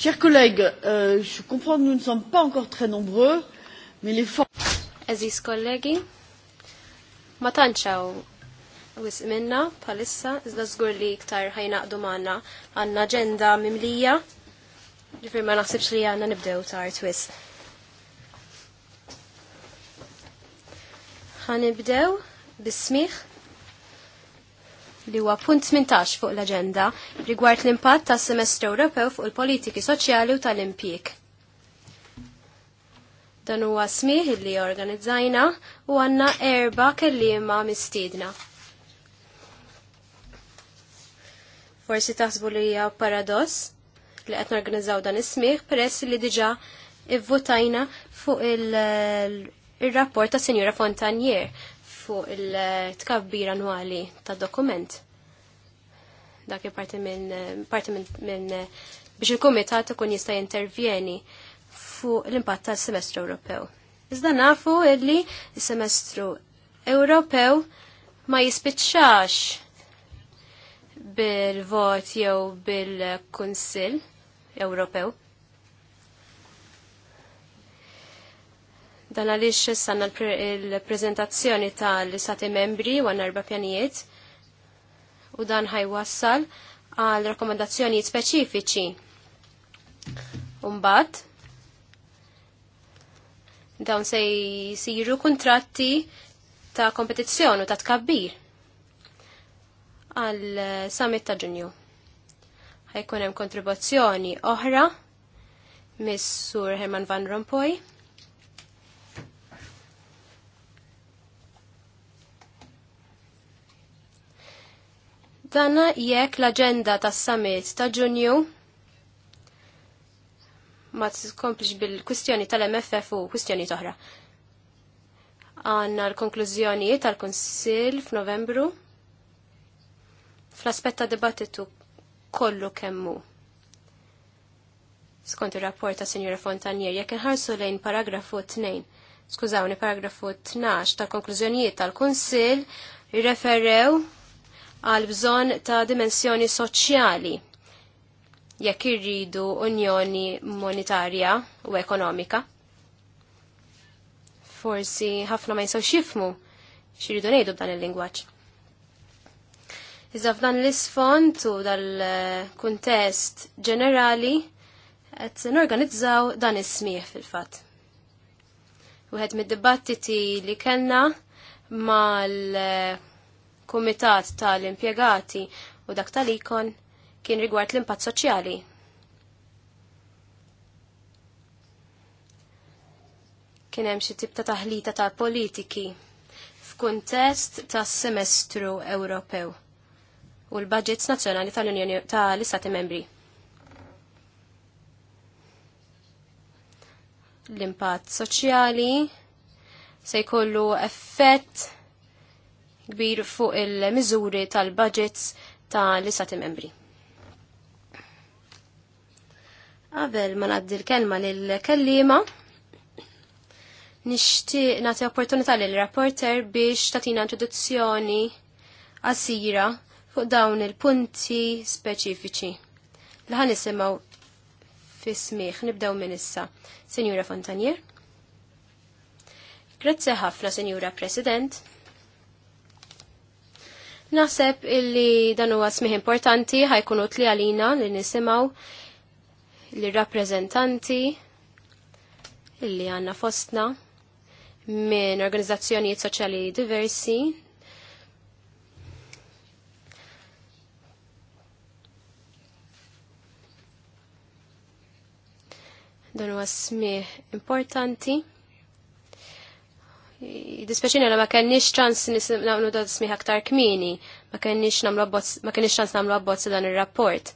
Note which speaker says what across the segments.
Speaker 1: Chers collègues, euh, je comprends que nous ne sommes pas encore très nombreux, mais les forces... Aziz kollegi, ma tanċaw wis minna palissa, izda zgur li iktar ħajnaqdu magħna għandna aġenda mimlija, ġifier ma naħsibx li għandna nibdew tar twis. Ħanibdew bis-smih li huwa punt 18 fuq l-aġenda rigward l-impatt tas semestru Ewropew fuq il-politiki soċjali u tal-impjieg. Dan huwa smih li organizzajna u għandna erba kelliema mistiedna. Forsi taħsbu li hija paradoss li qed norganizzaw dan is-smih peress li diġà ivvutajna fuq il-rapport ta' Sinjura Fontanier fuq il-tkabbir annwali ta' dokument. Dak parti minn parti minn biex il-komitat ikun jista' jintervjeni fuq l-impatt tal-semestru Ewropew. Iżda nafu illi s-semestru Ewropew ma jispiċċax bil-vot jew bil-Kunsill Ewropew. Dan għaliex sanna l-prezentazzjoni tal-istati membri u għanarba pjanijiet u dan ħajwassal għal rakkomandazzjonijiet speċifiċi. Umbat, dawn se jisiru kontratti ta' kompetizzjoni u ta' tkabbir għal summit ta' ġunju. Ħajkun hemm kontribuzzjoni oħra miss Sur Herman Van Rompuy Danna jekk l-agenda tas summit ta' ġunju ma tkomplix bil-kwistjoni tal-MFF u kwistjoni toħra. Għanna l-konklużjoni tal-Konsil f'Novembru fl-aspetta dibattitu kollu kemmu. Skont il-rapport ta' Sinjora Fontanier, jekk inħarsu lejn paragrafu 2, skużawni paragrafu 12 tal-konklużjonijiet tal-Konsil, jirreferew għal bżonn ta' dimensjoni soċjali jekk irridu unjoni monetarja u ekonomika. Forsi ħafna ma jinsawx xifmu xirridu ngħidu b'dan il-lingwaġġ. Iżda f'dan l-isfond u dal-kuntest ġenerali qed norganizzaw dan is-smieħ fil-fatt. Wieħed mid-dibattiti li kellna mal kumitat tal-impjegati u dak tal-ikon kien rigward l-impatt soċjali. Kien hemm xi tip ta' taħlita ta' politiki f'kuntest tas-semestru Ewropew u l-budgets nazzjonali tal-Unjoni tal-Istati Membri. L-impatt soċjali se jkollu effett kbir fuq il-miżuri tal-budgets ta' l-istati membri. Għabel ma naddi l-kelma lill-kellima, nixtieq nagħti opportunità lill rapporter biex tagħtina introduzzjoni għasira fuq dawn il-punti speċifiċi. Li ħan nisimgħu fis-smieħ nibdew minn issa. Fontanier. Grazzi ħafna, Senjura President. Naħseb illi dan huwa smih importanti ħajkunu tli għalina li nisimaw li rappreżentanti illi għanna fostna minn organizzazzjonijiet soċjali diversi dan huwa smih importanti dispeċin għala ma kenniex ċans namlu da smiħa aktar kmini, ma kenniex ċans namlu abbozz dan il-rapport.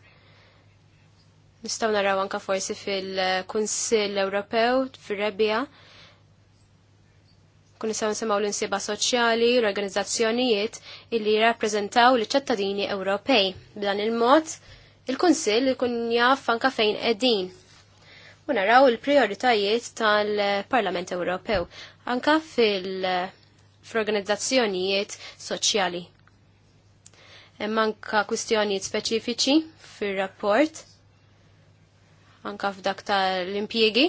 Speaker 1: Nistaw naraw anka forsi fil-Kunsill Ewropew, fil-Rebija, kun nistaw nsemmaw l-insiba soċjali, l-organizzazzjonijiet illi rappresentaw l-ċittadini Ewropej. B'dan il-mod, il-Kunsill ikun jaf anka fejn edin u naraw il-prioritajiet tal-Parlament Ewropew anka fil-organizzazzjonijiet soċjali. Manka kwistjonijiet speċifiċi fil-rapport anka f'dak tal-impjiegi.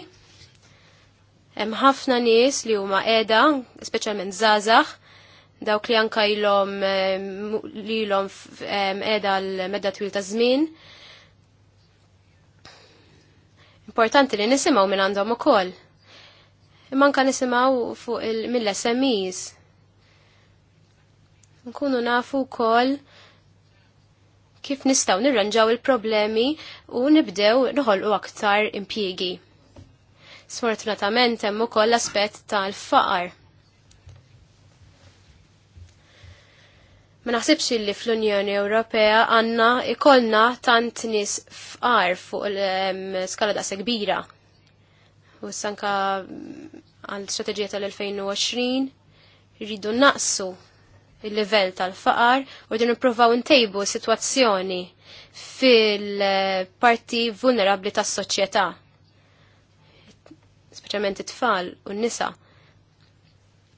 Speaker 1: Hemm ħafna nies li huma qiegħda, speċjalment żgħażagħ, dawk li anka ilhom eh, lilhom eh, qiegħda l-medda twil ta' żmien, importanti li nisimaw minn għandhom ukoll. Imma anka nisimgħu fuq mill-SMEs. Nkunu nafu wkoll kif nistaw nirranġaw il-problemi u nibdew nħolqu aktar impjiegi. Sfortunatament hemm ukoll l-aspett tal-faqar Ma naħsibx li fl-Unjoni Ewropea għanna ikollna tant nis fqar fuq l-skala daqsa kbira. U sanka għal strategija tal-2020 rridu naqsu il-level tal-faqar u rridu nipruvaw ntejbu situazzjoni fil-parti vulnerabli tas-soċjetà. Speċjalment it-tfal u n-nisa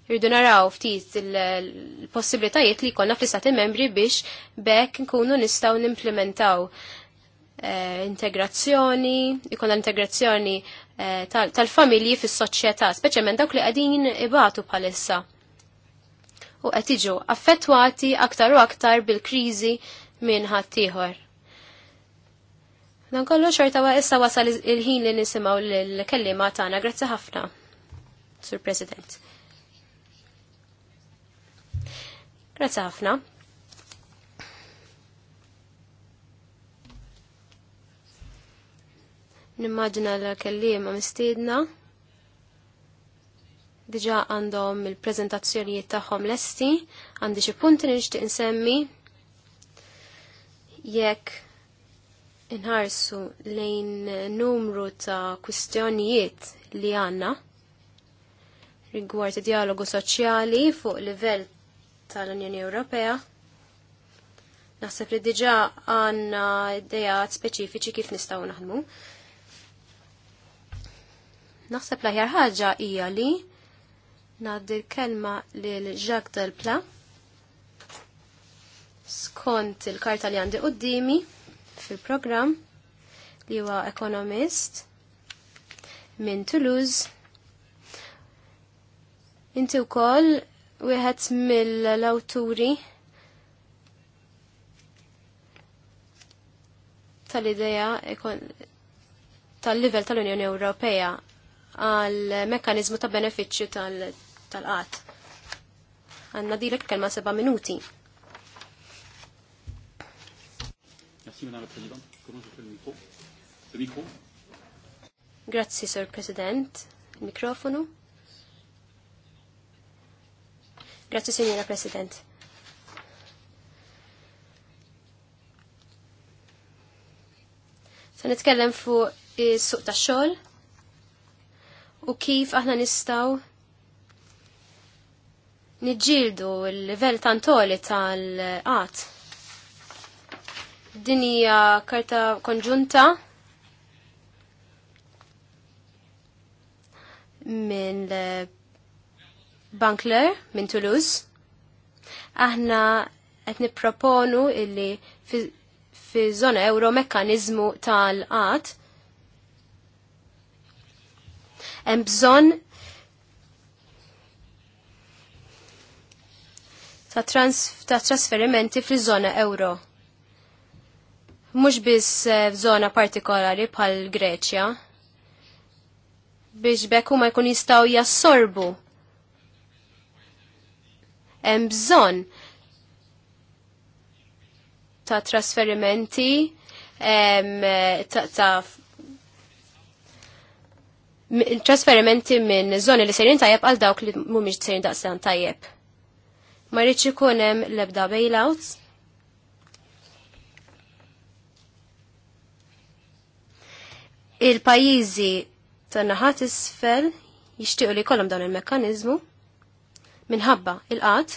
Speaker 1: rridu naraw ftit il-possibilitajiet li jkollna fl-istati membri biex bekk nkunu nistgħu nimplementaw eh, integrazzjoni, ikonna integrazzjoni eh, tal-familji fis-soċjetà, speċjalment dawk li qegħdin ibatu bħalissa. U qed jiġu affettwati aktar u aktar bil-kriżi minn ħaddieħor. Dan kollu xorta wa issa wasal il-ħin li nisimgħu l-kellima tagħna. Grazzi ħafna, Sur President. Grazzi ħafna. Nimmaġina l-kellima mistiedna diġa għandhom il-prezentazzjonijiet tagħhom lesti, għandi xi punti nixtieq insemmi jekk inħarsu lejn numru ta' kwistjonijiet li għandna rigward dialogu soċjali fuq livell tal-Unjoni Ewropea. Naħseb li diġa għanna idejat speċifiċi kif nistaw naħdmu. Naħseb l-aħjar ħaġa hija li ngħaddi l-kelma lil Jacques Delpla skont il-karta li għandi qudiemi fil-programm li huwa ekonomist minn Toulouse. Inti wkoll wieħed mill-awturi tal-idea tal-livell tal-Unjoni Ewropea għal mekkanizmu ta' beneficju tal-qat. Għanna dilek kelma seba minuti. Grazie, Sir President. Il microfono. Grazie Signora President. Se nitkellem fuq is-suq tax-xogħol u kif aħna nistgħu niġġieldu l-livell tantoli tal qat Din hija karta konġunta minn Bankler minn Toulouse. Aħna qed nipproponu illi fi zona euro mekkaniżmu tal-qat hemm bżonn ta' trasferimenti fil-żona euro. Mhux biss eh, f'żona partikolari bħal Greċja biex bekk ma jkun jistgħu jassorbu hemm bżonn ta' trasferimenti ta', trasferimenti minn zoni li sejrin tajjeb għal dawk li mhumiex sejrin daqsan tajjeb. Ma rridx ikun hemm l-ebda bailouts. Il-pajjiżi tan-naħat isfel jixtiequ li jkollhom dawn il-mekkaniżmu minħabba il qad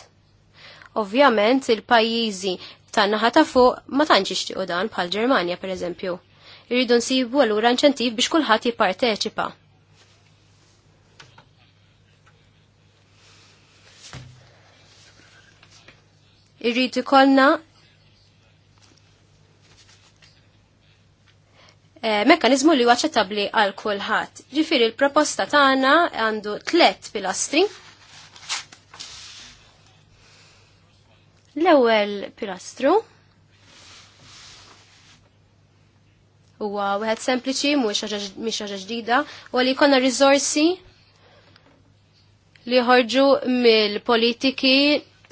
Speaker 1: Ovvjament il-pajjiżi tan-naħa ta' fuq ma tantx ixtiequ dan bħal Ġermanja pereżempju. Irridu nsibu allura inċentiv biex kulħadd jipparteċipa. Irrid ikollna eh, mekkanizmu li huwa aċċettabbli għal kulħadd. Ġifieri l-proposta tagħna għandu tliet pilastri L-ewwel pilastru huwa wieħed sempliċi mhuwiex mhix ħaġa ġdida u li jkollna riżorsi li ħorġu mill-politiki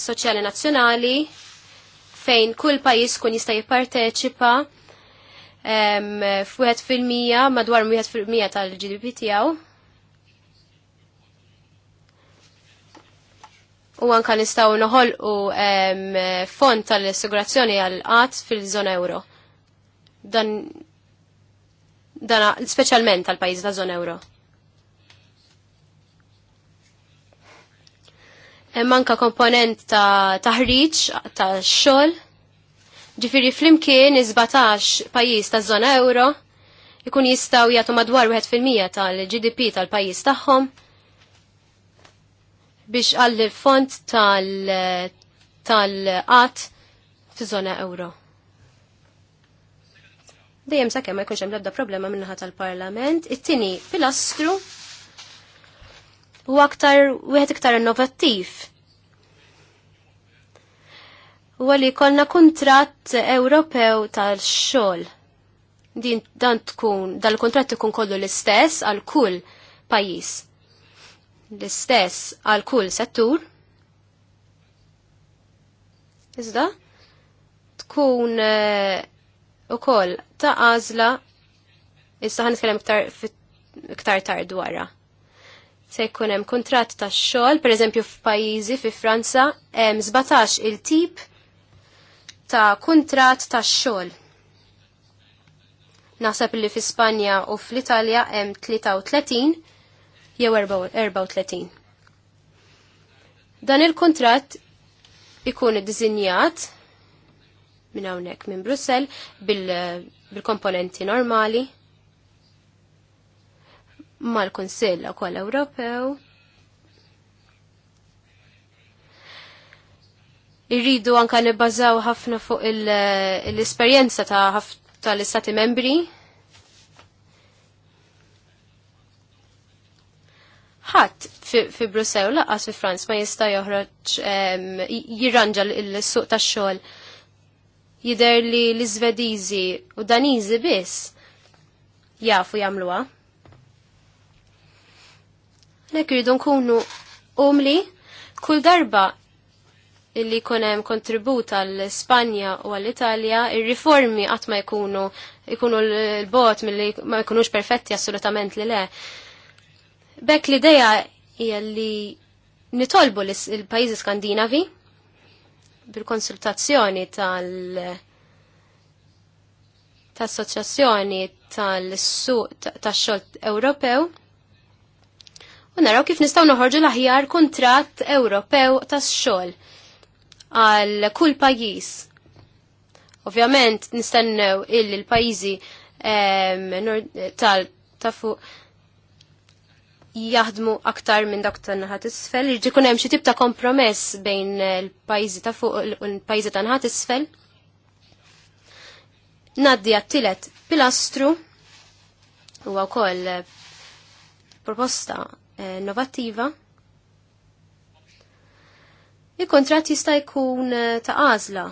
Speaker 1: soċjali nazzjonali fejn kull pajjiż kun jista' jipparteċipa f'wieħed fil-mija madwar wieħed fil-mija tal-GDP tiegħu. u anka nistaw noħolqu fond tal-assigurazzjoni għal-qat fil zona euro. Dan, dan specialment tal-pajiz ta' zona euro. Hemm komponent ta' taħriġ ta' xogħol. Ġifieri flimkien iż pajiz pajjiż taż-żona euro ikun jistgħu jagħtu madwar 1% tal-GDP tal-pajjiż tagħhom. Ta biex l font tal-qat fi zona euro. Dejjem sakke ma jkunx hemm l-ebda problema minnaħa tal-Parlament. It-tieni pilastru huwa aktar wieħed iktar innovattiv. Huwa li jkollna kuntratt Ewropew tal-xogħol. Din dan tkun dal-kuntratt ikun kollu l-istess għal kull pajjiż l-istess għal kull settur, iżda tkun eh, u koll ta' għazla, issa ħan nitkellem iktar tard dwarra. Se jkun hemm kuntratt ta' xogħol, pereżempju f'pajjiżi fi Franza, hemm 17 il-tip ta' kuntratt ta' xogħol. Naħseb li fi Spanja u fl-Italja hemm 33 jew 34. Dan il kontrat ikun dizinjat minn hawnhekk minn Brussell bil-komponenti bil normali mal-Kunsill ukoll Ewropew. Irridu anka nibbażaw ħafna fuq l-esperjenza ta' tal-istati membri ħadd fi Brussew laqas fi Franz ma jista' joħroġ jirranġa l-suq tax-xogħol. Jidher li l-Iżvediżi u Daniżi biss jafu jagħmluha. Nek jridu nkunu umli kull darba illi kunem kontribut għall Spanja u għall Italja, ir-riformi qatt ma jkunu jkunu l-bot mill-li ma jkunux perfetti assolutament li le. Bek l-ideja hija li nitolbu l-pajjiżi Skandinavi bil-konsultazzjoni tal- tal-assoċjazzjoni tal su tax-xogħol Ewropew u naraw kif nistgħu noħorġu l-aħjar kuntratt Ewropew tax-xogħol għal kull pajjiż. Ovvjament nistennew il l-pajjiżi ehm, tal tafu fuq jaħdmu aktar minn dak ta' naħat isfel, irġi hemm xi tip ta' kompromess bejn il-pajzi eh, ta' fuq u l-pajzi ta' naħat isfel. Naddi għattilet pilastru u għakoll eh, proposta eh, innovativa. Il-kontrat jista' jkun ta' għażla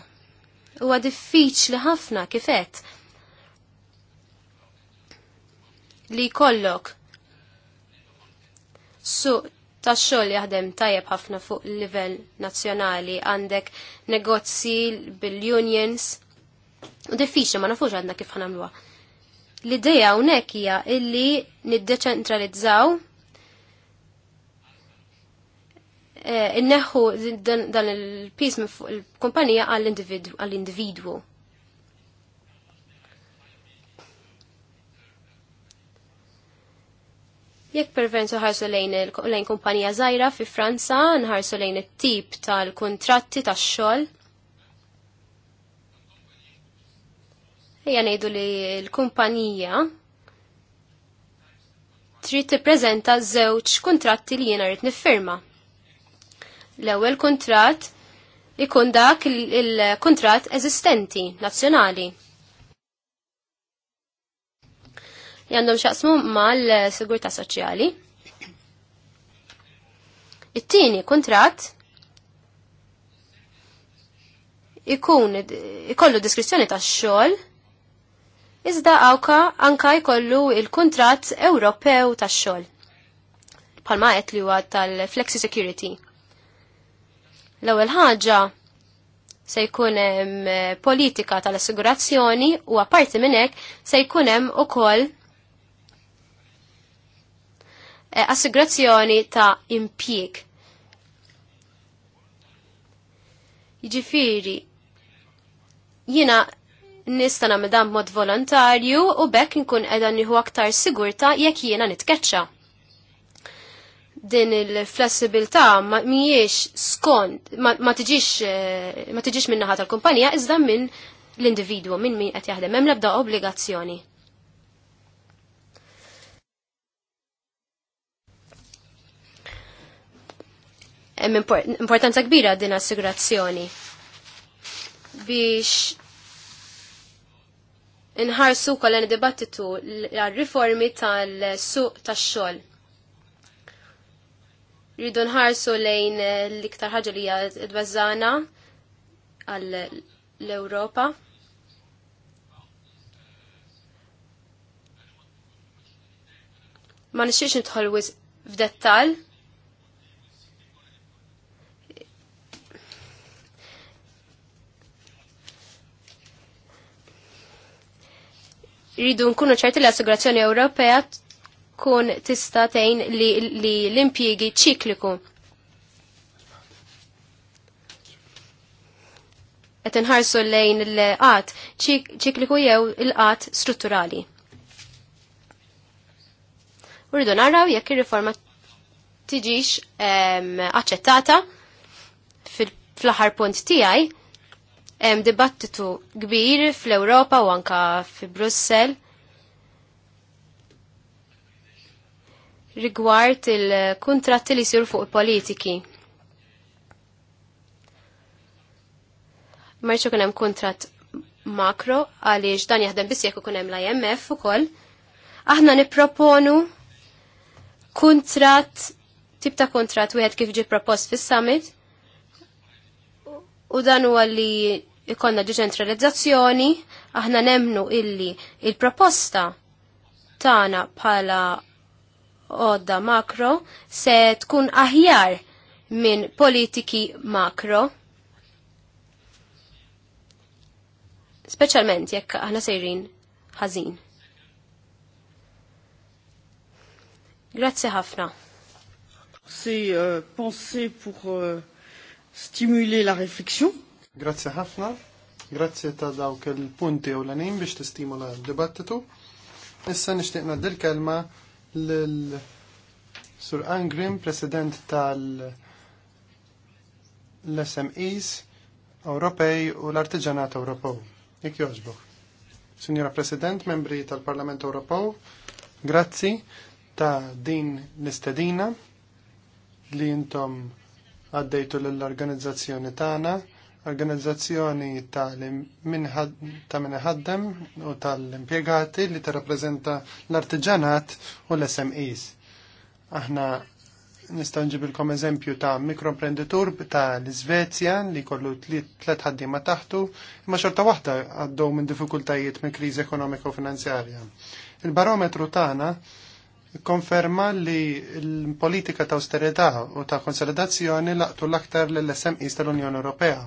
Speaker 1: u diffiċli ħafna kifet li kollok suq ta' xogħol jaħdem tajjeb ħafna fuq livell nazzjonali għandek negozji bil-unions u diffiċli ma nafux għadna kif ħanamluha. L-idea hawnhekk hija illi niddeċentralizzaw eh, inneħħu dan il-pis fuq il-kumpanija għall-individwu. Jekk pervenzu ħarsu lejn, lejn kumpanija żgħira fi Franza, nħarsu lejn it-tip tal-kuntratti tax-xogħol. Ejja ngħidu li l-kumpanija trid tippreżenta żewġ kuntratti li jiena rrid niffirma. L-ewwel kuntratt ikun dak il-kuntratt eżistenti nazzjonali jandom għandhom xaqsmu mal-sigurta soċjali. It-tieni kontrat ikun ikollu diskrizzjoni tax-xogħol iżda għawka anka jkollu il-kontrat Ewropew tax-xogħol. Palma qed li huwa tal-Flexi Security. L-ewwel ħaġa se jkun hemm politika tal-assigurazzjoni u apparti minn hekk se jkun hemm ukoll Eh, assigurazzjoni ta' impjieg. Jiġifieri jiena nista' nagħmel dan b'mod volontarju u bekk inkun qiegħda nieħu aktar sigurta jekk jiena nitkeċċa. Din il-flessibilità mhijiex skont ma tiġix eh, ma tiġix min-naħa tal-kumpanija iżda minn l-individwu minn min qed jaħdem hemm l-ebda obbligazzjoni. hemm importanza kbira din assigurazzjoni biex inħarsu kollha għan dibattitu għal-riformi tal-suq tax-xogħol. Rridu nħarsu lejn l-iktar ħaġa li hija dbażana għall-Ewropa. Ma nixtiex nidħol f'dettall rridu nkunu ċerti li assigurazzjoni Ewropea tkun tista' tgħin li, l-impjiegi ċikliku. Qed inħarsu lejn il-qat ċikliku jew il-qat strutturali. Uridu naraw jekk ir-riforma tiġix aċċettata fil-aħħar punt tiegħi hemm dibattitu kbir fl-Ewropa u anka fi Brussel rigward il-kuntratti li jsir fuq il-politiki. Marċu kien hemm kuntratt makro għaliex dan jaħdem biss jekk ikun hemm l-IMF ukoll. Aħna nipproponu kuntratt tip ta' kuntratt wieħed kif ġi propost fis-summit u dan huwa li ikonna deċentralizzazzjoni, aħna nemnu illi il-proposta tana bħala odda makro se tkun aħjar minn politiki makro. Speċjalment jekk aħna sejrin ħażin. Grazzi ħafna.
Speaker 2: C'est euh, pensé pour euh Stimuli la réflexion. Grazie ħafna. Grazie ta' dawk il-punti u l-għanin biex tistimula l-dibattitu. Issa nishtiqna dil-kelma l-Sur Angrim, president tal-SMEs Ewropej u l-Artiġanat Ewropew. Jek joġbok. Signora President, membri tal-Parlament Ewropew, grazzi ta' din l-istedina li jintom għaddejtu l-organizzazzjoni tagħna, organizzazzjoni ta' minħaddem u tal-impjegati li tirrappreżenta l-artiġanat u l-SMEs. Aħna nistgħu nġibilkom eżempju ta' mikroimprenditur ta' l-Iżvezja li kollu tliet ħaddiema taħtu, imma xorta waħda għaddew minn diffikultajiet minn kriżi ekonomika u finanzjarja. Il-barometru tagħna konferma li l-politika ta' austerità u ta' konsolidazzjoni laqtu l-aktar l-SMEs tal-Unjoni Ewropea.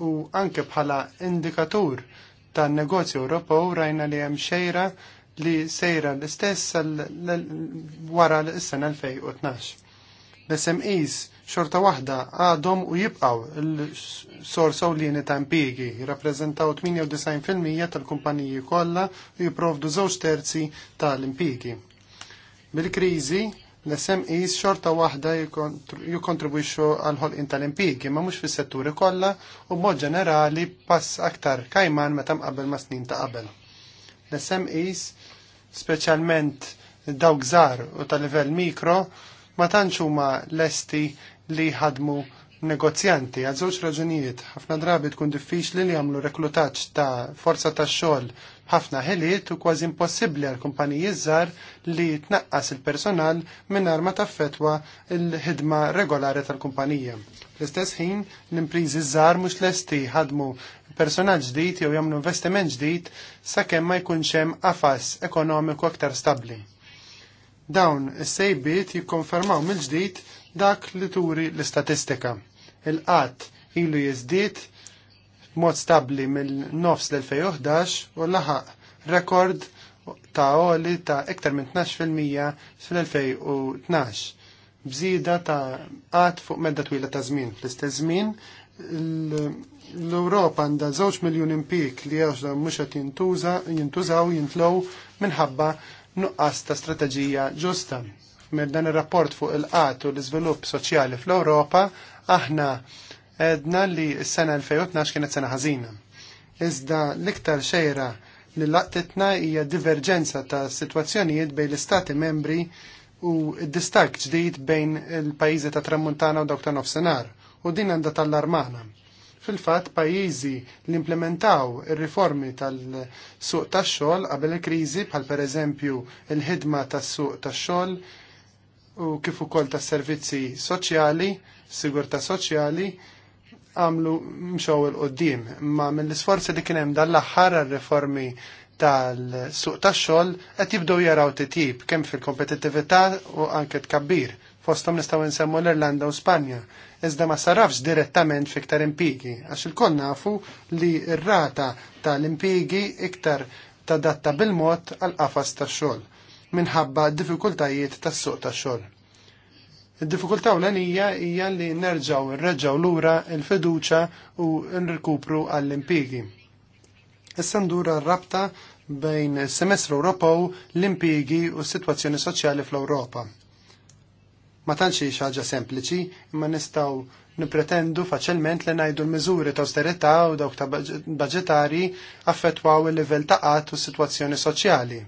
Speaker 2: U anke bħala indikatur ta' negozju Ewropew rajna li hemm xejra li sejra l-istess wara l-sena 2012. L-SMEs xorta waħda għadhom u jibqaw l-sors ewlieni ta' impiegi, jirrappreżentaw 98% tal-kumpaniji kollha u jipprovdu żewġ terzi tal impiegi Bil-kriżi l is xorta waħda jukontribuixu għal ħolqien tal-impjiegi ma mhux fis-setturi kollha u b'mod ġenerali pass aktar kajman meta mqabel ma' snin ta' qabel. l is speċjalment dawk żgħar u ta' livell mikro ma tantx huma lesti li ħadmu negozjanti għal żewġ raġunijiet. Ħafna drabi tkun diffiċli li jagħmlu reklutaġġ ta' forza tax xogħol ħafna ħiliet u kważi impossibbli għal kumpaniji żgħar li tnaqqas il-personal mingħajr ma taffetwa l-ħidma regolari tal-kumpanija. L-istess ħin l-imprizi żgħar mhux lesti ħadmu personal ġdid jew jagħmlu investiment ġdid sakemm ma jkunx hemm qafas ekonomiku aktar stabbli. Dawn is-sejbiet jikkonfermaw mill-ġdid dak li turi l-istatistika. Il-qatt ilu jiżdied mod stabli mill-nofs l-2011 u laħaq rekord ta' oli ta' iktar minn 12% fil-2012 bżida ta' għat fuq medda twila ta' żmien. L-istess żmien l-Ewropa għandha żewġ miljoni impik li għax mhux jintużaw jintlow minħabba nuqqas ta' strateġija ġusta. Mer dan ir-rapport fuq il-qat u l-iżvilupp soċjali fl-Ewropa aħna edna li s-sena 2012 kienet sena ħażina. Iżda l-iktar xejra li laqtitna hija diverġenza ta' situazzjonijiet bejn l-istati membri u d-distak ġdid bejn il-pajjiżi ta' tramuntana u dawk ta' nofsenar u din għandha tal-armana. Fil-fatt pajjiżi li implementaw ir-riformi tal-suq tax-xogħol qabel il-kriżi bħal pereżempju il-ħidma tas-suq tax-xogħol u kif ukoll tas-servizzi soċjali, sigurtà soċjali, għamlu mxow il-qoddim, ma mill-isforzi li kienem dal-axħar reformi tal-suq tax-xogħol qed jibdew jaraw titjib kemm fil-kompetittività u anke tkabbir. Fosthom nistgħu nsemmu l-Irlanda u Spanja. Iżda ma sarafx direttament fiktar impigi, għax il nafu li r-rata tal-impigi iktar tadatta bil-mod għal-qafas tax-xogħol minħabba diffikultajiet tas-suq tax-xogħol. Il-difikulta u l-għanija hija li nerġaw l lura il feduċa u nrikupru għall-impigi. Issa ndura r-rabta bejn semestru Ewropew l-impigi u s-sitwazzjoni soċjali fl-Ewropa. Ma tantx hi ħaġa sempliċi, imma nistgħu nipretendu faċilment li najdu l-mizuri ta' austerità u dawk ta' budgetari affettwaw il-livell ta' qatt u s-sitwazzjoni soċjali.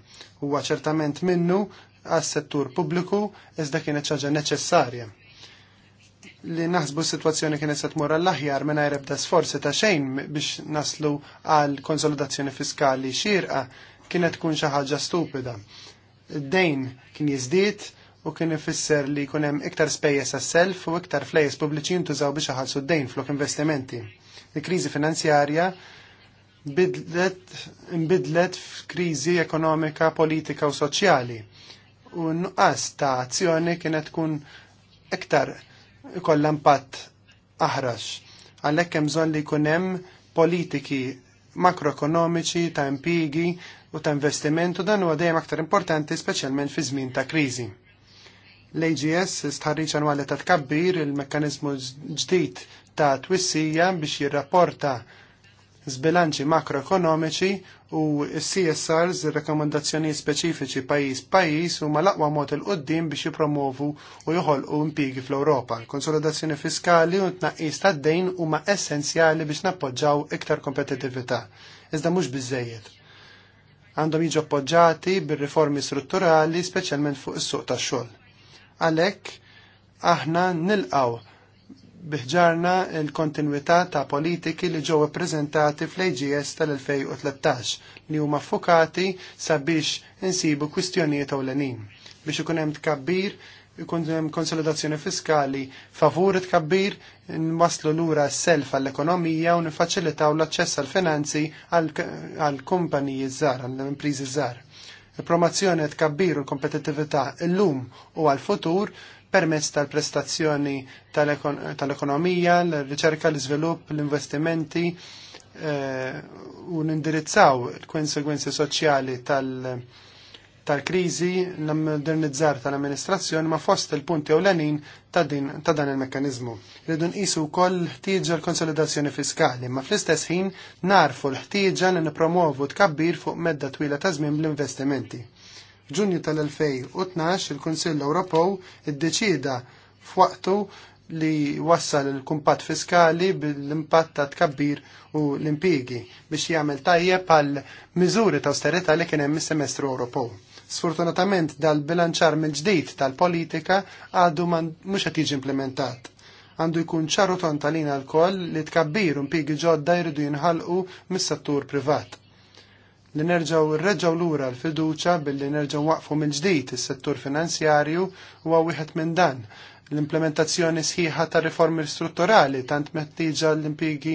Speaker 2: Huwa ċertament minnu għas-settur pubbliku iżda kienet ħaġa neċessarja. Li naħsbu s-sitwazzjoni kienet se tmur għall-aħjar mingħajr ebda sforzi ta' xejn biex naslu għal konsolidazzjoni fiskali xirqa kienet tkun xi ħaġa stupida. Id-dejn kien jiżdied u kien ifisser li jkun hemm iktar spejjeż għas-self u iktar flejjes pubbliċi jintużaw biex iħallsu d-dejn flok investimenti. Il-kriżi finanzjarja bidlet, imbidlet f'kriżi ekonomika, politika u soċjali u nuqqas ta' azzjoni kienet tkun iktar kollha impatt aħrax. Għalhekk hemm bżonn li jkun hemm politiki makroekonomiċi ta' impigi u ta' investiment u dan huwa dejjem aktar importanti speċjalment fi żmien ta' kriżi. L-AGS stħarriċ annwali ta' tkabbir il-mekkanizmu ġdid ta' twissija biex jirrapporta zbilanċi makroekonomiċi u CSRs, rekomendazzjoni speċifiċi pajis pajis u mal-aqwa mod il-qoddim biex jipromovu u joħolqu impigi fl-Europa. Konsolidazzjoni fiskali u tnaqqis ta' dejn huma essenzjali biex nappoġġaw iktar kompetitività. Iżda mhux biżejjed. Għandhom jiġu appoġġati bir reformi strutturali speċjalment fuq is-suq tax-xogħol. Għalhekk aħna nilqaw biħġarna il-kontinuità ta' politiki li ġew ippreżentati fl-AGS tal-2013 li huma fokati sabiex insibu kwistjonijiet ewlenin biex ikun hemm tkabbir ikun hemm konsolidazzjoni fiskali favur tkabbir nwaslu lura s-self għall-ekonomija u nifaċilitaw l-aċċess għall-finanzi għall-kumpaniji żgħar, għall-impriżi żgħar. Il-promozzjoni tkabbir u l-kompetittività illum u għall futur permezz tal-prestazzjoni tal-ekonomija, l-riċerka, l-iżvilupp, l-investimenti eh, u nindirizzaw il-konsegwenzi soċjali tal-krizi, l-modernizzar tal-amministrazzjoni ma fost il-punti ewlenin ta' dan il-mekkanizmu. Rridu nqisu wkoll ħtieġa l-konsolidazzjoni fiskali, ma fl-istess ħin narfu l-ħtieġa li nipromovu tkabbir fuq medda twila ta' żmien bl-investimenti Ġunju tal-2012 il-Kunsill Ewropew iddeċida f'waqtu li wassal il-kumpat fiskali bil-impatt ta' tkabbir u l-impigi biex jagħmel tajjeb għal miżuri ta' austerità li kien hemm is-semestru Ewropew. Sfortunatament dal-bilanċar mill-ġdid tal-politika għadu mhux qed jiġi implementat. Għandu jkun ċaru tontalina l-koll li tkabbir u impigi ġodda jridu jinħalqu mis-settur privat li nerġaw reġaw lura l-fiduċa billi nerġaw waqfu minn ġdid is-settur finanzjarju huwa wieħed minn dan l-implementazzjoni sħiħa ta' riformi strutturali tant mettiġa l-impigi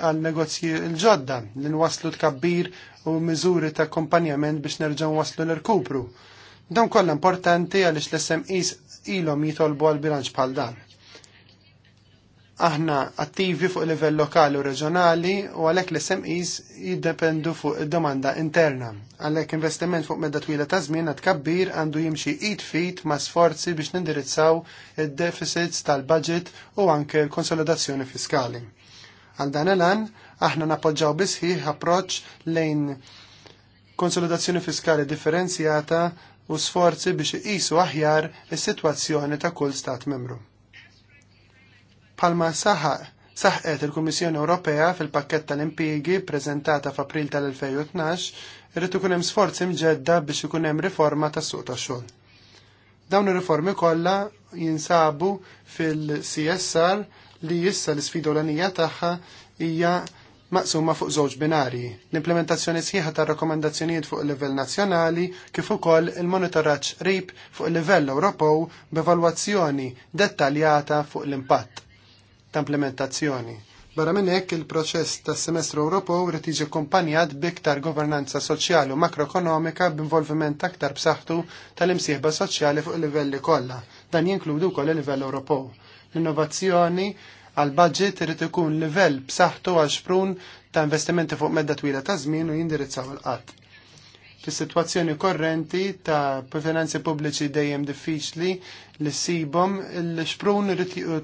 Speaker 2: għal negozji l-ġodda li nwaslu tkabbir u miżuri ta' kompanjament biex nerġaw waslu l-rkupru. Dan kollha importanti għaliex l-SMEs ilhom jitolbu għal bilanċ bħal dan. Aħna attivi fuq livell lokali u reġjonali u għalhekk l-SMEs jiddependu fuq id-domanda interna. Għalhekk investiment fuq medda twila ta' żmien għad kabbir għandu jimxi id fit ma' sforzi biex nindirizzaw id-deficits tal-budget u anke l-konsolidazzjoni fiskali. Għal dan elan, aħna nappoġġaw bisħiħ approċċ lejn konsolidazzjoni fiskali differenzjata u sforzi biex iqisu aħjar is-sitwazzjoni ta' kull stat membru. Palma saħaq Saħqet il-Kummissjoni Ewropea fil-pakket tal-impjiegi prezentata f'April tal-2012 irrid ikun hemm sforzi mġedda biex ikun hemm riforma tas-suq tax-xogħol. Dawn ir-riformi kollha jinsabu fil-CSR li issa l-isfida l-anija tagħha hija maqsuma fuq żewġ binarji, l-implementazzjoni sħiħa tar rakkomandazzjonijiet fuq il-livell nazzjonali kif ukoll il-monitoraġġ rib fuq il-livell Ewropew b'evalwazzjoni dettaljata fuq l-impatt ta' implementazzjoni. Barra minn hekk il-proċess tas semestru Ewropew rrit jiġi kkumpanjat b'iktar governanza soċjali u makroekonomika b'involviment aktar b'saħħtu tal-imsieħba soċjali fuq livelli kollha. Dan jinkludu wkoll il-livell Ewropew. L-innovazzjoni għal budget irid ikun livell b'saħħtu għal xprun ta' investimenti fuq medda twila ta' żmien u jindirizzaw il-qatt. Fis-sitwazzjoni korrenti ta' finanzi pubbliċi dejjem diffiċli li ssibhom l-xprun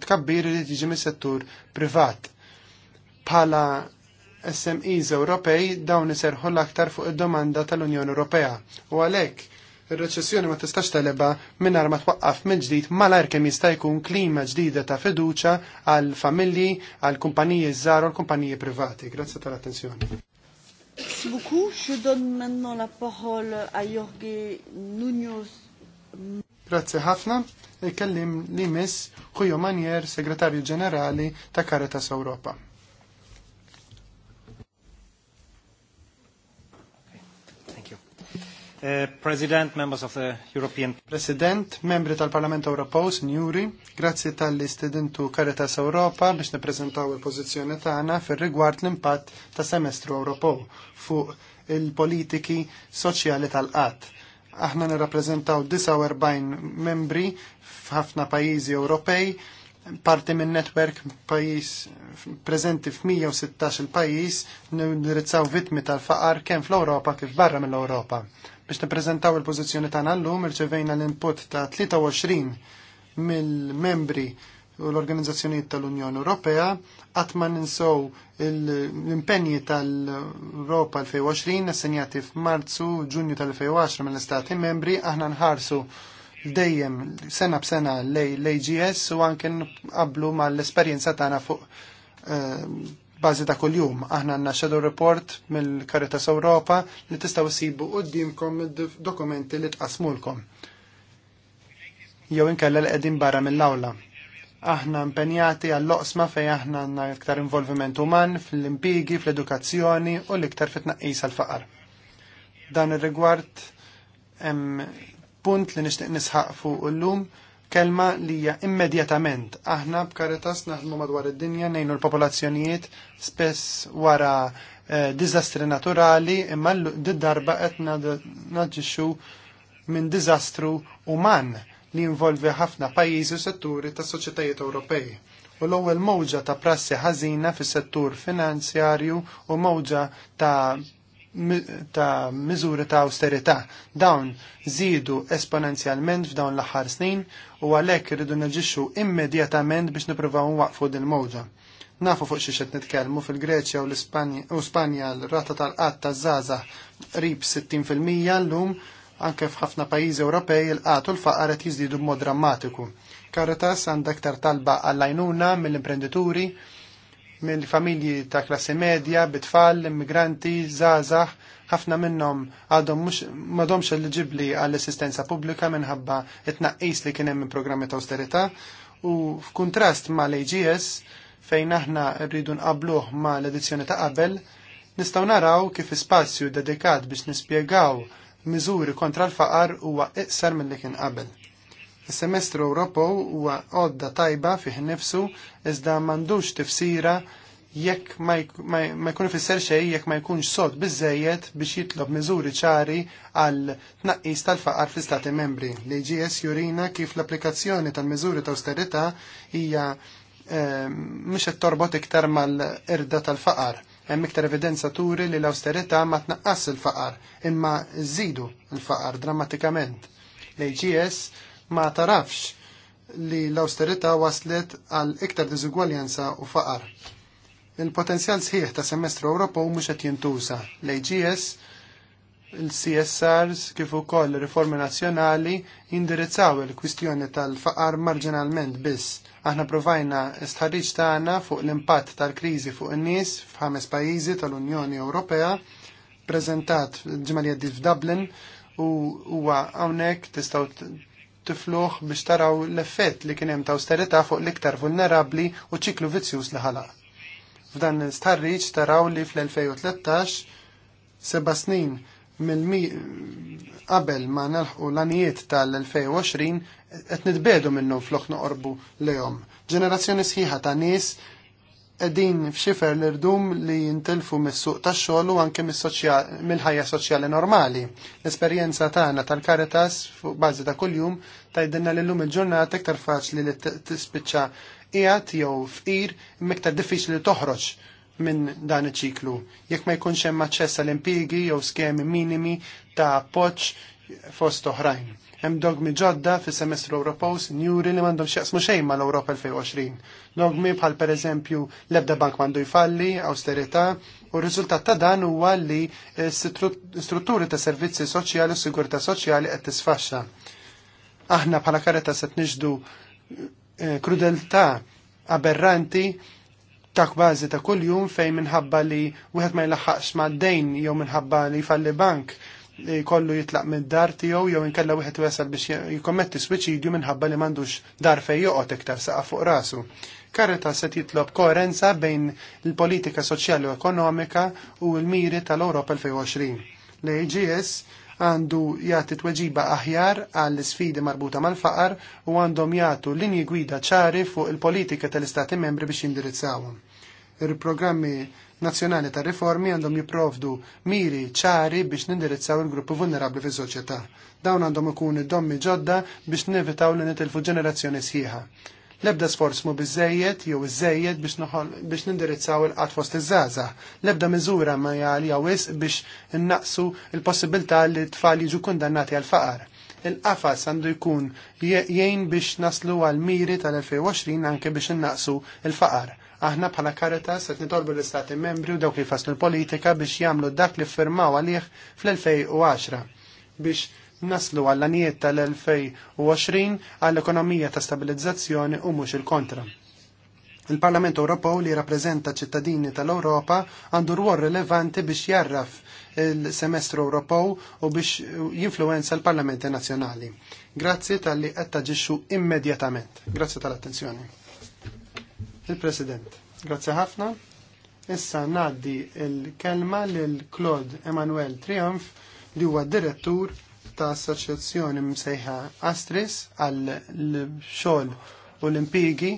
Speaker 2: tkabbir li tiġi mis-settur privat. Bħala SMEs Ewropej dawn iserħu l-aktar fuq id-domanda tal-Unjoni Ewropea. U għalhekk ir-reċessjoni ma tistax teleba mingħajr ma twaqqaf minn ġdid malajr kemm jista' jkun klima ġdida ta' fiduċa għal familji, għal kumpaniji żgħar u l-kumpaniji privati. Grazzi tal-attenzjoni. Merci
Speaker 1: beaucoup. Je donne maintenant la parole à Jorge Nunez.
Speaker 2: Grazie ħafna. Ikellim li miss Julio Manier, segretarju ġenerali ta' Caritas Europa. Uh, President, members of the European President, membri tal-Parlament Ewropew, Sinjuri, grazzi tal-istidentu Caritas Europa biex neprezentaw il-pożizzjoni tagħna fir-rigward l-impatt ta' semestru Ewropew fuq il-politiki soċjali tal-qatt. Aħna nirrappreżentaw 49 membri f'ħafna pajjiżi Ewropej, parti minn netwerk pajjiż preżenti f'116 il-pajjiż, nirrizzaw vitmi tal-faqar kemm fl-Ewropa kif barra mill-Ewropa Biex nippreżentaw il-pożizzjoni tagħna llum irċevejna l-input ta' 23 mill-membri u l-organizzazzjonijiet tal-Unjoni Ewropea qatt ma ninsow l-impenji tal-Europa 2020 assenjati f'Marzu Ġunju tal-2010 mill-Istati membri aħna nħarsu dejjem sena b'sena l-AGS u anke nqablu mal-esperjenza tagħna fuq eh, bażi ta' kuljum. Aħna għandna Shadow Report mill-Karitas Ewropa li sibu issibu d id-dokumenti li tqasmulkom. Jew inkella li qegħdin barra mill-awla. Aħna impenjati għall-oqsma fejn aħna għandna iktar involviment uman fl-impigi, fl-edukazzjoni u l-iktar fit-tnaqqis għal-faqar. Dan ir-rigward hemm punt li nixtieq nisħaq fuq illum lum kelma li hija immedjatament. Aħna b'Karitas naħdmu madwar id-dinja ngħinu l-popolazzjonijiet spess wara eh, diżastri naturali imma d-darba qed naġixxu minn diżastru uman li involvi ħafna pajjiżi u setturi tas soċjetajiet Ewropej. U l-ewwel mowġa ta' prassi ħażina fis-settur finanzjarju u mowġa ta' ta' miżuri ta' austerità. Dawn zidu esponenzjalment f'dawn l-aħħar snin u għalhekk irridu naġixxu immedjatament biex nippruvaw nwaqfu din mowġa. Nafu fuq xi qed nitkellmu fil-Greċja u l-Ispanja u Spanja l-rata tal-qatt taż-żgħażagħ qrib 60% llum anke f'ħafna pajjiżi Ewropej il-qat u l-faqar qed jiżdiedu b'mod drammatiku. Karitas għandha aktar talba għall-għajnuna mill imprendituri mill-familji ta' klassi medja, bitfall, immigranti, zazax, ħafna minnhom għadhom mhux m'għadhomx eliġibbli għall-assistenza pubblika minħabba it-tnaqqis li kien hemm programmi ta' austerità u f'kuntrast ma' l-AGS fejn aħna rridu nqabluh ma' l-edizzjoni ta' qabel, nistgħu naraw kif spazju dedikat biex nispjegaw miżuri kontra l-faqar huwa iqsar mill-li kien qabel il semestru Ewropew huwa għodda tajba fih nifsu iżda m'għandux tifsira jekk ma jkun ifisser xejn jekk ma jkunx sod biżejjed biex jitlob miżuri ċari għal tnaqqis tal-faqar fl-istati membri. L-IGS jurina kif l-applikazzjoni tal-miżuri ta' austerità hija ehm, mhux qed torbot iktar mal-irda tal-faqar. Hemm iktar evidenza turi li l-austerità ma tnaqqas il-faqar imma żidu l-faqar drammatikament. l igs ma tarafx li l-austerita waslet għal iktar diżugwaljanza u faqar. Il-potenzjal sħiħ ta' semestru Ewropew mhux qed jintuża. L-AGS, il-CSRs kif ukoll riformi nazzjonali jindirizzaw il-kwistjoni tal-faqar marġinalment biss. Aħna provajna stħarriġ tagħna fuq l-impatt tal-kriżi fuq in-nies f'ħames pajjiżi tal-Unjoni Ewropea, prezentat ġimgħa f'Dublin, u huwa hawnhekk tistgħu tifluħ biex taraw l-effett li kienem ta' austerita fuq l-iktar vulnerabli u ċiklu vizzjus li ħala. F'dan l-istarriċ taraw li fl-2013 seba snin mill qabel ma nelħu l-anijiet tal-2020 qed nitbedu minnu flok noqorbu lejhom. Ġenerazzjoni sħiħa ta' nies edin fxifer l-irdum li jintilfu mis-suq tax-xogħol u anke mill-ħajja soċjali normali. L-esperjenza tagħna tal-Karitas fuq bażi ta' kuljum tgħidilna li llum il-ġurnata iktar faċli li tispiċċa qiegħed jew fqir miktar diffiċli li toħroġ minn dan iċ-ċiklu. Jekk ma jkunx hemm aċċess għall impjiegi jew skemi minimi ta' appoġġ fost oħrajn. Hemm dogmi ġodda fis semestru Ewropew sinjuri li m'għandhomx jaqsmu xejn mal-Ewropa 2020. Dogmi bħal pereżempju l-ebda bank m'għandu jfalli, austerità, u r-riżultat ta' dan huwa li strutturi ta' servizzi soċjali u sigurtà soċjali qed tisfaxxa. Aħna bħala kareta se tniġdu eh, krudeltà aberranti ta' kważi ta' kuljum fejn minħabba li wieħed ma jlaħħaqx ma' dejn jew minħabba li jfalli bank kollu jitlaq minn dar tiegħu jew inkella wieħed wesel biex jikkommetti swiċidju minħabba li m'għandux dar fejn joqgħod iktar saqa fuq rasu. Karreta se titlob koerenza bejn il-politika soċjali u ekonomika u l-miri tal-Ewropa 2020. L-AGS għandu jagħti tweġiba aħjar għall sfidi marbuta mal-faqar u għandhom jagħtu linji gwida ċari fuq il-politika tal-Istati membri biex jindirizzawhom. Il-programmi Nazzjonali ta' Riformi għandhom jipprovdu miri ċari biex nindirizzaw il-gruppi vulnerabli fi soċjetà. Dawn għandhom ikunu dommi ġodda biex nevitaw li nitilfu ġenerazzjoni sħiħa. Lebda sforz mu bizzejiet jew iżejjed biex, biex nindirizzaw il-qat fost iż-żaza. Lebda miżura ma jgħal jawis biex innaqsu il-possibilità li t-tfal jiġu kundannati għal faqar il-qafas għandu jkun jgħin biex naslu għal miri tal-2020 anke biex innaqsu il-faqar. Aħna bħala karata se nitolbu l-Istati membri u dawk li faslu l-politika biex jagħmlu dak li firmaw għalih fl-2010 biex naslu għall-anijiet tal-2020 għall-ekonomija ta' stabilizzazzjoni u mhux il-kontra. Il-Parlament Ewropew li rappreżenta ċittadini tal-Ewropa għandu rwol rilevanti biex jarraf il-semestru Ewropew u biex jinfluenza l-Parlamenti Nazzjonali. Grazzi tal-li qed taġixxu immedjatament. Grazzi tal-attenzjoni. Il-President, grazzi ħafna. Issa naddi il-kelma lil Claude Emmanuel Triumph li huwa direttur ta' assoċjazzjoni msejħa Astris għal xogħol u l-impigi.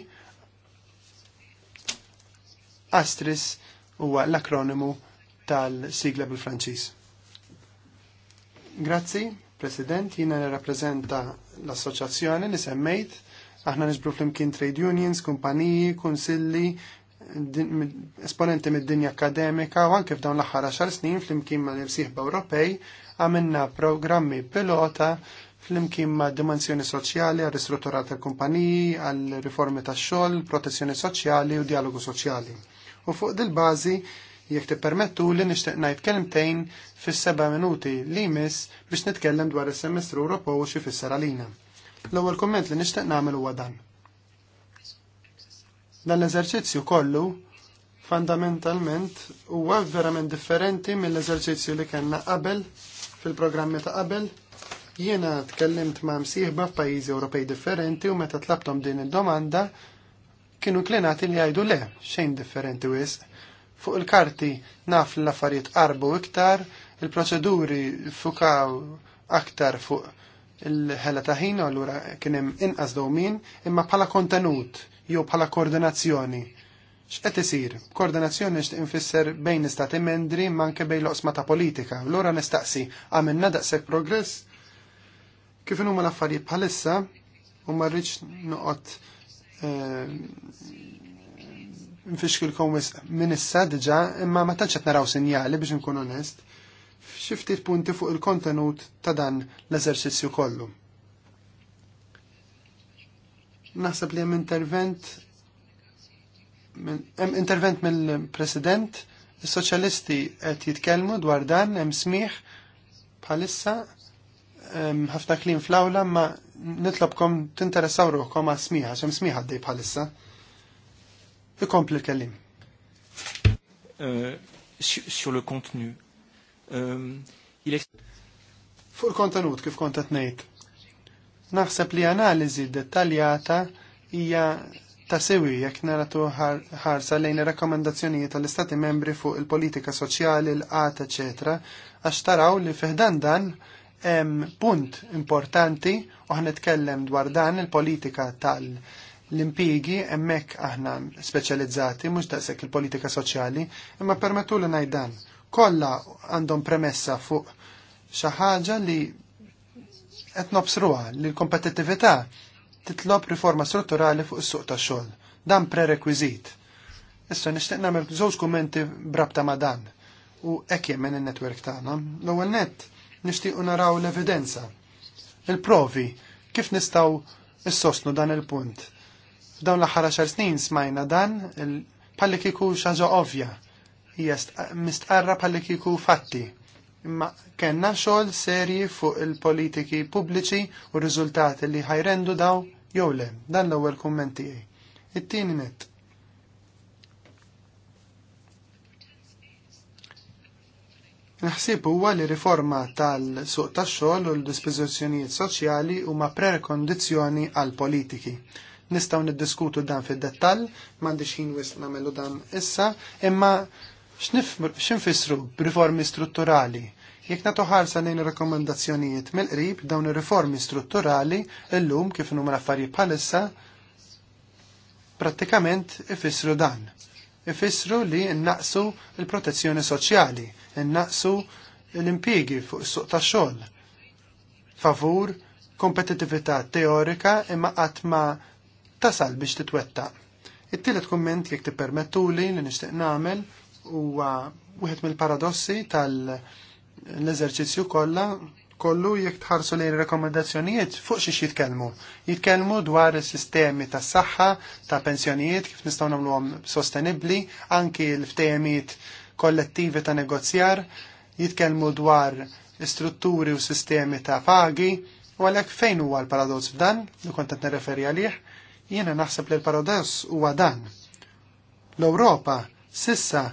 Speaker 2: Astris huwa l-akronimu tal-sigla bil-Franċiż. Grazzi, President, jiena nirrappreżenta l-assoċjazzjoni li semmejt Aħna nisbru flimkien trade unions, kumpaniji, kunsilli, esponenti mid-dinja akademika u anke f'dawn l-aħħar xar snin flimkien ma' l-imsieħba Ewropej għamilna programmi pilota flimkien ma' dimensjoni soċjali għal ristrutturar tal-kumpaniji, għal riformi tax-xogħol, protezzjoni soċjali u dialogu soċjali. U fuq dil-bażi jekk tippermettu li nixtieq ngħid kelmtejn fis-seba' minuti li jmiss biex nitkellem dwar is-semestru Ewropew u xi fisser għalina. L-ewwel komment li nixtieq nagħmel huwa dan. Dan l-eżerċizzju kollu fundamentalment huwa verament differenti mill-eżerċizzju li kellna qabel fil-programmi ta' qabel. Jiena tkellimt ma' msieħba f'pajjiżi Ewropej differenti u meta tlabtom din id-domanda kienu klinati li jgħidu le, xejn differenti wisq. Fuq il-karti naf l-affarijiet qarbu iktar, il-proċeduri fukaw aktar fuq il-ħela ta' ħin kienem allura kien hemm inqas dowmin imma bħala kontenut jew bħala koordinazzjoni. X'qed isir? Koordinazzjoni nixtieq infisser bejn istati membri manke bejn loqsma ta' politika. Allura nistaqsi għamilna daqshekk progress? Kif huma l-affarijiet bħalissa u ma rridx noqgħod eh, nfixkilkom wisq minn issa diġà imma ma tantx qed naraw sinjali biex nkun onest ftit punti fuq il-kontenut ta' dan l-eżerċizzju kollu. Naħseb li hemm intervent hemm intervent mill-President, is-soċjalisti qed jitkellmu dwar dan hemm smih bħalissa ħafna kliem fl-awla ma nitlobkom tinteressaw ruħkom għas smiħa, xem smiħa għaddej bħalissa. Ikompli l-kellim. Euh, sur le contenu, Fuq ehm, il-kontenut kif kont qed ngħid. Naħseb li analiżi dettaljata hija ta' sewi jekk naratu ħarsa lejn ir-rakkomandazzjonijiet tal-Istati membri fuq il-politika soċjali, l-qat, eċetera, għax taraw li fiħdan dan hemm punt importanti u ħnetkellem dwar dan il-politika tal-impigi hemmhekk aħna speċjalizzati mhux daqshekk il-politika soċjali, imma permettu li ngħid dan kollha għandhom premessa fuq xi ħaġa li qed nobsruha li l-kompetittività titlob riforma strutturali fuq is-suq tax-xogħol. Dan prerekwiżit. Issa nixtieq nagħmel żewġ kumenti brabta ma' dan u hekk jemmen in-netwerk tagħna. L-ewwel nett nixtiequ naraw l-evidenza, il-provi, kif nistgħu issostnu dan il-punt. F'dawn l-aħħar xar snin smajna dan palli kieku xaġa ovja jest mistqarra bħalli fatti. Imma kellna xogħol serji fuq il-politiki pubbliċi u r-riżultati li ħajrendu daw jew le, dan l-ewwel kumment tiegħi. It-tieni net. Naħsib huwa li riforma tal-suq tax-xogħol u l-dispożizzjonijiet soċjali huma prekondizzjoni għal politiki. Nistgħu niddiskutu dan fid-dettall, m'għandix ħin wisna nagħmlu dan issa, imma X'infissru b'riformi strutturali? Jekk nagħtu ħarsa lejn ir-rakkomandazzjonijiet mill-qrib dawn ir-riformi strutturali llum kif huma l-affarijiet bħalissa prattikament ifissru dan. Ifissru li nnaqsu l-protezzjoni soċjali, nnaqsu l-impjiegi fuq is-suq tax-xogħol. Favur kompetittività teorika imma qatt ma tasal biex titwettaq. It-tielet kumment jekk tippermettuli li nixtieq nagħmel huwa wieħed mill-paradossi tal-eżerċizzju kollha kollu jekk tħarsu lejn rekomendazzjonijiet fuq xiex jitkellmu. Jitkellmu dwar is-sistemi tas saħħa ta' pensjonijiet kif nistgħu nagħmluhom sostenibbli, anki l-ftehimiet kollettivi ta' negozjar, jitkellmu dwar strutturi u sistemi ta' pagi, u għalhekk fejn huwa l-paradoss f'dan li kont qed nirreferi għalih, jiena naħseb li l-paradoss huwa dan. L-Ewropa sissa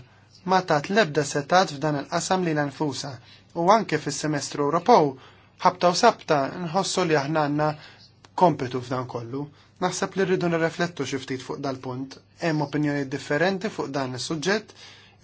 Speaker 2: ma tat lebda setat f'dan il-qasam li l-anfusa u anke fis-semestru Ewropew ħabta u sabta nħossu li aħna għandna kompetu f'dan kollu. Naħseb li rridu nirreflettu xi ftit fuq dal-punt. Hemm opinjoni differenti fuq dan is-suġġett,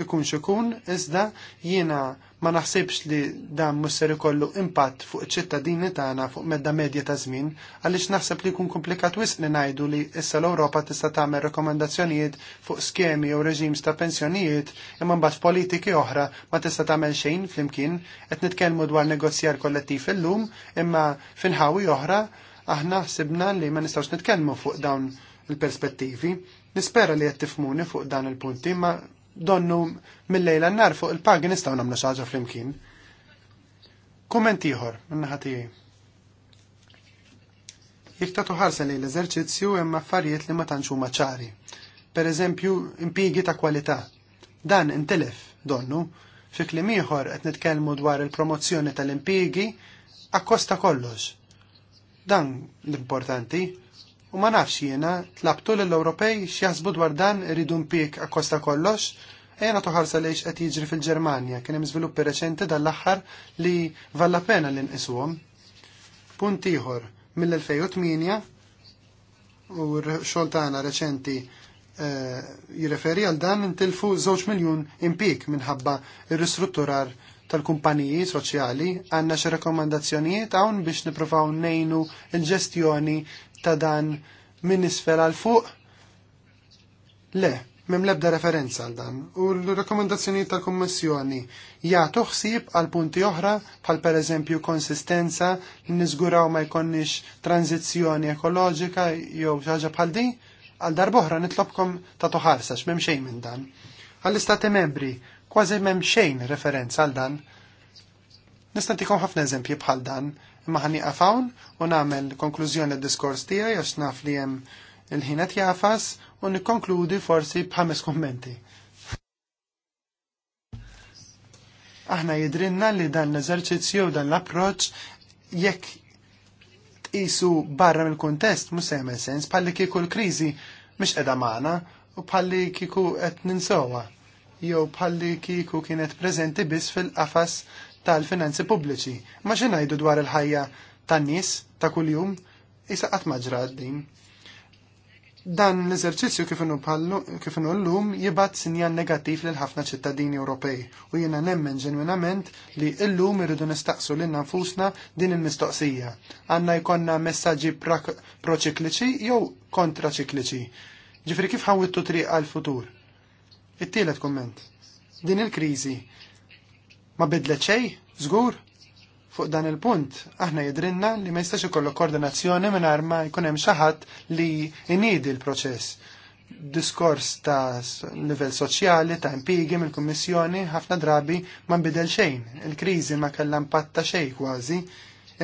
Speaker 2: ikun xikun, iżda jiena ma naħsibx li dan musser ikollu impatt fuq iċ-ċittadini tagħna fuq medda medja ta' żmien, għaliex naħseb li jkun komplikat wisq li ngħidu li issa l-Ewropa tista' tagħmel rekomendazzjonijiet fuq skemi jew reġims ta' pensjonijiet imma mbagħad politiki oħra ma tista' tagħmel xejn flimkien qed nitkellmu dwar negozjar kollettiv illum imma finħawi oħra aħna ħsibna li ma nistgħux nitkellmu fuq dawn il-perspettivi. Nispera li qed tifmuni fuq dan il-punti ma donnu mill-lejla n-nar fuq il-pagi nistaw namlu xaġa fl-imkien. Komment iħor, minnaħat tijaj. Jek ta' tuħarsa li l-eżerċizzju hemm affarijiet li ma tantxu maċari. Per eżempju, impigi ta' kwalità. Dan intelef, donnu, fi klim ieħor qed nitkellmu dwar il-promozzjoni tal-impigi akkosta kollox. Dan l-importanti, U ma nafx jiena tlabtu l-Ewropej x'jaħsbu dwar dan iridu a kosta kollox, ejna toħarsa lejx qed jiġri fil-Ġermanja kien hemm żviluppi reċenti dal-aħħar li valla pena li nqisuhom. Punt ieħor mill-2008 u r-xogħol tagħna reċenti eh, jirreferi għal dan intilfu żewġ miljun impik minħabba r ristrutturar tal-kumpaniji soċjali għanna xi rekomandazzjonijiet hawn biex nippruvaw nejnu l-ġestjoni ta' dan minn isfel għal fuq? Le, mem lebda referenza għal dan u l-rekomendazzjoni tal-Kommissjoni jagħtu ħsieb għal punti oħra bħal pereżempju konsistenza li niżguraw ma jkollniex tranzizzjoni ekoloġika jew xi ħaġa bħal din għal darb'oħra nitlobkom ta' toħarsax m'hemm xejn minn dan. Għall-istati membri kważi m'hemm xejn referenza għal dan. Nista' ħafna eżempji bħal dan Imma ħani għafawn u namel konklużjoni l-diskors tijaj għax naf li jem il-ħinet jafas u nikkonkludi forsi bħames kommenti. Aħna jidrinna li dan l-eżerċizzju u dan l-approċ jekk tqisu barra mill-kuntest mhux se jagħmel sens bħalli kieku l-kriżi mhux qiegħda magħna u bħalli kieku qed ninsowa jew bħalli kieku kienet preżenti biss fil-qafas tal-finanzi pubbliċi. Ma xinajdu dwar il-ħajja tan-nies ta' kuljum jisa qatt maġra din. Dan l-eżerċizzju kif inhu llum jibgħat sinjal negattiv lil ħafna ċittadini Ewropej u jiena nemmen ġenwinament li llum iridu nistaqsu lil nfusna din il-mistoqsija. Għandna jkollna messaġġi proċikliċi jew kontraċikliċi. Ġifri kif ħawittu triq għal-futur? It-tielet komment. Din il-kriżi Ma bidlet xej, żgur? Fuq dan il-punt, aħna jidrinna li ma jistax ikollok koordinazzjoni mingħajr ma jkun hemm xi ħadd li inidi l-proċess. Diskors ta' livell soċjali, ta' impigi mill-Kummissjoni ħafna drabi ma nbidel xejn. Il-kriżi ma kellha impatt ta' xejn kważi,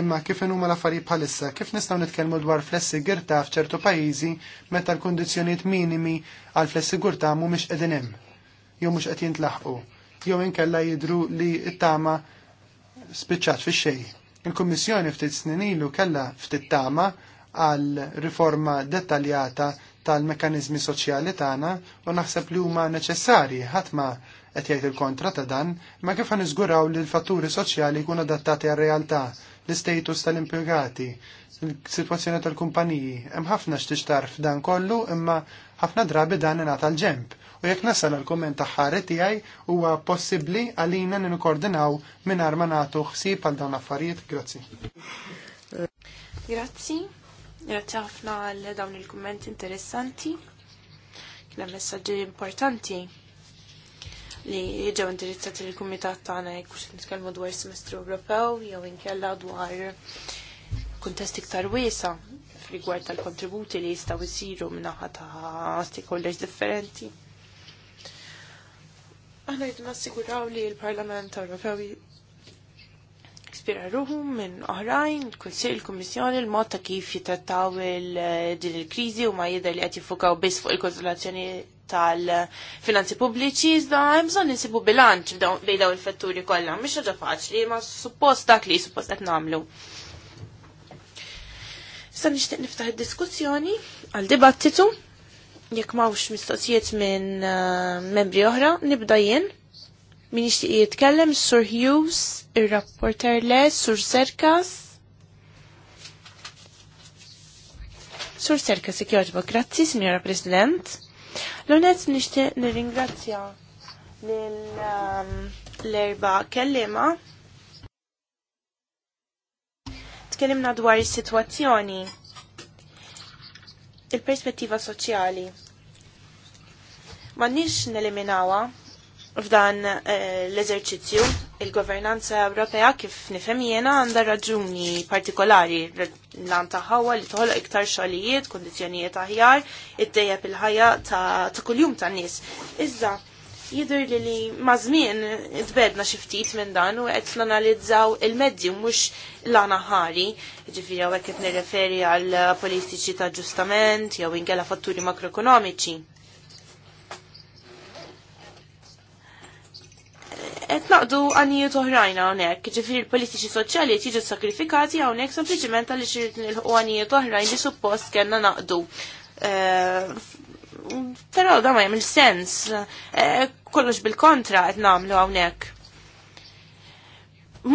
Speaker 2: imma kif huma l-affarijiet bħalissa, kif nistgħu nitkellmu dwar flessigurtà f'ċertu pajjiżi meta l-kundizzjonijiet minimi għal flessigurtà mhumiex qegħdin hemm jew mhux qed jintlaħqu jew inkella jidru li t-tama spiċċat fi xej. Il-Kummissjoni ftit snin ilu kella ftit tama għal riforma dettaljata tal-mekanizmi soċjali tagħna u naħseb li huma neċessarji ħadd ma qed jgħid il-kontra ta' dan, ma kif niżguraw li l-fatturi soċjali jkunu adattati għar-realtà, l-istatus tal-impjegati, il-sitwazzjoni tal-kumpaniji. Hemm ħafna x'tixtar f'dan kollu imma ħafna drabi dan ingħata l-ġemp u jekk nasal l-komment taħħaret tiegħi huwa possibbli għalina ninkordinaw mingħajr ma nagħtu ħsieb għal dawn affarijiet. Grazzi.
Speaker 3: Grazzi. Grazzi ħafna għal dawn il-kumment interessanti. Kien hemm messaġġi importanti li ġew indirizzati lill-kumitat tagħna jekk kux nitkellmu dwar semestru Ewropew jew inkella dwar kuntest iktar wiesa rigward tal-kontributi li jistaw jisiru minnaħa ta' stakeholders differenti. Aħna jridu nassiguraw li l-Parlament Ewropew jispira ruħum minn oħrajn, il-Kunsil, il-Kummissjoni, il-mod ta' kif jitrattaw din il-kriżi u ma jidher li qed jiffukaw biss fuq il-konsultazzjoni tal-finanzi pubbliċi, iżda hemm bżonn insibu bilanċ bejn dawn il-fetturi kollha, mhix ħaġa faċli, ma suppost dak li suppost qed nagħmlu. Issa nixtieq niftaħ id-diskussjoni għal dibattitu Jekk mawx mistoqsijiet minn eh, membri oħra, nibda jien. Min ixtieq jitkellem Sur Hughes, ir-rapporter le, Sur Serkas. Sur Serkas joġba, grazzi, Signora President. L-unet nixtieq nirringrazzja ehm, l-erba kellima tkellimna dwar is-sitwazzjoni il-perspettiva soċjali. Ma nix neliminawa f'dan eh, l-eżerċizzju il-governanza Ewropea kif nifhem jiena għandha raġuni partikolari l-nam l-għan taħħawa li toħloq iktar xogħlijiet, kundizzjonijiet aħjar, iddejjeb il-ħajja ta' kuljum tan-nies. Iżda Jidur li li mażmien tbedna xi ftit minn dan u qed nanalizzaw il-medji mhux l-għana ħari, ġifiri għu għed nirreferi għal politiċi ta' ġustament, jew inkella fatturi makroekonomiċi. Et naqdu għanijiet oħrajn għonek, ġifiri l-politiċi soċjali tiġu sakrifikati għonek sempliciment għalli xirrit nilħu għanijiet oħrajn li suppost kena naqdu. Eh, Pero da ma jemil sens. Eh, kollox bil-kontra qed nagħmlu hawnhekk.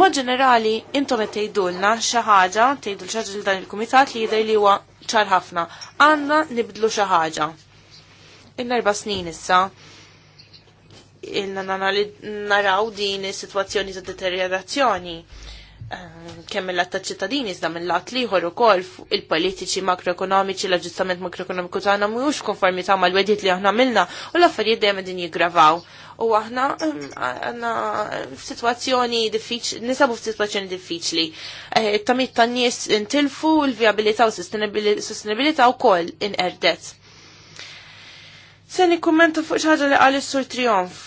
Speaker 3: Mod ġenerali, intom qed tgħidulna xi ħaġa, xaħġa li dan il-kumitat li jidher li huwa ċar ħafna. Għandna nibdlu xi ħaġa. il narba snin issa il naraw din is-sitwazzjoni ta' deteriorazzjoni Ehm, kemm il-lat ta' ċittadini iżda mill-lat liħor ukoll il-politiċi makroekonomiċi l-aġġustament makroekonomiku tagħna mhux konformità mal-wedjiet li aħna milna u l-affarijiet dejjem din jiggravaw. U aħna ehm, għandna f'sitwazzjoni diffiċli, nisabu f'sitwazzjoni diffiċli. Eh, Tamit tan-nies intilfu l vijabilità u sostenibilità wkoll inqerdet. Se nikkummenta fuq xi ħaġa li qal is-Sur Trionf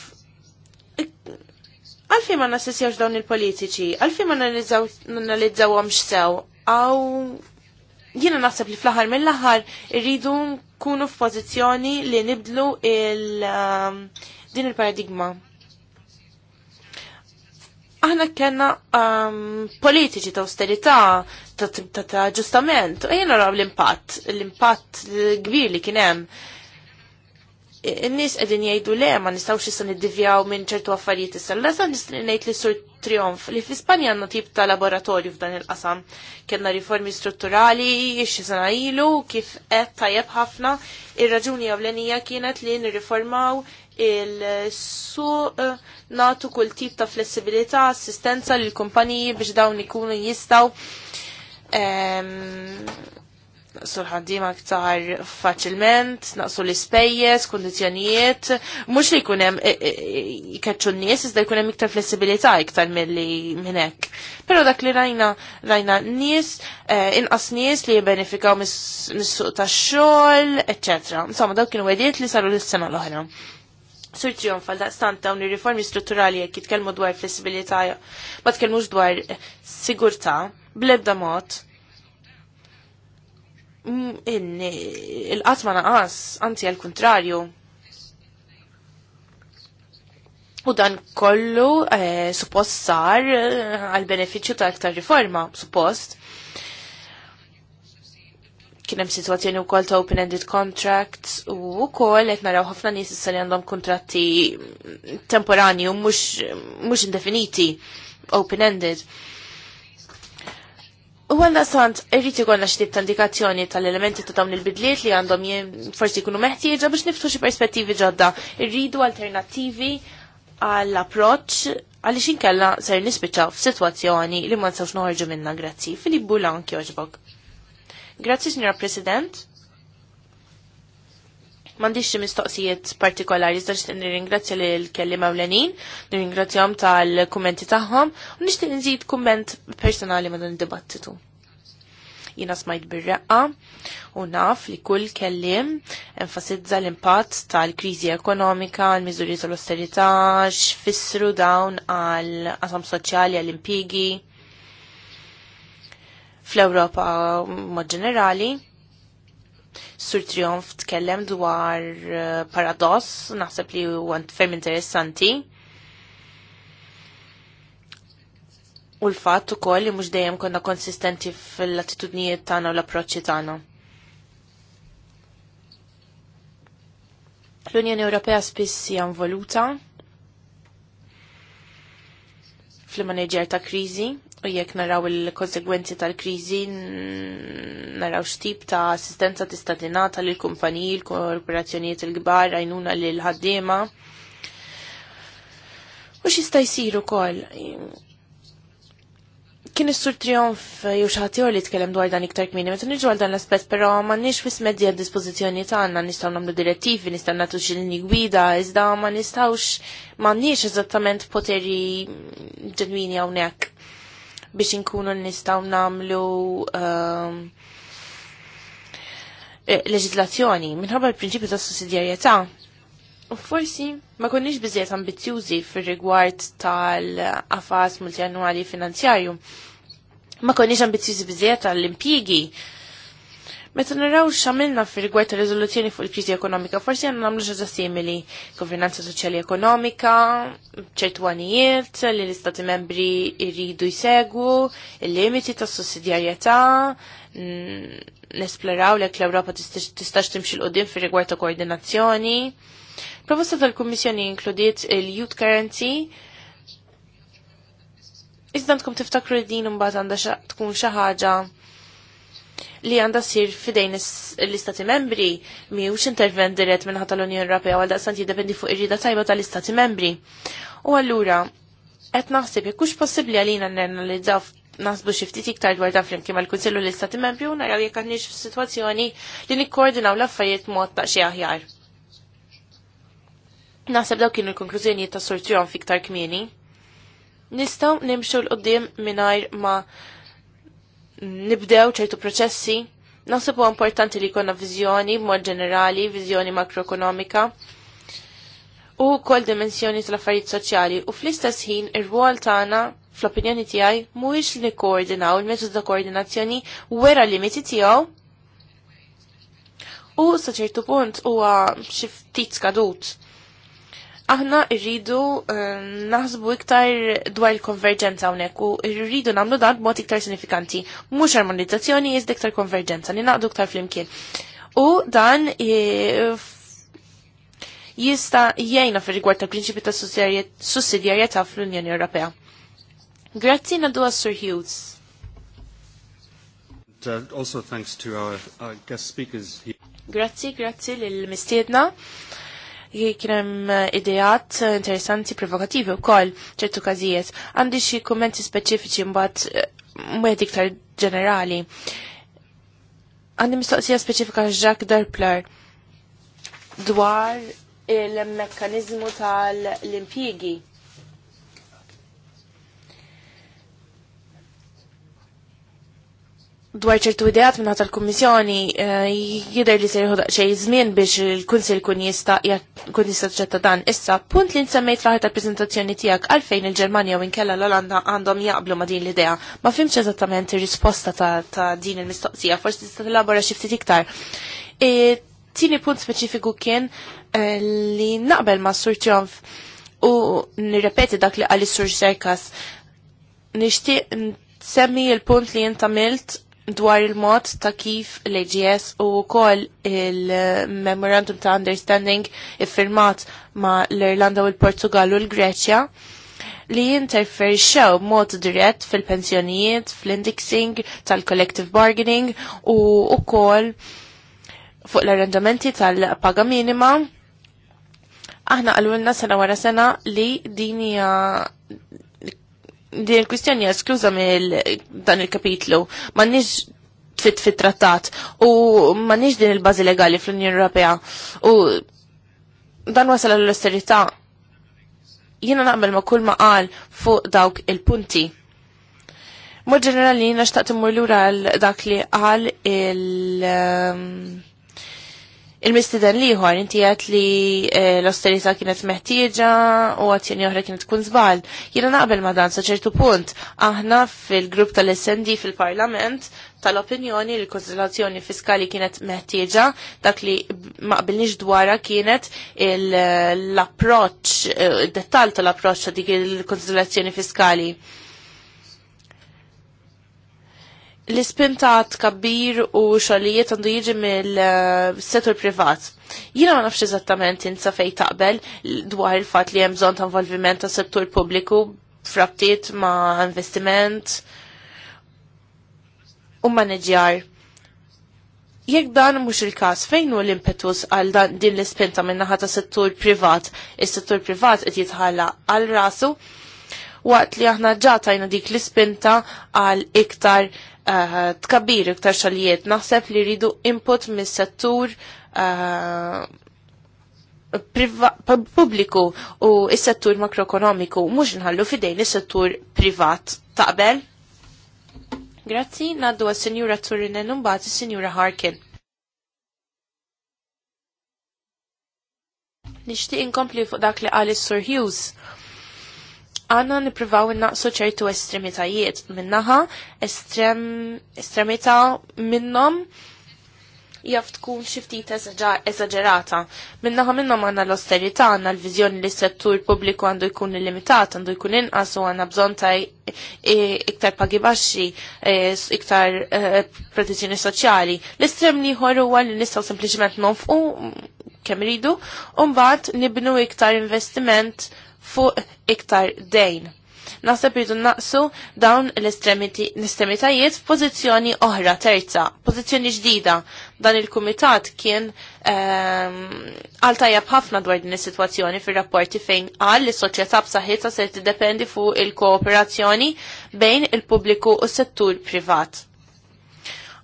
Speaker 3: Għalfej ma nassessjawx dawn il-politiċi, għalfej ma għom sew, għaw jiena naħseb li fl-aħħar mill-aħħar irridu nkunu f'pożizzjoni li nibdlu il um, din il-paradigma. Aħna kena um, politiċi ta' austerità, ta' ġustament, u jiena raw l-impatt, l-impatt kbir li kien hemm n-nis għedin jajdu le, ma nistawx issa niddivjaw minn ċertu affarijiet issa. L-asa ngħid li sur trionf li fl-Ispanja għanna tip ta' laboratorju f'dan il-qasam. Kenna riformi strutturali, xi sena ilu, kif qed tajjeb ħafna. Ir-raġuni għavlenija kienet li nirriformaw il-suq natu kull tip ta' flessibilità, assistenza l kumpaniji biex dawn ikunu jistaw ehm, naqsu l-ħaddim aktar faċilment, naqsu l-ispejjeż, kundizzjonijiet, mhux li jkun hemm e, e, e, jkeċċu n-nies iżda jkun hemm iktar flessibilità iktar milli minn hekk. Però dak li rajna rajna nies inqas nies li jibbenefikaw mis-suq tax-xogħol, etc. Insomma, dak kienu għediet li saru l sena l-oħra. Sur jom fal-daqstant dawn ir-riformi strutturali jekk jitkellmu dwar flessibilità, ma tkellmux dwar sigurtà, bl-ebda mod, Mm, il-qatma naqas, anzi għal-kontrarju. U dan kollu eh, suppost sar eh, għal-beneficju ta' aktar riforma, suppost. Kien hemm sitwazzjoni wkoll ta' open-ended contracts u wkoll qed naraw ħafna nies issa li għandhom kontratti temporani u mhux indefiniti open-ended. U għalla sant, irrit ikonna xtib ta' indikazzjoni tal-elementi ta' dawn il-bidliet li għandhom forsi jkunu meħtieġa biex niftu xi perspettivi ġodda. Irridu alternattivi għall-approċ għaliex inkella ser f f'sitwazzjoni li ma nsawx noħorġu minna. Grazzi. Filip Bulan kjoġbok. Grazzi, Signora President xie mistoqsijiet partikolari, zdaċ nir ringrazzja li l-kellim għawlenin, nir-ingrazzjam tal-kommenti taħħom, u nishtin nżid komment personali madan il-dibattitu. Jina smajt bil-reqqa, u naf li kull kellim enfasizza l-impatt tal-krizi ekonomika, l-mizuri tal x x'fissru dawn għal-qasam soċjali għal-impigi, fl-Europa mod ġenerali, Sur Triumf tkellem dwar eh, paradoss, naħseb li huwa ferm interessanti. U l-fatt ukoll li mhux dejjem konna konsistenti fil-attitudnijiet tagħna u l-approċċi tagħna. L-Unjoni Ewropea spiss hija involuta fl manager ta' kriżi U jekk naraw il-konsegwenzi tal-kriżi, naraw x'tip ta' assistenza tista' tingħata lil kumpaniji, l-korporazzjonijiet il-kbar għajnuna l ħaddiema. U x'jista' jsir kol? Kien is-sur trionf jew xi li tkellem dwar dan iktar kmieni, meta niġu għal dan l-aspett però m'għandniex fis medji għad dispożizzjoni tagħna nistgħu nagħmlu direttivi, nistgħu nagħtu xi gwida, iżda ma nistgħux m'għandniex eżattament poteri ġenwini hawnhekk biex inkunu nistaw namlu um, e, leġizlazzjoni minħabba l-prinċipju ta' sussidjarjetà. U forsi ma konniex biżiet ambizzjużi fir-rigward tal afas multjanwali finanzjarju. Ma konniex ambizzjużi biżiet tal-impjigi Meta naraw x'għamilna fir-rigward riżoluzzjoni fuq il-kriżi ekonomika, forsi għandna nagħmlu xi simili governanza soċjali ekonomika, ċertu għanijiet li l-istati membri jridu jsegwu, il-limiti tas sussidjarjetà, nesploraw l l-Ewropa tistax timxi l-qudiem fir-rigward ta' koordinazzjoni. Proposta tal-Kummissjoni inkludiet il-Youth Currency, Iżda tkun tiftakru din imbagħad għandha tkun xi ħaġa li għanda sir fidejn l-istati membri ux intervent dirett minn ħata l-Unjoni Ewropea għal daqsan jiddependi fuq irrida tajba tal-istati membri. U għallura, qed naħseb jekkux possibbli għalina n-analizzaw nasbu xiftit iktar dwar dan flimkien mal-Kunsillu l-Istati Membri u naraw jekk għandniex f'sitwazzjoni li nikkoordinaw l-affarijiet mod ta' xi aħjar. Naħseb daw kienu l-konklużjonijiet ta' sortjon fiktar kmieni. Nistgħu nimxu l-qudiem mingħajr ma' nibdew ċertu proċessi. Naħseb huwa importanti li jkollna viżjoni b'mod ġenerali, viżjoni makroekonomika u kol dimensjoni tal-affarijiet soċjali u fl-istess ħin ir-rwol tagħna fl-opinjoni tiegħi mhuwiex li koordinaw il-metod ta' koordinazzjoni wera limiti tiegħu u sa ċertu punt huwa xi ftit skadut aħna rridu eh, naħsbu iktar dwar il-konverġenza hawnhekk u rridu nagħmlu dan b'mod iktar sinifikanti. Mhux armonizzazzjoni iżda iktar konverġenza, li naqdu iktar flimkien. U dan eh, jista' jgħinna fir-rigward tal-prinċipju ta' sussidjarjetà fl-Unjoni Ewropea. Grazzi nadu Sir Hughes.
Speaker 2: uh, also thanks to our, our guest speakers here.
Speaker 3: Grazzi, grazzi lil mistiedna jikrem eh, idejat eh, interessanti, provokativi u koll ċertu kazijiet. Għandi xie kommenti speċifiċi mbat eh, mwed iktar ġenerali. Għandi mistoqsija speċifika Jacques Derpler dwar il-mekkanizmu tal-impjigi dwar ċertu ideat minna tal-Kommissjoni eh, jider li se jħu daqxej żmien biex il-Kunsil kun jista' kun jista' ċetta dan. Issa, punt li nsemmejt l ħar tal-preżentazzjoni tiegħek għalfejn il-Ġermanja u inkella l-Olanda għandhom jaqblu ma din l-idea. Ma fimx eżattament ir-risposta ta' din il-mistoqsija, forsi tista' tilabora xi ftit iktar. E, Tieni punt speċifiku kien eh, li naqbel ma' Sur Trump u nirrepeti dak li għalli Sur Serkas. Nixtieq semmi il-punt li jintamilt dwar il-mod ta' kif l-AGS u kol il-Memorandum ta' Understanding iffirmat ma' l-Irlanda u l-Portugal u l-Greċja li xew mod dirett fil-pensjonijiet, fil-indexing, tal-collective bargaining u u kol fuq l-arrendamenti tal-paga minima. Aħna għalwilna sena wara sena li dinja din il-kwistjoni eskluża dan il-kapitlu. Ma nix fit fit trattat u ma nix din il-bazi legali fl-Unjoni Ewropea. U dan wasal l-austerità jiena naqbel ma kull ma qal fuq dawk il-punti. Mod ġenerali jiena xtaqt immur lura dak li qal il- um, Il-mistiden liħor, inti għat li eh, l osterita kienet meħtieġa u għazzjoni oħra kienet kun zbal. Jena naqbel madan sa ċertu punt, aħna fil-grupp tal-SND fil-parlament tal-opinjoni li konsultazzjoni fiskali kienet meħtieġa, dak li maqbilniġ dwara kienet l-approċ, eh, dettal tal-approċ ta' dik il-konsultazzjoni fiskali l-ispinta tkabbir u xogħlijiet għandu jiġi mill-settur privat. Jiena ma nafx eżattament insa fej taqbel dwar il-fatt li hemm bżonn ta' involviment ta' settur pubbliku frabtiet ma' investiment u maneġjar. Jekk dan mhux il-każ fejn hu l-impetus għal din l-ispinta min-naħa ta' settur privat, is-settur privat qed jitħalla għal rasu waqt li aħna ġatajna dik l-ispinta għal iktar uh, tkabbir iktar xalijiet. Naħseb li rridu input mis settur uh, eh, pubbliku u is-settur makroekonomiku mhux nħallu fidejn is-settur privat. Taqbel? Grazzi, naddu għas-Sinjura Turinen un mbagħad sinjura Harkin. Nixtieq inkompli fuq dak li għalis sur Hughes għanna niprivaw innaqsu ċertu estremitajiet minnaħa, estrem, estremita minnom jaf tkun xiftit eżagġerata. Minnaħa minnom għanna l osterita għanna l-vizjoni li settur publiku għandu jkun limitat, għandu jkun inqas u għanna bżon ta' iktar pagi baxxi, e, iktar e, protezzjoni soċjali. L-estrem liħor huwa li nistaw sempliċement nonfqu mm, kemm ridu, u mbagħad nibnu iktar investiment fuq iktar dejn. Naħseb irridu naqsu dawn l-estremitajiet f'pożizzjoni oħra terza, pożizzjoni ġdida. Dan il-kumitat kien ehm, għaltajab ħafna dwar din is-sitwazzjoni fir-rapporti fejn qal li s-soċjetà b'saħħitha se tiddependi fuq il-kooperazzjoni bejn il-pubbliku u s-settur privat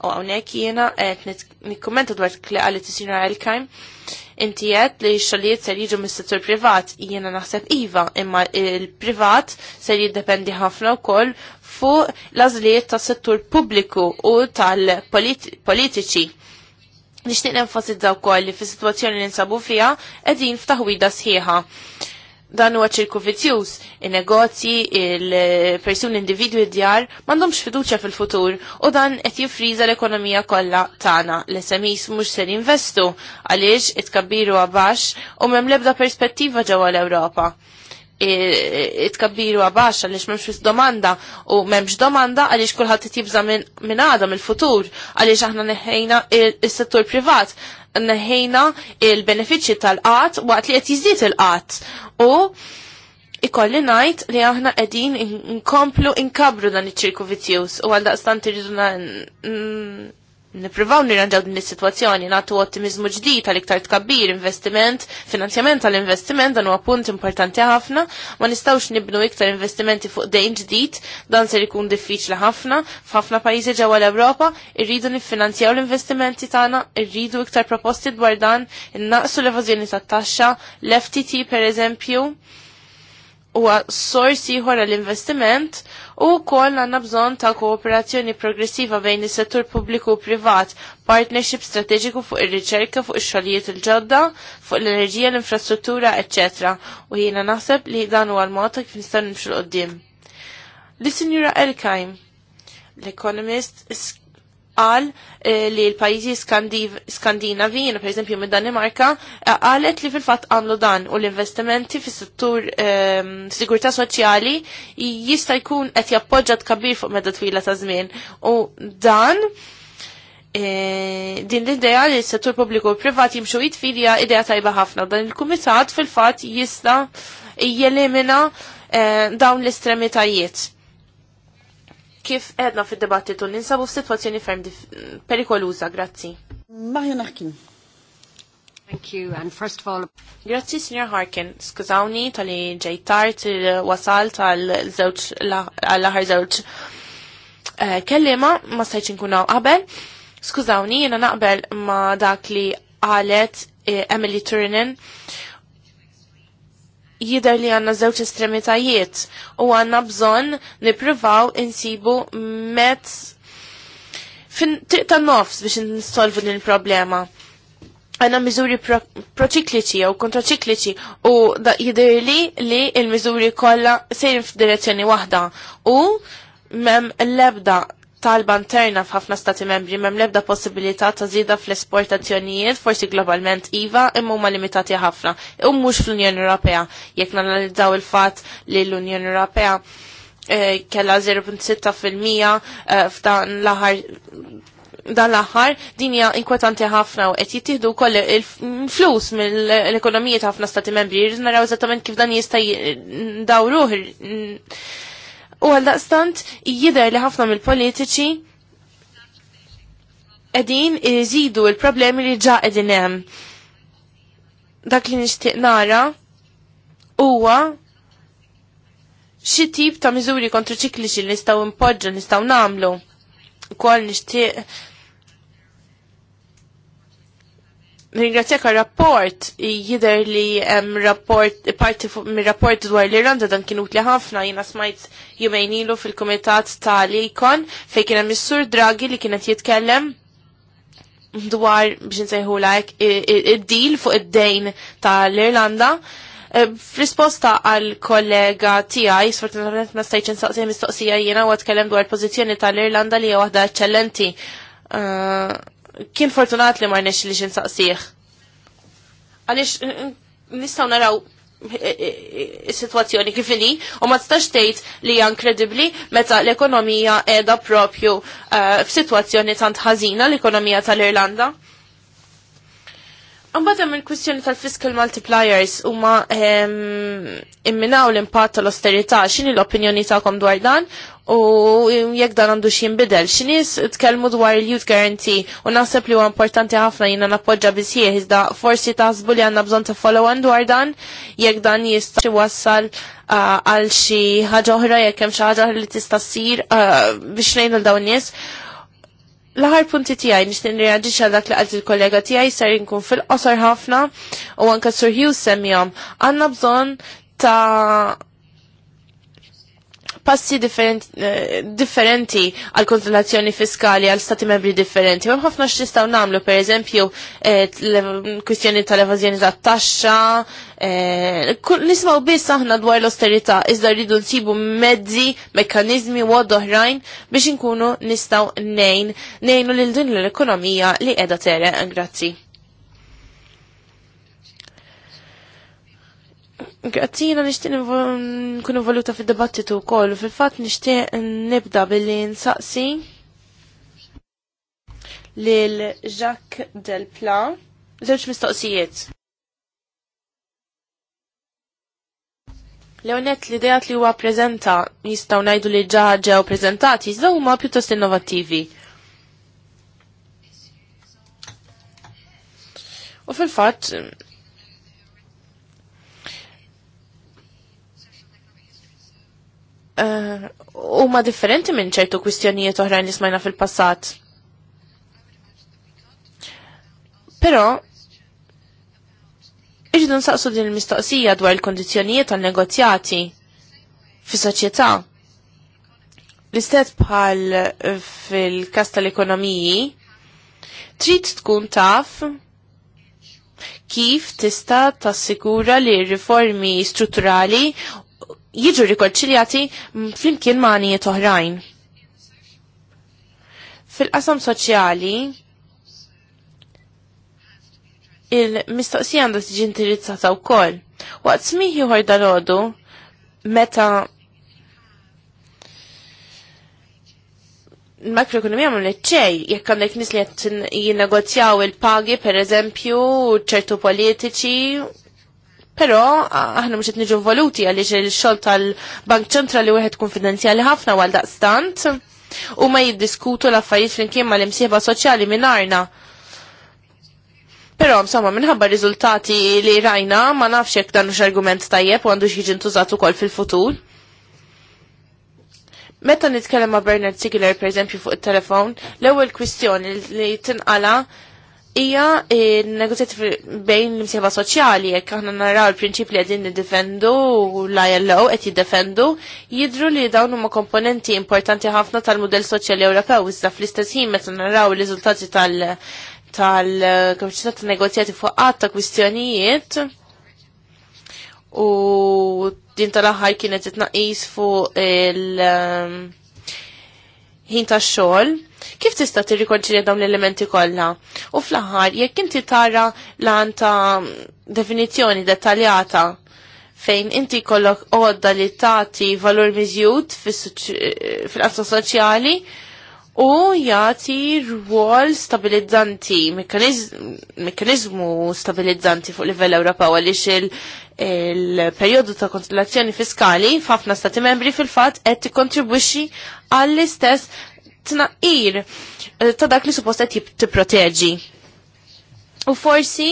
Speaker 3: u għawnek jena għet nikkommenta dwar t-kleqa li t-sina għal-kajm inti għet li xalijiet ser jiġu mis-settur privat jena naħseb iva imma il-privat ser jiddependi ħafna u koll fu lażliet ta' settur pubbliku u tal-politiċi. Nixtieq nenfasizza wkoll li fis-sitwazzjoni li nsabu fiha qegħdin f'taħwida sħiħa dan huwa ċirku vizzjuż. In-negozji, il-persuni individwi djar m'għandhomx fiduċja fil-futur u dan qed jifriża l-ekonomija kollha tagħna. L-SMEs mhux se jinvestu għaliex itkabbiru għabax u m'hemm l-ebda perspettiva ġewwa l-Ewropa itkabbiru għabax għalix memx domanda u memx domanda għalix kullħat jibza minn għadam il-futur għalix aħna neħejna il-settur privat neħejna il-benefiċċji tal-qat waqt li qed jiżdied il-qat. U ikolli ngħid li aħna qegħdin nkomplu inkabru dan iċ-ċirku vizzjuż u għal daqstant irridu niprivaw nirranġaw din is-sitwazzjoni nagħtu ottimizmu ġdid għal iktar tkabbir investiment, finanzjament għal investiment dan huwa punt importanti ħafna, ma nistgħux nibnu iktar investimenti fuq dejn ġdid, dan ser ikun diffiċli ħafna, f'ħafna pajjiżi ġewwa l-Ewropa irridu niffinanzjaw l-investimenti tagħna, irridu iktar proposti dwar dan, innaqsu l-evażjoni tat-taxxa, l-FTT pereżempju, huwa sors ieħor l-investiment U kol għanna bżon ta' kooperazzjoni progressiva bejn is settur pubbliku u privat, partnership strategiku fuq ir-riċerka fuq ix-xogħlijiet il-ġodda, fuq l-enerġija, l-infrastruttura, etc. U jiena naħseb li dan huwa l-mod kif nistgħu nimxu l-qoddim. Li Sinjura l-ekonomist qal eh, li l-pajjiżi skandinavi, per eżempju minn Danimarka, qalet eh, li fil-fatt għamlu dan u l-investimenti fis-settur ehm, sigurtà soċjali jista' jkun qed jappoġġa tkabbir fuq medda twila ta' żmien. U dan eh, din l-idea li s-settur pubbliku u privat jimxu jitfidja idea tajba ħafna. Dan il-kumitat fil-fatt jista' jelimina dawn l-estremitajiet kif edna fil-debattitu ninsabu situazzjoni ferm perikoluza, grazzi. Marja Narkin. Thank you, and first of all... Grazzi, Signor Harkin. Skużawni tal-li ġej il wasal tal-żewġ, l-aħar żewġ eh, kellima, ma stajċin kuna qabel. Skużawni, jena naqbel ma dak li għalet eh, Emily Turinen jider li għanna zewċ estremitajiet u għanna bżon niprivaw insibu mezz fin triqta nofs biex nistolvu din il-problema. Għanna miżuri proċikliċi pro u kontraċikliċi u da jider li li il-miżuri kolla sejn f'direzzjoni wahda u mem l-ebda talba interna f'ħafna stati membri mem lebda possibilità ta' zida fl-esportazzjonijiet forsi globalment IVA imma huma limitati ħafna. U mhux fl-Unjoni Ewropea jekk nanalizzaw il-fatt li l-Unjoni Ewropea eh, kella 0.6% eh, f'dan l-aħħar dan l-aħħar din hija inkwetanti ħafna u qed jittieħdu wkoll il-flus mill-ekonomija ta' ħafna stati membri. Naraw eżattament kif dan jista' dawruh U għal-daqstant, jidher li ħafna mill-politiċi qegħdin iżidu l-problemi li ġa qegħdin hemm. Dak li nixtieq nara huwa xi tip ta' miżuri kontraċikliċi li nistgħu impoġġu nistgħu nagħmlu. Ukoll nixtieq Ringrazzjak rapport jider li rapport, parti mir rapport dwar l-Irlanda dan kienu li ħafna jina smajt jumejnilu fil-komitat ta' li kon, fej kiena missur dragi li kienet jitkellem dwar biex nsejħu lajk id-dil fuq id-dejn ta' l-Irlanda. E, Risposta għal kollega tiegħi, sfortunatament ma stajċ nsaqsi mistoqsija jiena u għatkellem dwar pożizzjoni tal-Irlanda li hija waħda eċċellenti. Uh, kien fortunat li marnex li xin saqsiħ. Għalix, nistaw naraw eh, eh, eh, situazzjoni kif li u ma tstax tgħid li hija inkredibbli meta l-ekonomija qiegħda propju f'sitwazzjoni tant ħażina l-ekonomija tal-Irlanda. Għambadam il-kwistjoni tal-fiscal multipliers u ma ehm, imminaw l-impatt tal-austerità, xini l-opinjoni ta'kom dwar dan u jekk dan għandu xie mbidel, xini tkellmu dwar il-youth guarantee u naħseb li huwa importanti ħafna jina nappoġġa bisħieħ, iżda forsi taħsbu li għanna bżon ta' follow on dwar dan, jekk dan jista' xi wassal għal xi ħaġa oħra jekk hemm xi ħaġa li tista' ssir biex ngħidu l-dawn nies L-ħar punti tijaj, nishtin nirreagġiċ għal dak li għalt il-kollega tijaj, sar nkun fil qosar ħafna, u anka Sur Hughes semmijom, għanna bżon ta' passi eh, differenti għal kontrollazzjoni fiskali għal stati membri differenti. Hemm ħafna x'nistgħu nagħmlu pereżempju eh, kwistjoni tal-evażjoni tat-taxxa, eh, nismaw biss aħna dwar l-austerità iżda rridu nsibu mezzi, mekkaniżmi u oħrajn biex inkunu nistgħu nejn nejnu lil din l-ekonomija li qiegħda tereq. Grazzi. Għazzina nishtiq nkun involuta fil-dibattitu kol, fil-fat nishtiq nibda billi nsaqsi lil Jacques Del Pla, żewġ mistoqsijiet. Leonet l-idejat li huwa prezenta jistaw najdu li ġa ġew preżentati jizdaw huma pjuttost innovativi. U fil-fatt, Eh, huma ma differenti minn ċertu kwistjonijiet oħrajn li smajna fil-passat. Però irridu nsaqsu din il-mistoqsija dwar il-kondizjonijiet għal negozjati fi soċjetà. L-istess bħal fil-kas tal-ekonomiji, trid tkun taf kif tista tassigura li riformi strutturali jiġu rikonċiljati flimkien manijiet oħrajn. Fil-qasam soċjali, il-mistoqsija għandha tiġi indirizzata wkoll. Waqt smih ieħor dalodu meta l-makroekonomija minn ċej, jekk għandek nis li jinnegozjaw il-pagi per eżempju, ċertu politiċi, Pero aħna mhux qed niġu involuti għaliex il-xogħol tal-Bank Ċentrali wieħed konfidenzjali ħafna għal daqstant u ma jiddiskutu l-affarijiet flimkien mal imsieba soċjali minarna. Pero insomma minħabba riżultati li rajna ma nafx jekk dan argument tajjeb u għandu jiġi ntużat ukoll fil-futur. Meta nitkellem ma' Bernard Sigler per eżempju fuq it-telefon, l-ewwel kwistjoni li tinqala hija negozjati bejn l-imsieba soċjali jekk aħna naraw il-prinċip li qegħdin niddefendu u l-ILO qed jiddefendu, jidru li dawn huma komponenti importanti ħafna tal-mudell soċjali Ewropew iżda fl-istess ħin meta naraw l riżultati tal- tal-kapacità ta' negozjati fuq ta' kwistjonijiet u din tal-aħħar kienet itnaqis fuq il- ħin tax xogħol Kif tista' tirrikonċilja dawn l-elementi kollha? U fl-aħħar, jekk inti tara lan ta' definizzjoni dettaljata fejn inti kollok għodda li tagħti valur miżjud fil-qafsa soċjali u jagħti rwol stabilizzanti, mekkaniżmu stabilizzanti fuq livell Ewropa għaliex il- il-periodu ta' kontrolazzjoni fiskali f'ħafna stati membri fil-fatt qed tikkontribwixxi għall-istess tnaqir eh, ta' dak li suppost qed tipproteġi. U forsi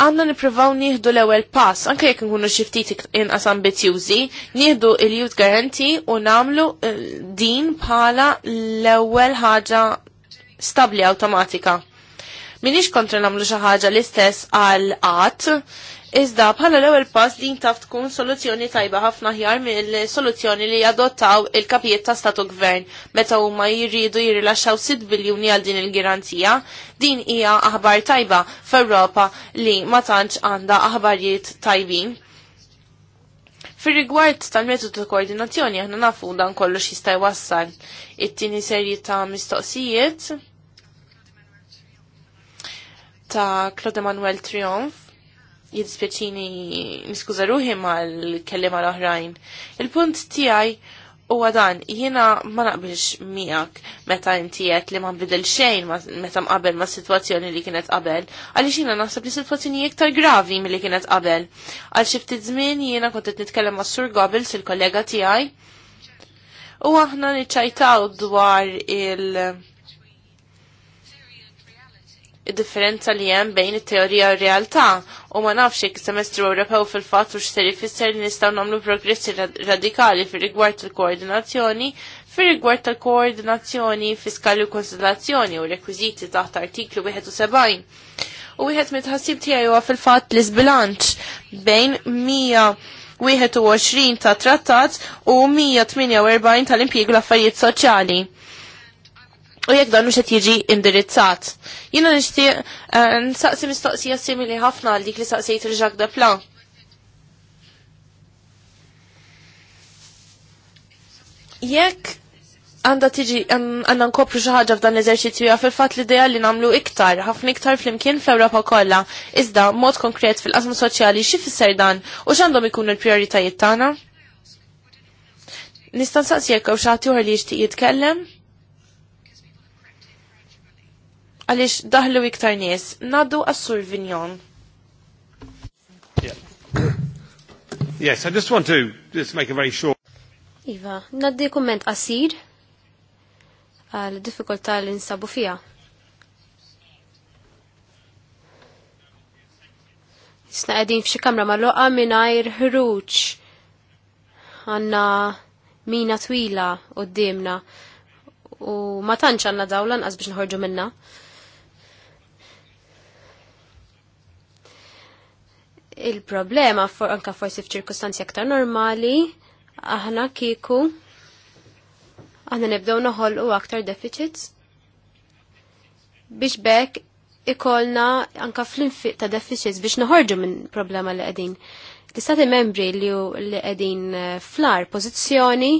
Speaker 3: għanna nippruvaw nieħdu l-ewwel pass, anke jekk nkunu xi ftit inqas ambizjużi, nieħdu il-Youth Guarantee u nagħmlu eh, din bħala l-ewwel ħaġa stabbli awtomatika. Minix kontra nagħmlu xi ħaġa l-istess għal qatt, Iżda bħala l-ewwel pass din taf tkun soluzzjoni tajba ħafna ħjar mill-soluzzjoni li adottaw il-kapijiet ta' statu gvern meta huma jiridu jirilaxxaw 6 biljuni għal din il-garanzija. Din hija aħbar tajba f'Ewropa li ma tantx għandha aħbarijiet tajbin. Fir-rigward tal-metodu ta' koordinazzjoni aħna nafu dan kollox jista' jwassal it-tieni serji ta' mistoqsijiet ta' Claude Emmanuel Triumph jidspieċini niskuza ruħi l kellima l-oħrajn. Il-punt tijaj u għadan, jiena ma naqbilx miegħek meta intijet li ma nbidil xejn meta mqabel ma situazzjoni li kienet qabel, għaliex jiena naħseb li situazzjoni iktar gravi milli kienet qabel. Għal xi ftit żmien jiena nitkellem ma' Sur Goebbels, il-kollega tiegħi, u aħna niċċajtaw dwar il- id-differenza li hemm bejn it-teorija u r-realtà u ma nafx jekk semestru Ewropew fil-fatt u x'ser jfisser li nistgħu nagħmlu progressi radikali fir-rigward il-koordinazzjoni fir-rigward tal-koordinazzjoni fiskali u konsidrazzjoni u rekwiżiti taħt artiklu 71. U wieħed mitħassib tiegħi huwa fil-fatt li sbilanċ bejn 100 21 ta' trattat u 148 tal impjiegu l-affarijiet soċjali u jekk dan mhux qed jiġi indirizzat. Jiena nixtieq eh, nsaqsi mistoqsija simili ħafna għal dik li saqsejt il da plan. Jekk għanda tiġi għanna nkopru xaħġa f'dan l-eżerċizzju fil-fat li ideja li namlu iktar, ħafna iktar fl-imkien fl-Ewropa kollha, iżda mod konkret fil-qasmu soċjali xi fisser dan u x'għandhom ikunu l-prijoritajiet tagħna? Nista' nsaqsi jekk hawn xi li jixtieq jitkellem? għaliex daħlu iktar nies. Naddu għassur vinjon. Yes, I just want to just make a very short.
Speaker 1: Iva, naddi komment qasir għal diffikultà li nsabu fija. Isna qegħdin f'xi kamra magħluqa mingħajr ħruġ għanna mina twila qudiemna u ma tantx għandna dawla nqas biex nħorġu minna. il-problema for anka forsi f'ċirkustanzi aktar normali aħna kieku aħna nibdew noħolqu aktar deficits biex bekk ikolna anka fl-infiq ta' deficits biex noħorġu minn problema li qegħdin. L-istati membri li qegħdin eh, flar pożizzjoni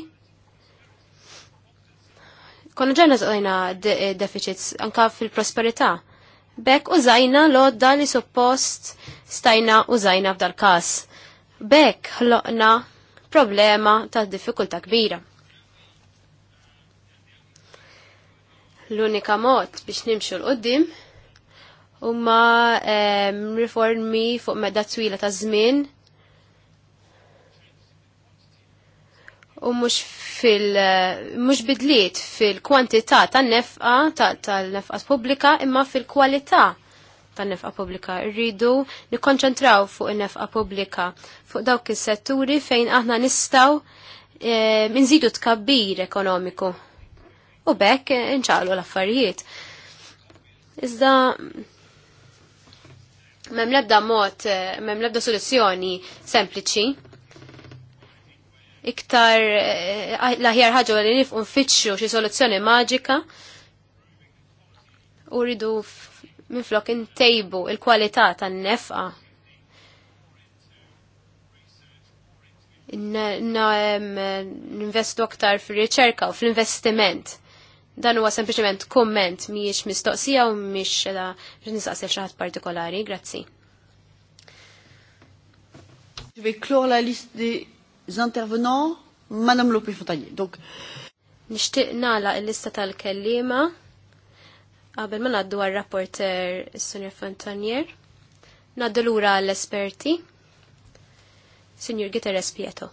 Speaker 1: konna ġenna zgħajna eh, deficits anka fil-prosperità. Bek użajna lodda odda li suppost stajna użajna f'dal każ. Bek ħloqna problema ta' diffikulta kbira. L-unika mod biex nimxu l-qoddim huma eh, riformi fuq medda twila ta' żmien u mux fil mux bidliet fil-kwantità tan-nefqa tal-nefqa ta pubblika imma fil-kwalità tan-nefqa pubblika. Rridu nikkonċentraw fuq in-nefqa pubblika fuq dawk is-setturi fejn aħna nistgħu e, eh, nżidu tkabbir ekonomiku. U bekk inċaqlu eh, l-affarijiet. Iżda mem lebda mod, eh, mem lebda soluzzjoni sempliċi iktar eh, laħjar ħagġa li nifqu nfittxu xi soluzzjoni maġika u rridu minflok intejbu il-kwalità tan-nefqa. Ninvestu aktar fir-riċerka u fl-investiment. Dan huwa sempliċement komment mhijiex mistoqsija u miex biex eh, nistaqsil xi ħadd partikolari. Grazzi. Je vais la intervenants, Madame Lopez Fontanier. Donc, Nishtiq nala il-lista tal-kellima qabel ma naddu għal-rapporter Sunir Fontanier. Naddu l-ura għall-esperti, Signor Guterres Pieto.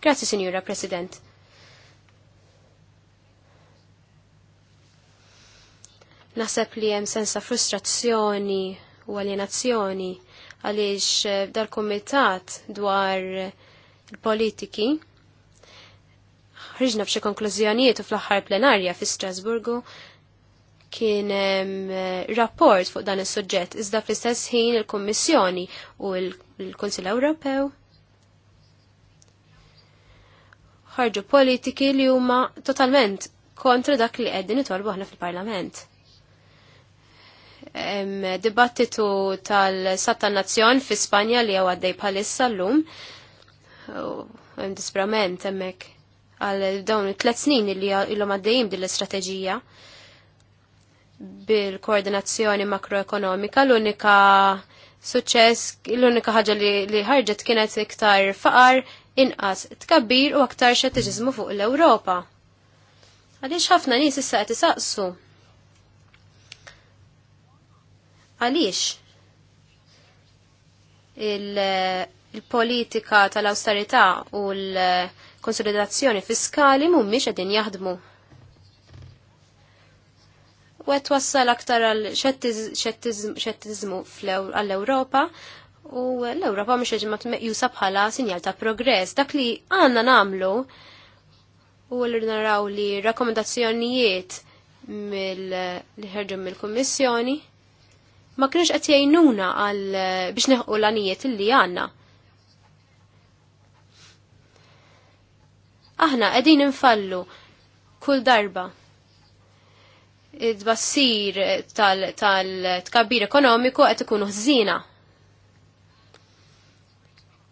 Speaker 1: Grazie, Signora President. Naseb li hemm sensa frustrazzjoni u alienazzjoni għaliex eh, dal-komitat dwar il-politiki ħriġna b'xi konklużjonijiet u fl-aħħar plenarja fi Strasburgu kien eh, rapport fuq dan is-suġġett iżda fl-istess ħin il-Kummissjoni u l-Kunsill Ewropew ħarġu politiki li huma totalment kontra dak li qegħdin itolbu aħna fil-Parlament dibattitu tal-Satta Nazzjon fi Spanja li għaw għaddej bħalissa l-lum. Hemm oh, disprament hemmhekk għal dawn it-tlet snin li ilhom għaddejjim din l-istrateġija bil-koordinazzjoni makroekonomika l-unika suċċess, l-unika ħaġa li, ħarġet kienet iktar faqar, inqas tkabbir u aktar xettiġizmu fuq l-Ewropa. Għaliex ħafna nies issa qed isaqsu Għaliex il-politika il tal-austerità u l-konsolidazzjoni fiskali mhumiex qegħdin jaħdmu. U qed wassal aktar għal xettiżmu għall-Ewropa u l-Ewropa mhux ġimgħat meqjusa bħala sinjal ta' progress. Dak li għandna nagħmlu u l naraw li rakkomendazzjonijiet mill-ħerġu mill-Kummissjoni ma kienx qed jgħinuna għal biex neħqu l-anijiet illi għandna. Aħna qegħdin infallu kull darba id-bassir tal-tkabbir ekonomiku qed ikunu ħżina.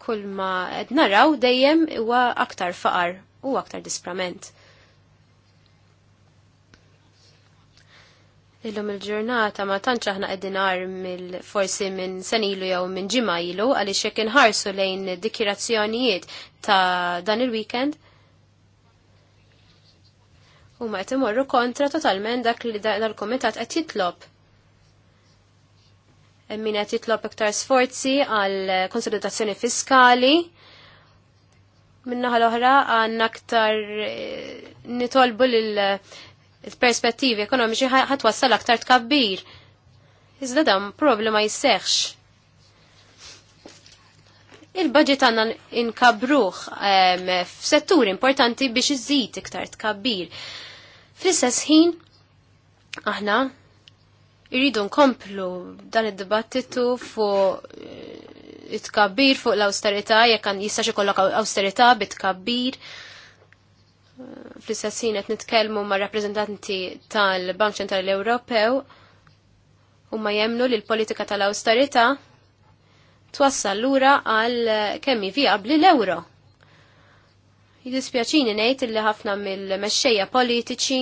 Speaker 1: Kull ma qed naraw dejjem huwa aktar faqar u aktar disprament. Illum il-ġurnata ma tantx aħna qegħdin mill forsi minn senilu jew minn ġimgħa ilu għaliex jekk inħarsu lejn dikirazzjonijiet ta' dan il-weekend. U ma qed imorru kontra totalment dak li dal-kumitat qed jitlob. Min qed jitlob iktar sforzi għal konsolidazzjoni fiskali, minnaħa l-oħra għandna aktar eh, nitolbu il perspettivi ekonomiċi ħatwassal aktar tkabbir. Iżda dam problema jisseħx. Il-budget għanna inkabruħ f'settur importanti biex iżid iktar tkabbir. Fl-istess ħin, aħna irridu nkomplu dan id-dibattitu fuq it-kabbir fuq l-austerità, jekk jistax ikollok austerità bit-kabbir fl-istessin qed nitkellmu ma' rappreżentanti tal-Bank Ċentrali Ewropew u ma jemnu li l-politika tal-austerità twassal lura għal kemmi viabli l-euro. Jidispjaċini ngħid li ħafna mill-mexxejja politiċi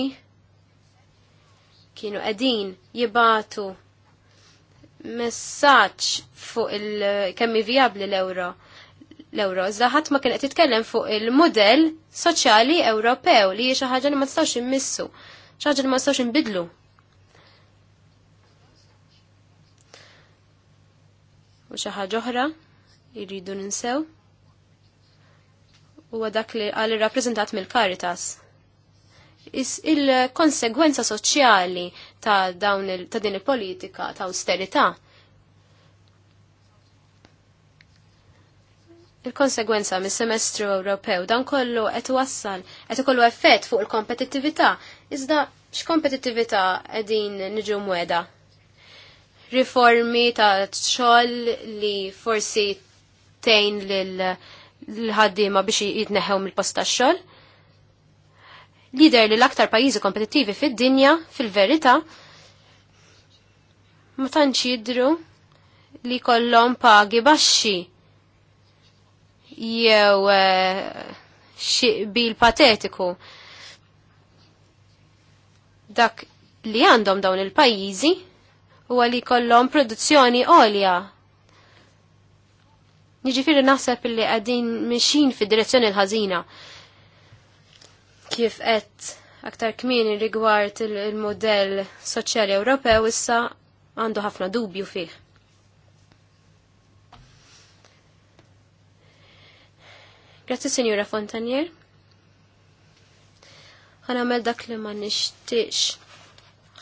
Speaker 1: kienu qegħdin jibatu messaġġ fuq il-kemmi viabli l-euro l-euro. Zaħat ma kienet titkellem fuq il-modell soċjali Ewropew li xi ħaġa li ma tistgħux immissu, xi ħaġa li ma tistgħux inbidlu. U xi ħaġa oħra jridu ninsew. Huwa dak li għal rappreżentat mill Is il-konsegwenza soċjali ta' dawn ta' din il-politika ta' austerità il-konsegwenza mis semestru Ewropew dan kollu qed wassal qed ikollu effett fuq il-kompetittività. Iżda x'kompetittività qegħdin niġu mweda? Riformi ta' xogħol li forsi tejn lil ħaddiema biex jitneħew mill-post tax-xogħol. Lider li l-aktar pajjiżi kompetittivi fid-dinja fil-verità ma tantx jidru li kollhom pagi baxxi jew eh, bil patetiku. Dak li għandhom dawn il-pajjiżi u li kollom produzzjoni għolja. Jiġifieri naħseb li qegħdin mixin fi direzzjoni l-ħażina. Kif qed aktar kmieni rigward il-modell soċjali Ewropew issa għandu ħafna dubju fih. Grazzi Signora Fontanier. għamel dak li ma nixtiex.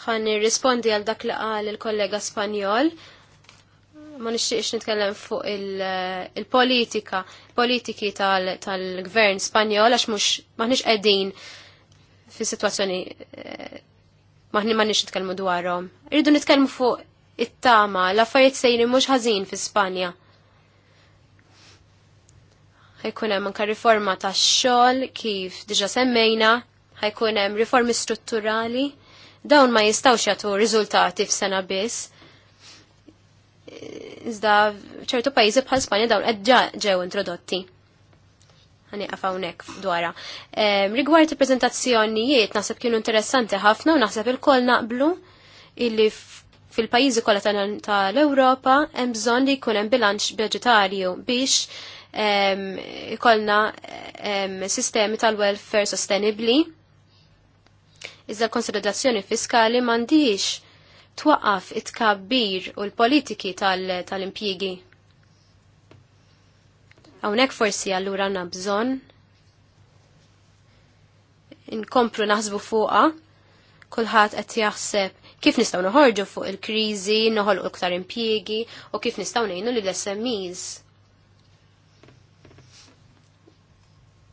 Speaker 1: Ħan nirrispondi għal dak li qal il-kollega Spanjol. Ma nishtiċ nitkellem fuq il-politika, il politiki tal-gvern Spanjol għax mhux maħniex qegħdin fi situazzjoni eh, maħni ma nix nitkellmu dwarhom. Irridu nitkellmu fuq it-tama, l-affarijiet sejri mhux ħażin fi Spanja ħajkun hemm anke riforma tax-xogħol kif diġà semmejna, ħajkun hemm riformi strutturali. Dawn ma jistgħux jagħtu riżultati f'sena biss. Iżda ċertu pajjiżi bħal Spanja dawn qed ġew introdotti. Ħaniqaf hawnhekk dwara. Rigward il-preżentazzjonijiet naħseb kienu interessanti ħafna u naħseb ilkoll naqblu illi fil-pajjiżi kollha tal-Ewropa hemm bżonn li jkun hemm bilanċ budgetarju biex ikolna sistemi tal-welfare sostenibli. Iżda konsolidazzjoni fiskali mandiġ twaqqaf it-kabbir u l-politiki tal-impjigi. Għawnek Hawnhekk forsi allura għandna bżonn inkomplu naħsbu fuqa, kulħadd qed jaħseb kif nistgħu noħorġu fuq il-kriżi, noħolqu iktar impjiegi u kif nistgħu ngħinu lill SMEs.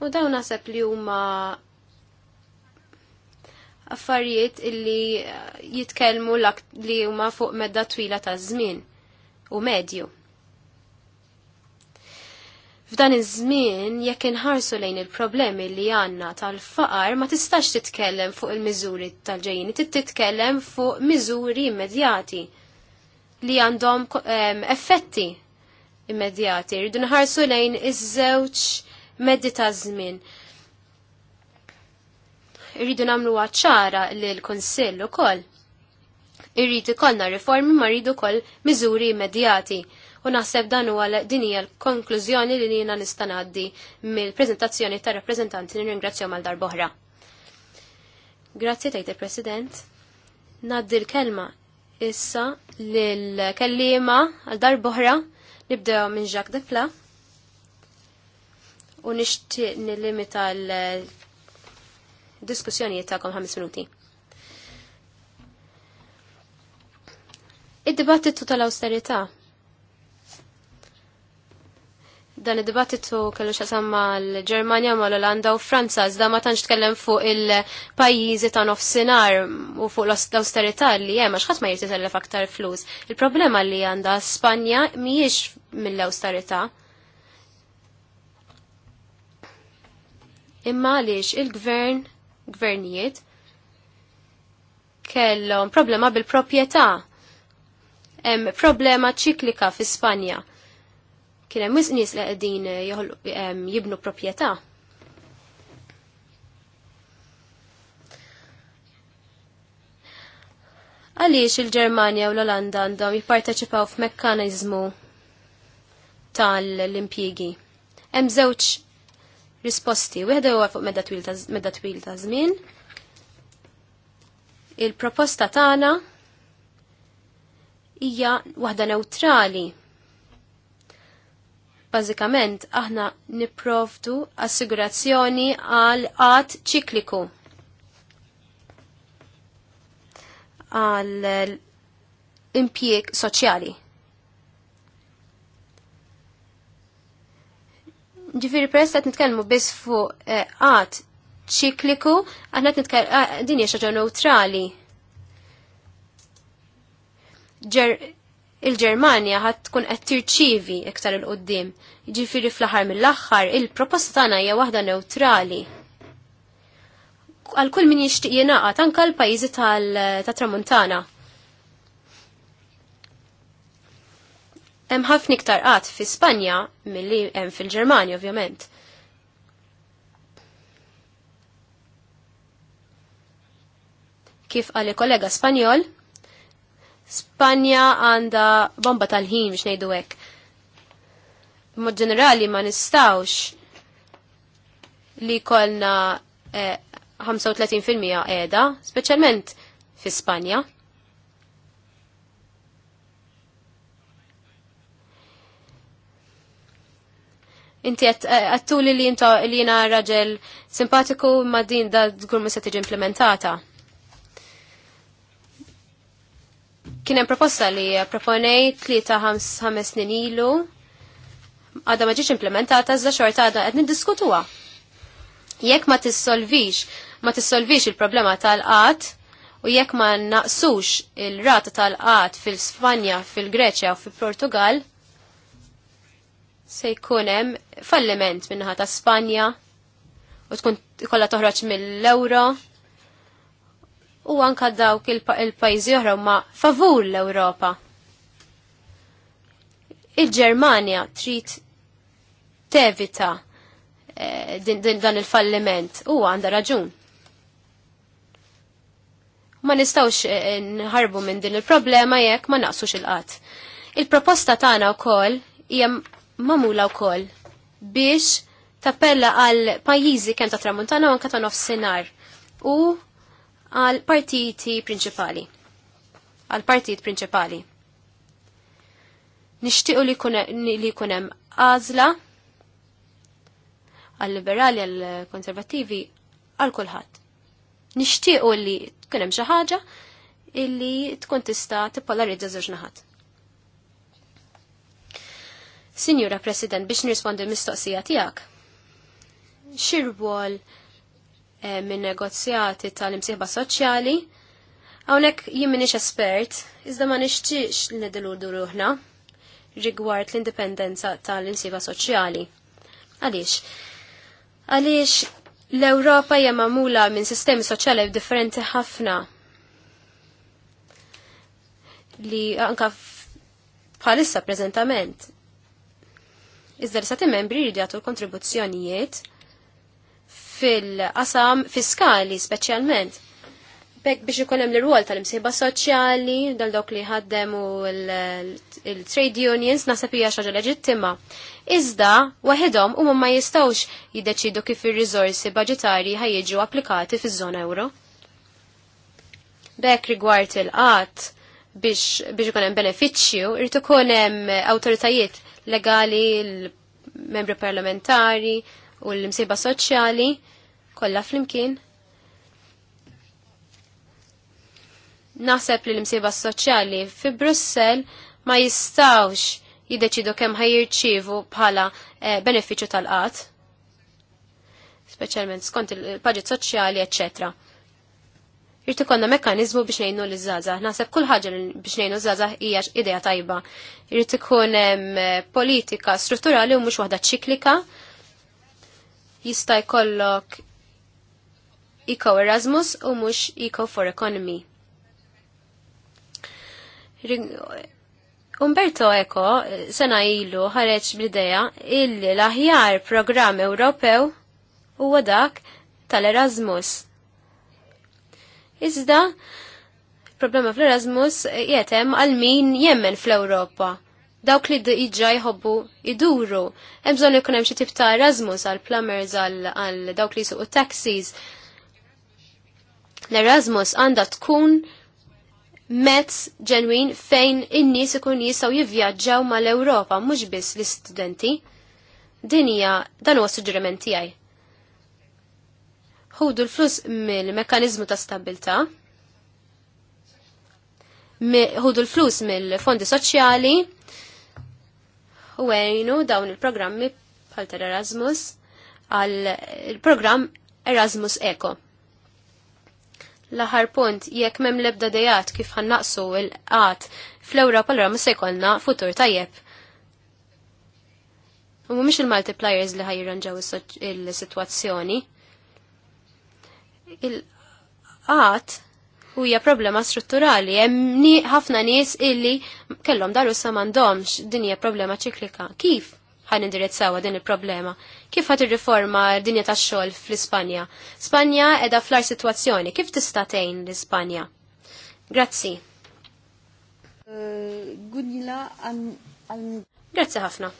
Speaker 1: U dawn naħseb li huma affarijiet illi eh, jitkellmu li huma fuq medda twila ta' żmien u medju. F'dan iż-żmien jekk inħarsu lejn il-problemi li għandna tal-faqar ma tistax titkellem fuq il-miżuri tal-ġejjin, titkellem fuq miżuri immedjati li għandhom eh, effetti immedjati. Rridu nħarsu lejn iż-żewġ meddi ta' żmien. Irridu namlu ċara li l-Konsill ukoll. Irrid ikollna riformi ma rridu koll miżuri immedjati. U naħseb dan huwa din hija l-konklużjoni li jiena nista' ngħaddi mill-preżentazzjoni tar rappreżentanti nirringrazzjahom għal darb'oħra. Grazzi tgħid il-President. Ngħaddi l-kelma issa lill-kellima għal darb'oħra nibdew minn Jacques Defla u nixtieq nilimita l-diskussjonijiet tagħkom ħames minuti. Id-dibattitu tal austerita Dan id-dibattitu kellu l mal-Ġermanja, mal-Olanda u Franza, iżda ma tanċ tkellem fuq il-pajjiżi ta' nofsinhar u fuq l austerita li hemm għax jirti ma jirtitellef aktar flus. Il-problema li għandha Spanja mhijiex mill austerita imma għaliex il-gvern, gvernijiet, kellhom problema bil-proprjetà. Hemm problema ċiklika fi Spanja. Kien hemm nies li qegħdin eh, ehm, jibnu proprjetà. Għaliex il-Ġermanja u l-Olanda għandhom jipparteċipaw f'mekkaniżmu tal-impjiegi. Hemm żewġ risposti. Wieħed huwa fuq medda twil ta' żmien. Il-proposta tagħna hija waħda neutrali. Bażikament aħna nipprovdu assigurazzjoni għal qatt ċikliku għal impjieg soċjali. Ġifiri press qed nitkellmu biss fuq għat eh, ċikliku, għat qed nitkellmu ah, din hija xaġa neutrali. il ġermania għat tkun qed tirċivi iktar il qoddim Ġifiri fl-aħħar mill-aħħar il-proposta tagħna hija waħda neutrali. Għal kull min jixtieq jingħaqad anke l-pajjiżi tat-Tramuntana. Hemm ħafna iktar qatt fi Spanja milli hemm fil-Ġermanja ovvjament. Kif għali kollega Spanjol, Spanja għandha bomba tal-ħin biex ngħidu hekk. Mod ġenerali ma nistawx li kolna eh, 35% qiegħda, speċjalment fi Spanja. Inti eh, għattuli li jinto li jina raġel simpatiku ma din da zgur ma tiġi implementata. Kien hemm proposta li proponej li ta' ħames snin ilu għadha ma implementata iżda xorta għadha qed niddiskutuha. Jekk ma tissolvix, ma tissolvix il-problema tal-qatt, u jekk ma naqsux il-rata tal-qat fil-Spanja, fil-Greċja u fil-Portugal, se jkun hemm falliment minnaħa ta' Spanja u tkun kollha toħroġ mill-euro u anka dawk il-pajjiżi oħra huma favur l-Ewropa. Il-Ġermanja trid tevita eh, dan il-falliment u għandha raġun ma nistawx eh, nħarbu minn din il-problema jekk ma naqsux il-qat. Il-proposta tagħna wkoll hija mamula wkoll biex tappella għal pajjiżi kemm ta' tramuntana u anke ta' nofsinhar u għal partiti prinċipali. Għal partit prinċipali. Nixtiequ li jkun hemm għażla għal-liberali, għal-konservativi, għal-kulħadd. Nixtiequ li tkun hemm xi ħaġa illi tkun tista' tippolarizza żewġ naħat. Sinjura President, biex nirrispondi mistoqsija tijak. Xirwol e, eh, minn negozjati tal-imsieħba soċjali, għawnek jien minix espert, iżda ma nixtiex li nediludu ruħna rigward l-indipendenza tal-imsieħba soċjali. Għaliex? Għaliex l-Ewropa hija magħmula minn sistemi soċjali differenti ħafna li anka bħalissa preżentament. Iżda l membri jridu jagħtu kontribuzzjonijiet fil-qasam fiskali speċjalment. Bek biex ikun hemm l-rwol tal-imsiba soċjali, dal dok li ħaddem u l-trade unions naħseb hija xaġa leġittima. Iżda waħedhom huma ma jistgħux jiddeċidu kif ir-riżorsi budġetarji ħajjiġu applikati fiż-żona euro. Bek rigward il-qatt biex biex ikun hemm benefiċċju, irid ikun hemm awtoritajiet legali, l-membri parlamentari u l msiba soċjali kollha flimkien. Naħseb li l msiba soċjali fi Brussel ma jistawx jiddeċidu kemm ħajirċivu bħala eh, benefiċċju tal-qatt, speċjalment skont il-paġit soċjali, eccetera. Irti ikollna mekkaniżmu biex ngħinu l żgħażagħ Naħseb kull ħaġa biex ngħinu żgħażagħ hija idea tajba. Irti ikun eh, politika strutturali u mhux waħda ċiklika. Jista' jkollok Eco Erasmus u mhux Eco for Economy. Umberto Eco eh, sena ilu ħareġ bl-idea illi l-aħjar programm Ewropew huwa dak tal-Erasmus Iżda, problema fl-Erasmus jetem għal min jemmen fl-Ewropa. Dawk li iġġa jħobbu iduru. Emżon li kunem xie tibta Erasmus għal plumbers għal dawk li suqu taxis. L-Erasmus għanda tkun mezz ġenwin fejn in-nies ikun jistgħu jivvjaġġaw mal-Ewropa mhux biss l-istudenti. Dinja dan huwa suġġeriment tiegħi ħudu l-flus mill mekanizmu ta' stabilta, ħudu l-flus mill-fondi soċjali, u għajnu dawn il-programmi bħal tal Erasmus għal il-programm Erasmus Eco. l aħħar punt, jekk mem lebda dejat kif ħannaqsu il-qat fl-Ewropa l ma se jkollna futur tajjeb. U mhumiex il-multipliers li ħajranġaw il-sitwazzjoni il-qat huja problema strutturali. Hemm ħafna nies illi kellhom daru sa m'għandhomx din hija problema ċiklika. Kif ħan indirizzawa din il-problema? Kif ħat ir-riforma dinja tax-xogħol fl-Ispanja? Spanja qiegħda fl-ar sitwazzjoni. Kif tista' tgħin l-Ispanja? Grazzi. Grazzi ħafna.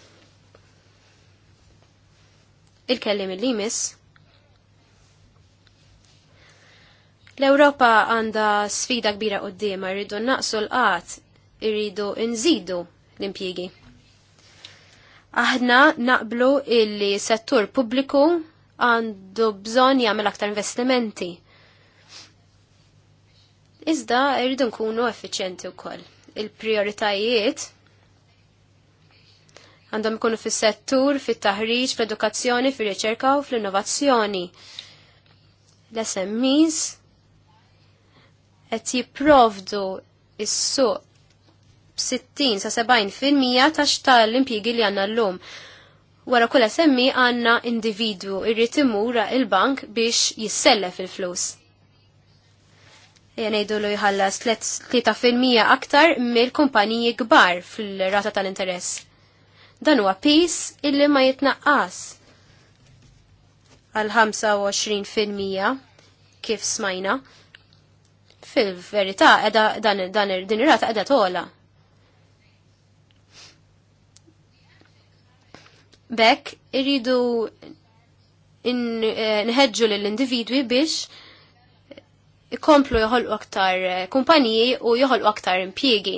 Speaker 1: Il-kellim il-limis. L-Ewropa għandha sfida kbira qudiema, rridu naqsu l-qat, irridu nżidu l-impjiegi. Aħna naqblu illi settur pubbliku għandu bżonn jagħmel aktar investimenti. Iżda rridu nkunu effiċjenti wkoll. Il-prioritajiet għandhom ikunu fis-settur, fit-taħriġ, fl-edukazzjoni, fir-riċerka u fl-innovazzjoni. L-SMEs qed jipprovdu is-suq b'60 sa 70% tax tal-impjiegi li għandna llum. Wara kull semmi għandna individwu irrid imura il-bank biex jissellef il-flus. Jgħidu li jħallas 3% aktar mill-kumpaniji kbar fil-rata tal-interess. Dan huwa pis illi ma jitnaqqas għal 25% kif smajna fil-verità dan din ir-rata qiegħda tola. Bekk irridu eh, nħedġu lill-individwi biex ikomplu joħolqu aktar eh, kumpaniji u joħolqu aktar impjiegi.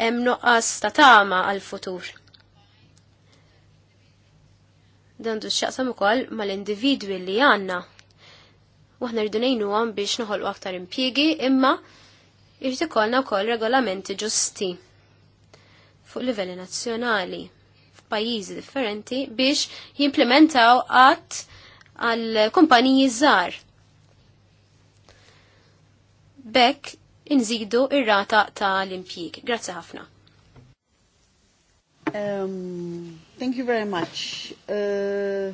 Speaker 1: Hemm nuqqas ta' tama għal-futur. Dan du x'jaqsam ukoll mal-individwi li għandna u aħna rridu ngħinuhom biex noħolqu aktar impjiegi, imma jrid ikollna wkoll regolamenti ġusti fuq livelli nazzjonali f'pajjiżi differenti biex jimplementaw qatt għal kumpaniji żgħar. Bekk inżidu ir-rata tal-impjieg. Grazzi ħafna.
Speaker 2: Um, thank you very much. Uh...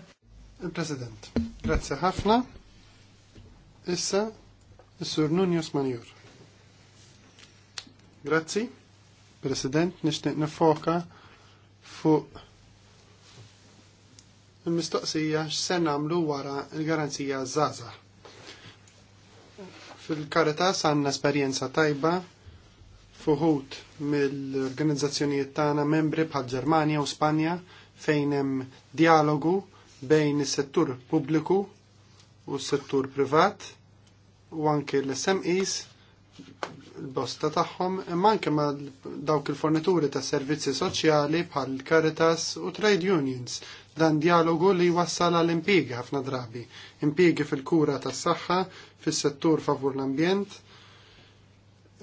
Speaker 2: Il-President, grazie ħafna. Issa, Sur Nunjus Manjur. Grazzi, President, nishtiq nifoka fuq il-mistoqsija x'sen nagħmlu wara l-garanzija Zaza. Fil-Karitas għandna esperjenza tajba fuħut mill-organizzazzjonijiet tagħna membri bħal Ġermanja u Spanja fejn hemm dialogu bejn is-settur pubbliku u s-settur privat u anke l-SMEs l-bosta tagħhom imma anke ma dawk il-fornituri ta' servizzi soċjali bħal Caritas u trade unions dan dialogu li wassal għal impiegi ħafna drabi, Impiegi fil-kura tas-saħħa, fis-settur favur l-ambjent,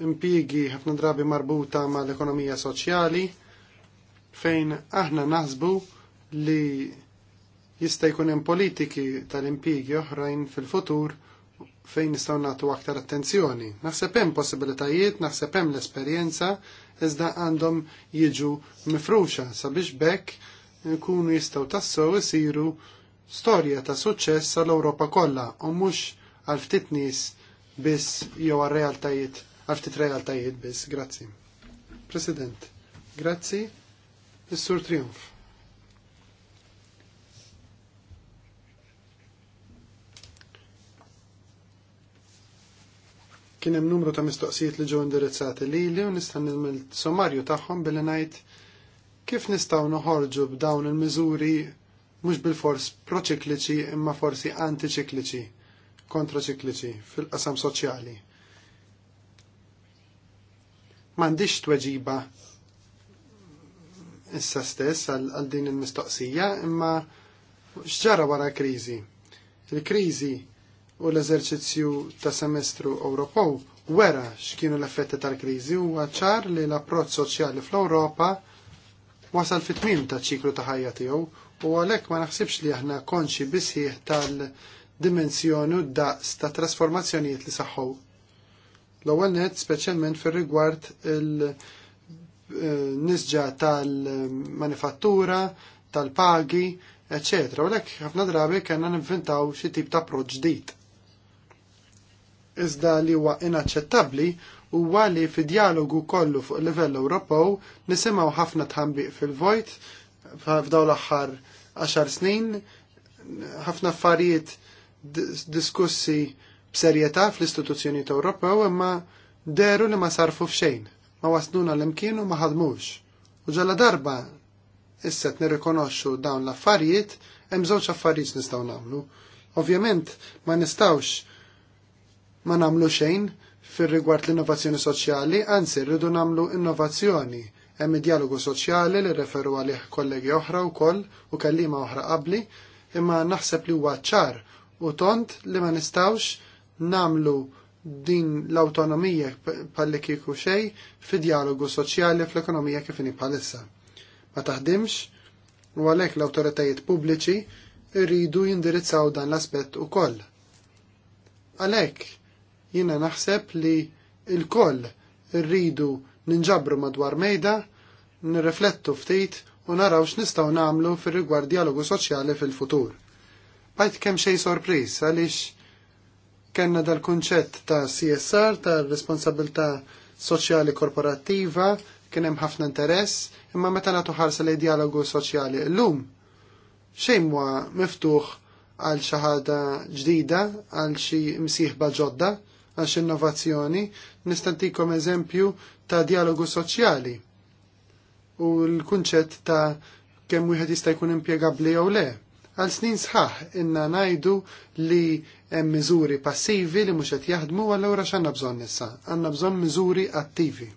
Speaker 2: impiegi ħafna drabi marbuta ma l-ekonomija soċjali, fejn aħna naħsbu li jista' jkun hemm politiki tal-impjigi oħrajn fil-futur fejn nistgħu nagħtu aktar attenzjoni. Naħseb hemm possibilitajiet, naħseb hemm l-esperjenza, iżda għandhom jiġu mifruxa sabiex bekk nkunu jistgħu tassew isiru storja ta' suċċess għall europa kollha u mhux għal ftit nies biss jew għal realtajiet għal ftit realtajiet biss. Grazzi. President, grazzi. Is-Sur Triumf. Kien hemm numru ta' mistoqsijiet li ġew indirizzati lili u nista' nilmel sommarju tagħhom billi ngħid kif nistgħu noħorġu b'dawn il-miżuri mhux bil-fors proċikliċi imma forsi antiċikliċi, kontraċikliċi fil-qasam soċjali. M'għandix tweġiba issa stess għal din il-mistoqsija, imma xġara wara kriżi. Il-kriżi u l-eżerċizzju ta' semestru Ewropew wera x'kienu l-effetti tal-kriżi u ċar li l-approċċ soċjali fl-Ewropa wasal fit-tmim ta' ċiklu ta' ħajja tiegħu u għalhekk ma naħsibx li aħna konxi bisħieħ tal-dimensjoni u daqs ta' trasformazzjonijiet li saħħu. L-ewwel net speċjalment fir-rigward il-nisġa eh, tal-manifattura, tal-pagi, eccetera. U lek ħafna drabi kellna ninventaw xi tip ta' approċ ġdid iżda li huwa inaċċettabbli huwa li fi dialogu kollu fuq livell Ewropew nisimgħu ħafna tħambiq fil-vojt f'daw l-aħħar 10 snin, ħafna affarijiet diskussi b'serjetà fl-istituzzjonijiet Ewropew imma deru li ma sarfu f'xejn, ma wasluna l-imkien u ma ħadmux. U ġalla darba issa nirrikonoxxu dawn l-affarijiet hemm żewġ affarijiet nistgħu nagħmlu. Ovvjament ma nistgħux ma namlu xejn fir-rigward l-innovazzjoni soċjali, anzi rridu namlu innovazzjoni. Hemm dialogu soċjali li referu għalih kollegi oħra wkoll u kellima oħra qabli, imma naħseb li huwa ċar u tont li ma nistawx namlu din l-autonomija palli kieku xej fi dialogu soċjali fl-ekonomija kif palissa. bħalissa. Ma taħdimx u għalhekk l-awtoritajiet pubbliċi rridu jindirizzaw dan l-aspett ukoll. Għalhekk Jiena naħseb li il-koll rridu ninġabru madwar mejda, nirriflettu ftit u naraw x'nistgħu nagħmlu fir-rigward dialogu soċjali fil-futur. Bajt kemm xejn sorpriż għaliex kellna dal-kunċett ta' CSR, ta' responsabilità soċjali korporattiva, kien hemm ħafna interess, imma meta nagħtu ħarsa lej dialogu soċjali llum xejn huwa miftuħ għal xi ħaġa ġdida, għal xi msieħba ġodda, għax innovazzjoni, nistantikom eżempju ta' dialogu soċjali u l-kunċett ta' kemm wieħed jista' jkun impjegabbli jew le. Għal snin sħaħ inna najdu li hemm miżuri passivi li mhux qed jaħdmu allura x'għandna bżonn issa. Għandna bżonn miżuri attivi.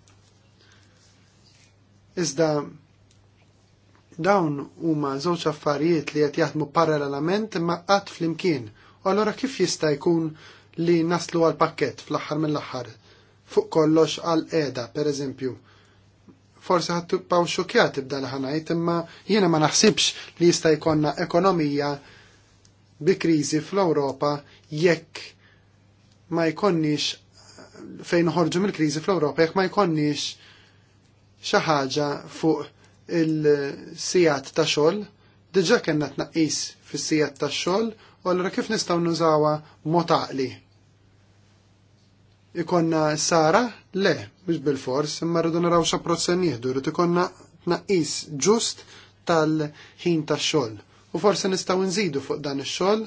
Speaker 2: Iżda dawn huma żewġ affarijiet li qed jaħdmu parallelament imma qatt flimkien. U allura kif jista' jkun li naslu għal pakket fl aħħar mill aħħar fuq kollox għal eda, per eżempju. Forse ħattu paw xokjati b'dan ħanajt, imma jiena ma naħsibx li jista' jkollna ekonomija bi kriżi fl-Ewropa jekk ma jkonniex fejn ħorġu mill-kriżi fl-Ewropa jekk ma jkonniex xi ħaġa fuq il-sijat ta' xogħol. Diġà kellna tnaqqis fis-sijat ta' xogħol u allura kif nistgħu nużawha mod ikonna Sara? Le, mux bil-fors, imma rridu naraw x'approċċ se nieħdu, ikonna naqis ġust tal-ħin tax-xogħol. U forse nistgħu nżidu fuq dan ix-xogħol,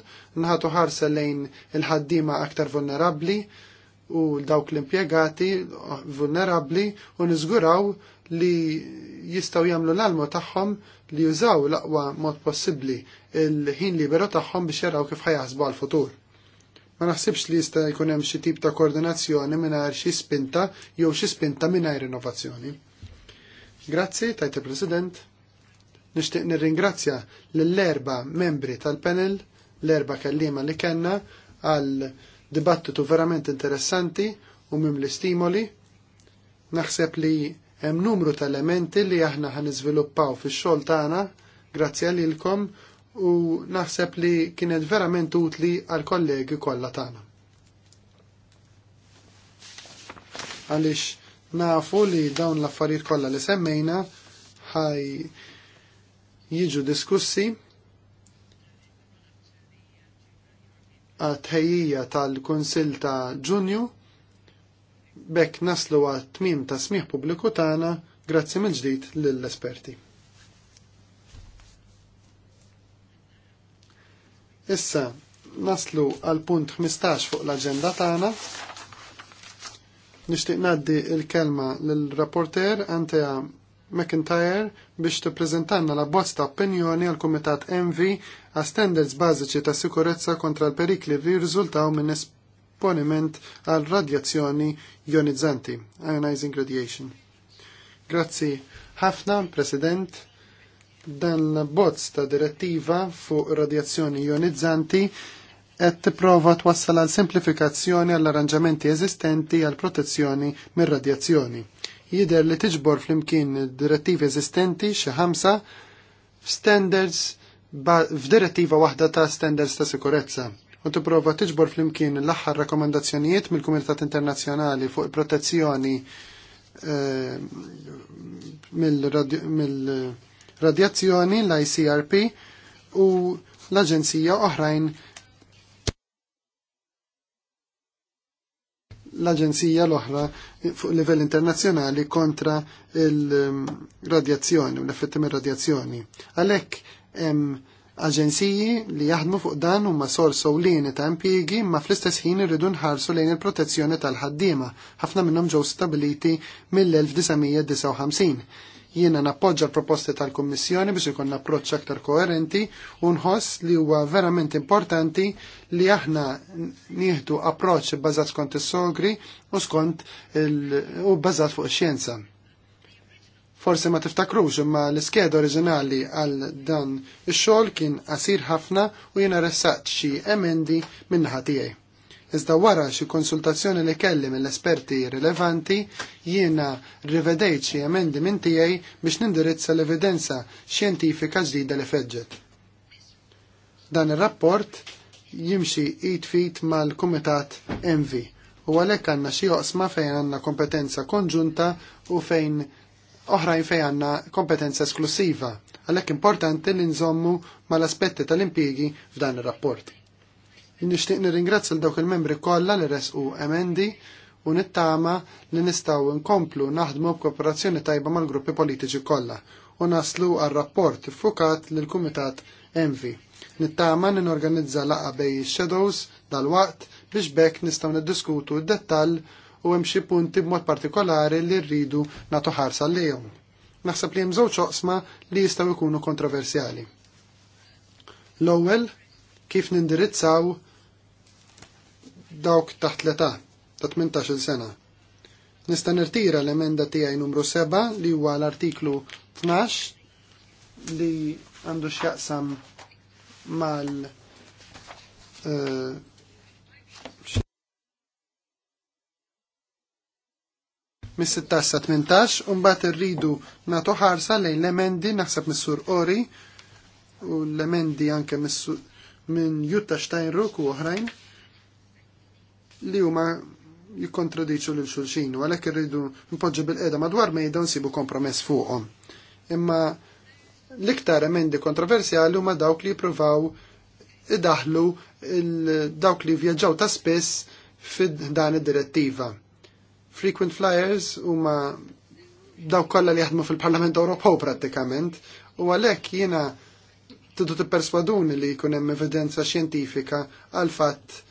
Speaker 2: nħatu ħarsa lejn il-ħaddiema aktar vulnerabbli u dawk l-impjegati vulnerabbli u niżguraw li jistgħu jagħmlu l-almu tagħhom li jużaw l-aqwa mod possibbli il-ħin liberu tagħhom biex jaraw kif ħajasbu għal-futur. Ma naħsibx li jista' jkun hemm xi tip ta' koordinazzjoni mingħajr xi spinta jew xi spinta mingħajr innovazzjoni. Grazzi, tajt il-President. Nixtieq nirringrazzja lill-erba membri tal-panel, l-erba kelliema li kellna għal dibattitu verament interessanti u mimli stimoli. Naħseb li hemm numru ta' elementi li aħna ħan iżviluppaw fix-xogħol tagħna grazzi għalilkom u naħseb li kienet verament utli għal kollegi kollha tagħna. Għaliex nafu li dawn l-affarijiet kollha li semmejna ħaj jiġu diskussi għat-ħejjija tal-Konsil ta' Ġunju bekk naslu għat-tmim ta' smiħ pubbliku tagħna grazzi mill-ġdid lill-esperti. Issa naslu għal punt 15 fuq l-agenda tagħna. Nixtieq ngħaddi l-kelma lill-rapporter Antea McIntyre biex tippreżentanna la bozz ta' opinjoni għal kumitat MV għal standards bażiċi ta' sikurezza kontra l-perikli li jirriżultaw minn esponiment għal radjazzjoni jonizzanti ionizing radiation. Grazzi ħafna, President Dan l-bozz ta' direttiva fuq radjazzjoni ionizzanti qed tipprova twassal għal simplifikazzjoni għall arranġamenti eżistenti għal protezzjoni mir radjazzjoni Jider li tiġbor flimkien direttivi eżistenti xi ħamsa standards f'direttiva waħda ta' standards ta' sikurezza u tipprova tiġbor flimkien l-aħħar rakkomandazzjonijiet mill-Kumitat Internazzjonali fuq protezzjoni eh, mill radjazzjoni l-ICRP u l-Aġenzija oħrajn l-Aġenzija l-oħra fuq livell internazzjonali kontra il-radjazzjoni u l-effetti mir radjazzjoni Għalhekk hemm aġenziji li jaħdmu fuq dan huma sors sowlieni ta' impjiegi ma fl-istess ħin irridu nħarsu lejn il-protezzjoni tal-ħaddiema, ħafna minnhom ġew stabiliti mill-1959. Jiena nappoġġa l-proposti tal-Kummissjoni biex ikun approċċ aktar koerenti u nħoss li huwa verament importanti li aħna nieħdu approċċ bbażat skont is-sogri u skont u bbażat fuq ix-xjenza. Forse ma tiftakrux imma l-iskeda oriġinali għal dan ix-xogħol kien qasir ħafna u jiena ressaqt xi emendi min-naħa tiegħi. Iżda wara xi konsultazzjoni li kelli mill-esperti rilevanti, jiena rivedejt xi emendi minn tiegħi biex nindirizza l-evidenza xjentifika ġdida li feġġet. Dan ir-rapport jimxi id fit mal-Kumitat MV u għalhekk għandna xi oqsma fejn għandna kompetenza konġunta u fejn oħrajn fejn għandna kompetenza esklusiva għalhekk importanti li nżommu mal-aspetti tal impjiegi f'dan ir-rapport. Nixtieq nirringrazzja l dawk il-membri kollha li resqu emendi u nittama li nistgħu nkomplu naħdmu b'kooperazzjoni tajba mal-gruppi politiċi kollha u naslu għal rapport fukat lill kumitat Envi. Nittama ninorganizza laqa bej shadows dal-waqt biex bekk nistgħu niddiskutu d-dettall u hemm xi punti b'mod partikolari li rridu nagħtu ħarsa lejhom. Naħseb li hemm żewġ oqsma li jistgħu jkunu kontroversjali. L-ewwel kif nindirizzaw dawk taħt l-età ta' 18 sena. Nista' nirtira l-emenda tiegħi numru 7 li huwa l-artiklu 12 li għandu x'jaqsam mal eh, mis-16 sa 18 mbagħad irridu nagħtu ħarsa lejn l-emendi naħseb Missur Ori u l-emendi anke minn Jutta Steinruk u oħrajn li huma jikkontradiċu lil xulxin u għalhekk irridu npoġġu bil qiegħda madwar mejda nsibu kompromess fuqhom. Imma l-iktar emendi kontroversjali huma dawk li jippruvaw idaħlu dawk li vjaġġaw ta' spiss f'dan id-direttiva. Frequent flyers huma dawk kollha li jaħdmu fil-Parlament Ewropew prattikament u għalhekk jiena tidu tipperswaduni li jkun hemm evidenza xjentifika għal fatt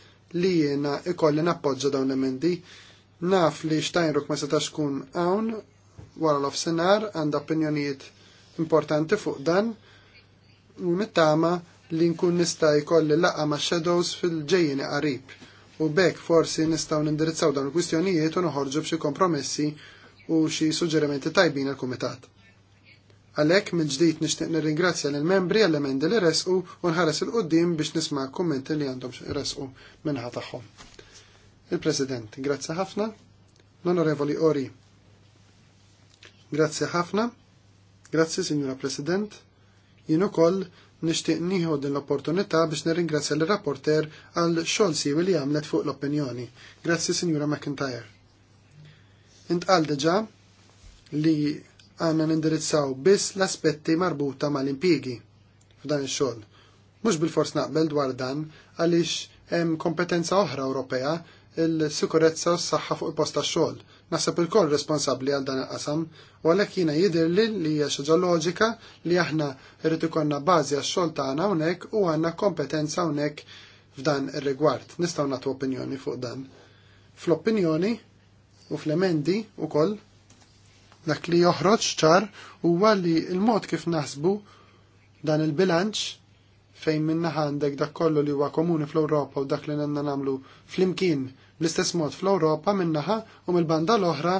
Speaker 2: li jena ikolli nappoġġa dawn l-emendi. Naf li Steinruk ma setax kun hawn wara l-offsenar għandha opinjonijiet importanti fuq dan u mittama li nkun nista' jkolli laqgħa ma' shadows fil-ġejjeni qarib u bekk forsi nistgħu nindirizzaw dawn il-kwistjonijiet u noħorġu b'xi kompromessi u xi suġġerimenti tajbin għal kumitat Għalek, minn ġdid nishtiq nirringrazzja l-membri għall-emendi li resqu u nħares il-qoddim biex nisma kommenti li għandhom resqu minnħa tagħhom. Il-President, grazzi ħafna. L-Onorevoli Ori, grazzi ħafna. Grazzi, Signora President. Jien ukoll nishtiq nieħu din l-opportunità biex nirringrazzja l-rapporter għal xogħol siwi li għamlet fuq l-opinjoni. Grazzi, Signora McIntyre. Intqal deġa li għanna nindirizzaw biss l-aspetti marbuta mal-impjigi f'dan il xogħol Mhux bil-fors naqbel dwar dan għaliex hemm kompetenza oħra Ewropea il-sikurezza u s-saħħa fuq il posta xogħol Naħseb il-koll responsabbli għal dan il-qasam u għalhekk jiena jidhirli li li hija xi loġika li aħna rrid ikollna bażi għax-xogħol tagħna hawnhekk u għandna kompetenza hawnhekk f'dan ir-rigward. Nistgħu nagħtu opinjoni fuq dan. Fl-opinjoni u fl-emendi koll, Dak li joħroġ ċar huwa li l-mod kif naħsbu dan il-bilanċ fejn minna għandek dak kollu li huwa komuni fl-Ewropa u dak li nanna namlu fl-imkien bl-istess mod fl-Ewropa minnaħa u mill-banda l-oħra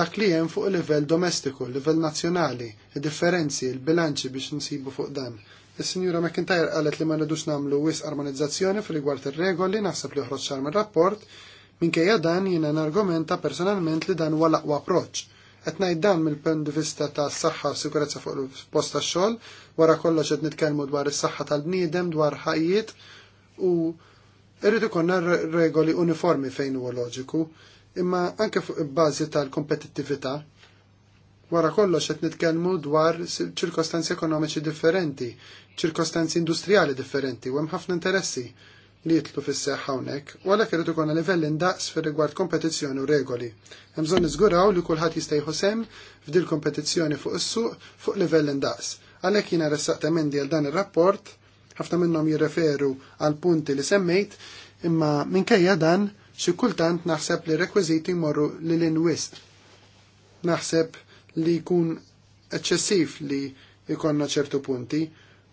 Speaker 2: dak li hemm fuq livell domestiku, livell nazzjonali, differenzi, il-bilanċi biex nsibu fuq dan. Is-Sinjura McIntyre qalet li ma rridux nagħmlu wis armonizzazzjoni fil rigward ir-regoli naħseb li joħroġ ċar mir-rapport Minkejja dan jiena nargumenta personalment li dan huwa l-aqwa approċċ. Qed ngħid dan mill-punt vista ta' s-saħħa u sikurezza fuq il-post tax-xogħol, wara kollox qed nitkellmu dwar is-saħħa tal-bniedem, dwar ħajjiet u irrid ikollna regoli uniformi fejn huwa loġiku, imma anke fuq bażi tal-kompetittività Wara kollox qed nitkellmu dwar ċirkostanzi ekonomiċi differenti, ċirkostanzi industrijali differenti, u hemm ħafna interessi li jitlu fis-seħħ hawnhekk, u għalhekk irid ikolna livell indaqs fir-rigward kompetizzjoni u regoli. Hemm bżonn niżguraw li kulħadd jista' jieħu sem f'dil kompetizzjoni fuq is-suq fuq livell indaqs. Għalhekk jiena ressaqt emendi għal dan ir-rapport, ħafna minnhom jirreferu għal punti li semmejt, imma minkejja dan xi kultant naħseb li rekwiżiti jmorru lil inwist. Naħseb li jkun eċċessiv li jkollna ċertu punti,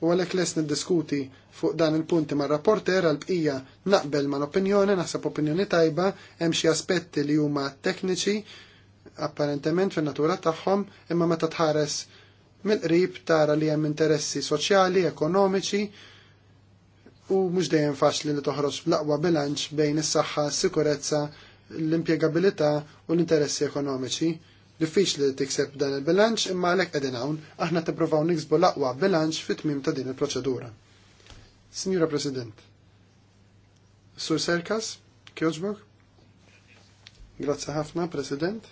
Speaker 2: u għalhekk les niddiskuti fuq dan il-punti ma' rapporter għal-bqija naqbel ma' l-opinjoni, naħseb opinjoni tajba, hemm xi aspetti li huma tekniċi apparentement fin-natura tagħhom, imma meta tħares mill-qrib tara li hemm interessi soċjali, ekonomiċi u mhux dejjem faċli li toħroġ bl-aqwa bilanċ bejn is-saħħa, s-sikurezza, l-impjegabilità u l-interessi ekonomiċi Diffiċli li tikseb dan il-bilanċ imma għalhekk qegħdin hawn aħna tippruvaw niksbu laqwa aqwa bilanċ fit-tmim ta' din il-proċedura. Signora President, Sur Serkas, Kjoġbog, Grazzi ħafna, President.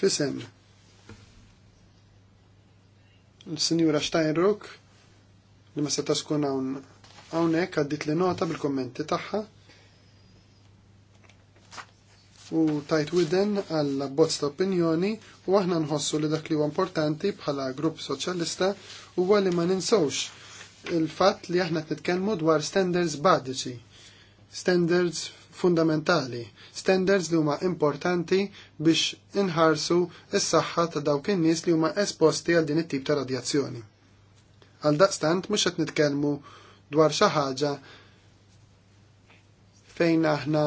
Speaker 2: Fisem, Signora sinjura Steinrock, li ma setax kun għawnek hawnhekk għaddit li nota bil-kommenti tagħha u tajt widen għall bozz ta' opinjoni u aħna nħossu li dak li huwa importanti bħala grupp soċjalista huwa li ma ninsawx il-fatt li aħna nitkellmu dwar standards badiċi, standards fundamentali, standards li huma importanti biex inħarsu s-saħħa ta' dawk in-nies li huma esposti għal din it-tip ta' radjazzjoni. Għal daqstant mhux qed nitkellmu dwar xi ħaġa fejn aħna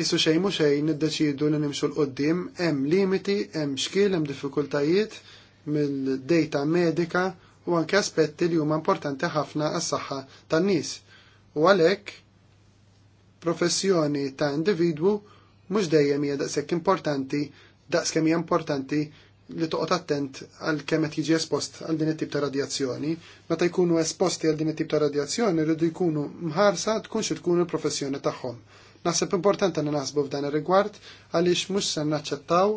Speaker 2: Issu xejn mu xejn niddeċidu li nimxu l qoddim hemm limiti, hemm xkiel, hemm diffikultajiet mill-data medika u anke aspetti li huma importanti ħafna għas-saħħa tan-nies. U għalhekk professjoni ta' individwu mhux dejjem hija daqshekk importanti daqskemm hija importanti li toqgħod attent għal kemm qed jiġi espost għal din it-tip ta' radjazzjoni. Meta jkunu esposti għal din it-tip ta' radjazzjoni rridu jkunu mħarsa tkunx tkun il-professjoni tagħhom. Naħseb importanti li naħsbu f'dan ir-rigward għaliex mhux se naċċettaw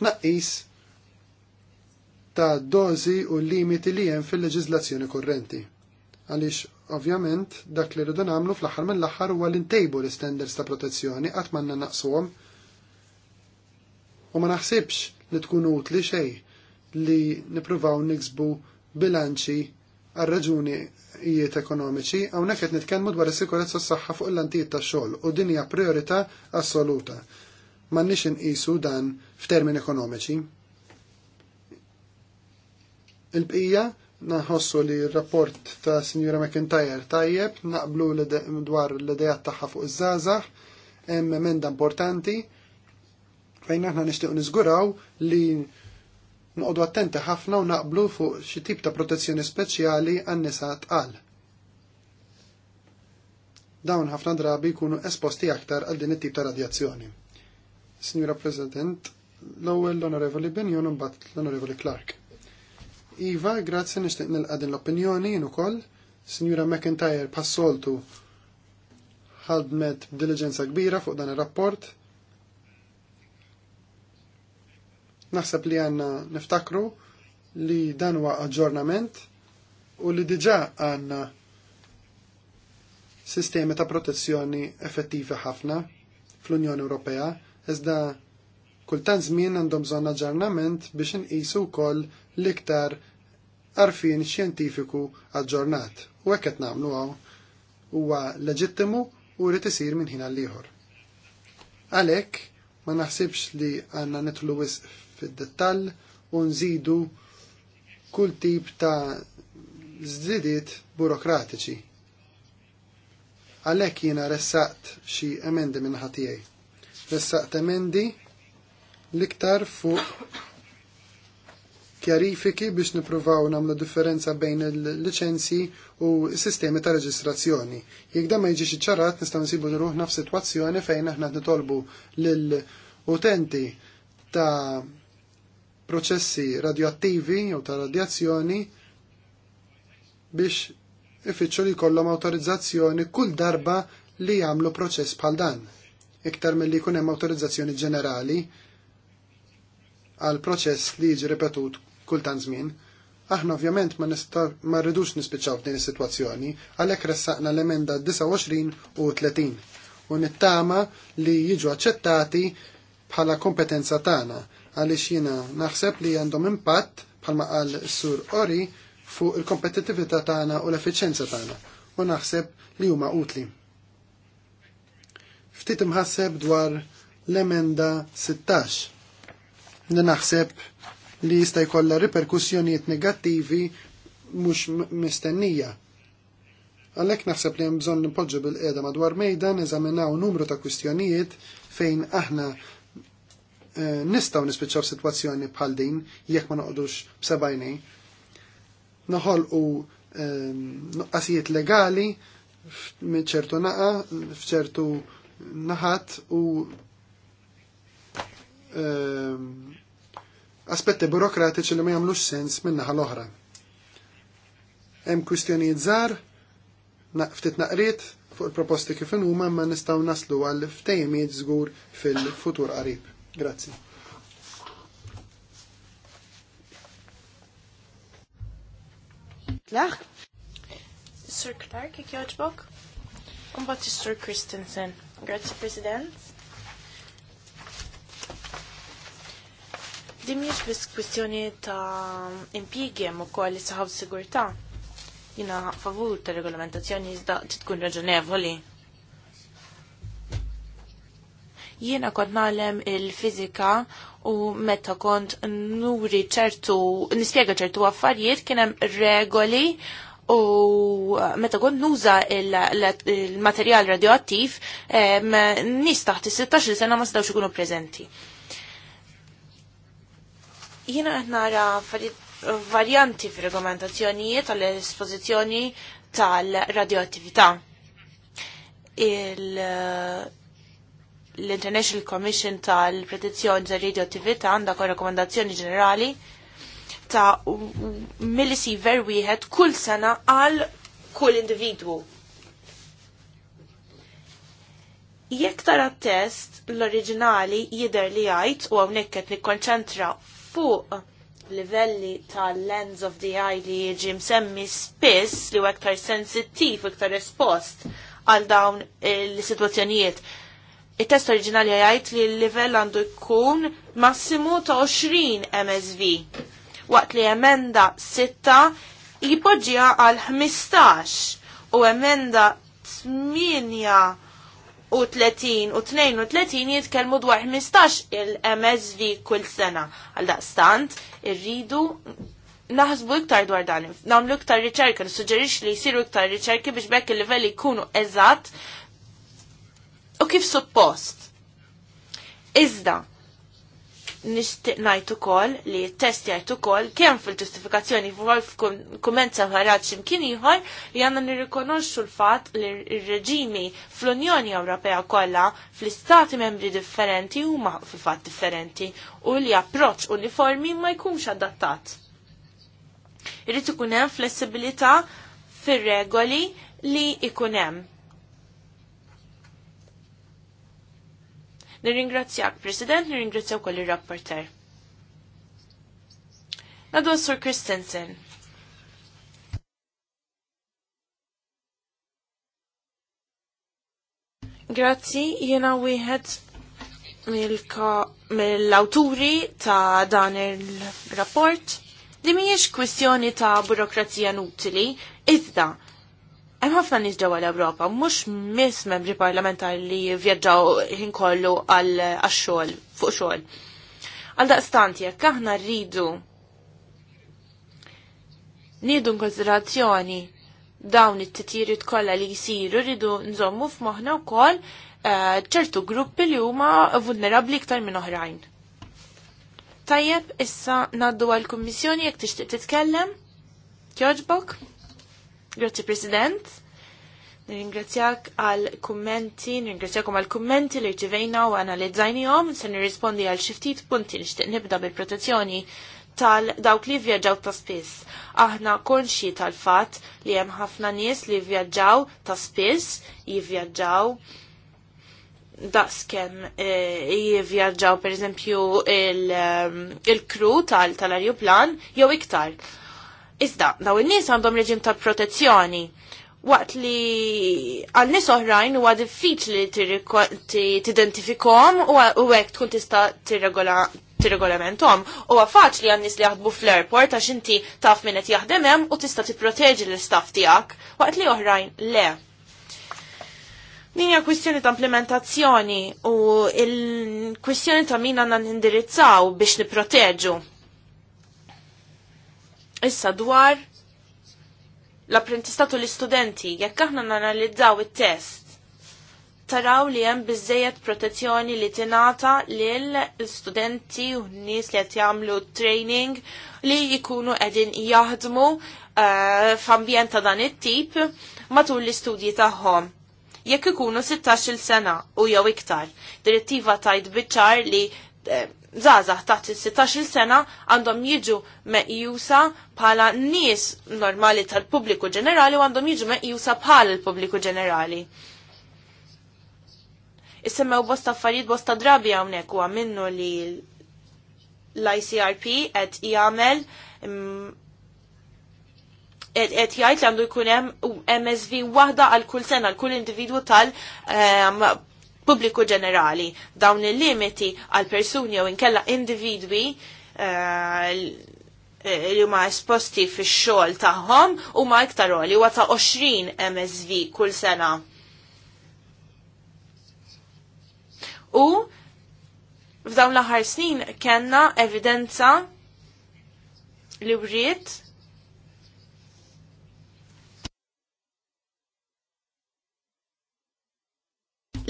Speaker 2: tnaqqis ta' dozi u limiti li hemm fil-leġiżlazzjoni korrenti. Għaliex ovvjament dak li rridu nagħmlu fl-aħħar mill-aħħar huwa li ntejbu l istenders ta' protezzjoni qatt m'għandna naqsuhom. U ma naħsibx li tkun utli xejn li nippruvaw niksbu bilanċi għal raġuni jiet ekonomiċi, hawnhekk qed nitkellmu dwar is-sikurezza s-saħħa fuq l-antijiet tax-xogħol u din hija priorità assoluta. M'għandniex inqisu dan f'termini ekonomiċi. Il-bqija naħossu li r-rapport ta' Sinjura McIntyre tajjeb naqblu dwar l-idejat tagħha fuq iż-żgħażagħ hemm emenda importanti fejn aħna nixtieq niżguraw li noqdu attenti ħafna u naqblu fuq xi tip ta' protezzjoni speċjali għan-nisa tqal. Dawn ħafna drabi jkunu esposti aktar għal din it-tip ta' radjazzjoni. Signora President, l-ewwel l-Onorevoli Benjon u mbagħad l-Onorevoli Clark. Iva, grazzi nixtieq nilqa' din l-opinjoni jien ukoll. Signora McIntyre passoltu ħadmet b'diligenza kbira fuq dan ir-rapport Naħseb li għanna niftakru li dan huwa aġġornament u li diġà għanna sistemi ta' protezzjoni effettivi ħafna fl-Unjoni Ewropea, iżda kultant żmien għandhom bżonn aġġornament biex inqisu wkoll l-iktar arfin xjentifiku aġġornat. U hekk qed nagħmlu hawn huwa leġittimu u rid isir minn ħin għall ieħor. Għalhekk ma naħsibx li għandna nitlu wisq fid-dettall u nżidu kull tip ta' żdidiet burokratiċi. Għalhekk jiena ressaqt xi emendi minn ħatijaj. Ressaqt emendi l-iktar fuq kjarifiki biex nipruvaw namlu differenza bejn il-licenzi u s-sistemi ta' reġistrazzjoni. Jek da ma jġiex iċċarat nistgħu nsibu ruħna f'sitwazzjoni fejn aħna nitolbu lill-utenti ta' proċessi radioattivi jew ta' radjazzjoni biex ifittxu li jkollhom awtorizzazzjoni kull darba li jagħmlu proċess bħal dan. Iktar milli jkun hemm awtorizzazzjoni ġenerali għal proċess li jiġi ripetut kultant żmien. Aħna ovvjament ma nista, ma rridux nispiċċaw f'din is-sitwazzjoni għalhekk ressaqna l-emenda 29 u 30 u nittama li jiġu aċċettati bħala kompetenza tagħna għaliex jiena naħseb li għandhom impatt bħalma qal sur Ori fuq il kompetitivita tagħna u l efficienza tagħna u naħseb li huma utli. Ftit imħasseb dwar l-emenda 16 li naħseb li jista' jkollha riperkussjonijiet negattivi mhux mistennija. Għalhekk naħseb li hemm bżonn nipoġġu bil-qiegħda madwar mejda neżaminaw numru ta' kwistjonijiet fejn aħna Eh, nistaw nispiċċaw situazzjoni bħal din jekk ma noqdux b'sebajnej. Naħol u ehm, nuqqasijiet legali ċertu naqa, f'ċertu naħat u ehm, aspetti burokratiċi li ma jagħmlux sens minn naħa l-oħra. Hemm kwistjonijiet żgħar, ftit naqrit fuq il-proposti kif huma ma nistgħu naslu għal ftejmiet żgur fil-futur qarib. Grazie. Clark?
Speaker 3: Sir Clark, jek joġbok? Umbat Sir Christensen. Grazie, President. Dimiex bis kwestjoni ta' impiegiem u koll li saħab sigurta. Jina favur ta' regolamentazzjoni jizda tkun raġonevoli. Jiena kont nalem il-fizika u meta kont nuri ċertu, nispjega ċertu affarijiet kien hemm regoli u meta kont nuża il-materjal radioattiv nistaħt il 16 sena ma stawx ikunu preżenti. Jiena qed nara varjanti fir-regolamentazzjonijiet tal-espożizzjoni tal-radioattività il l-International Commission tal-Protezzjoni tal radioattività għandha rekomendazzjoni ġenerali ta' millisiever wieħed kull sena għal kull individwu. Jekk tara test l-oriġinali jidher li jgħid u hawnhekk qed nikkonċentra fuq livelli tal-lens of the eye li jiġi msemmi spiss li u aktar sensittiv u aktar espost għal dawn l-situazzjonijiet il-test oriġinali jgħid li l-livell għandu jkun massimu ta' 20 MSV. Waqt li emenda 6 jipoġġija għal 15 u emenda 8 u 30 u 32 jitkelmu dwar 15 il-MSV kull sena. Għal daqstant, irridu naħsbu iktar dwar dan. Namlu iktar riċerka, nissuġġerix li jisiru iktar riċerki biex bekk il-livelli jkunu eżatt u kif suppost. Iżda, nishtiq kol ukoll li t-test jgħid ukoll kemm fil-ġustifikazzjoni fuq kumenza ħarad x'imkien ieħor li għandna nirrikonoxxu l-fatt li r-reġimi fl-Unjoni Ewropea kollha fl-istati membri differenti huma fil fat differenti u li approċċ uniformi ma jkunx adattat. Irrid ikun hemm flessibilità fir-regoli li ikun hemm Nirringrazzjak, President, nirringrazzjaw kolli rapporter. Nadu Sur Christensen. Grazzi, jena wieħed mill-awturi ta' dan il-rapport. Dimiex kwistjoni ta' burokrazija nutili, iżda Hemm ħafna nies ġewwa l-Ewropa, mhux miss membri parlamentari li vjaġġaw ħin kollu għal xogħol fuq xogħol. Għal daqstant jekk aħna rridu nieħdu konsiderazzjoni dawn it-titjiriet kollha li jsiru rridu nżommu f'moħħna wkoll eh, ċertu gruppi li huma vulnerabbli iktar minn oħrajn. Tajjeb, issa naddu għal-Kummissjoni jekk tixtieq titkellem? Jogħġbok? Grazzi President. Nirringrazzjak għal kummenti, nirringrazzjakom għal kummenti li rċivejna u analizzajnijom, se nirrispondi għal xiftit punti nixtieq nibda bil-protezzjoni tal-dawk li vjaġġaw ta' spiss. Aħna konxi tal-fat li hemm ħafna nies li vjaġġaw ta' spiss, jivvjaġġaw daqskem eh, jivvjaġġaw per eżempju il-kru ehm, tal-arjuplan jew iktar. Iżda, daw in-nies għandhom reġim ta' protezzjoni waqt li għal nies oħrajn huwa diffiċli tidentifikhom u hekk tkun tista' tirregolamentom. Huwa faċli għan nies li jaħdmu fl-airport għax inti taf min qed jaħdem hemm u tista' tipproteġi l-istaff tiegħek waqt li oħrajn le. Din hija kwistjoni ta' implementazzjoni u l-kwistjoni ta' min għandna nindirizzaw biex nipproteġu Issa dwar l-apprentistatu l-istudenti, jekk aħna nanalizzaw it-test, taraw li hemm bizzejet protezzjoni li tingħata l studenti u nies li qed jagħmlu training li jkunu qegħdin jaħdmu uh, f'ambjent ta' dan it-tip matul l-istudji tagħhom jekk ikunu 16 sena u jew iktar. Direttiva tajt biċar li eh, zazax taħt il-16 sena għandhom jiġu meqjusa bħala nies normali tal-pubbliku ġenerali u għandhom jiġu meqjusa bħala l-pubbliku ġenerali. Issemmew bosta affarijiet bosta drabi hawnhekk huwa minnu li l-ICRP qed jagħmel mm, qed jgħid li għandu jkun hemm MSV waħda għal kull sena għal kull individwu tal ehm, pubbliku ġenerali. Dawn il-limiti għal persuni jew inkella individwi eh, eh, li huma esposti fix-xogħol tagħhom huma iktar li huwa ta' 20 MSV kull sena. U f'dawn l-aħħar snin kellna evidenza li wriet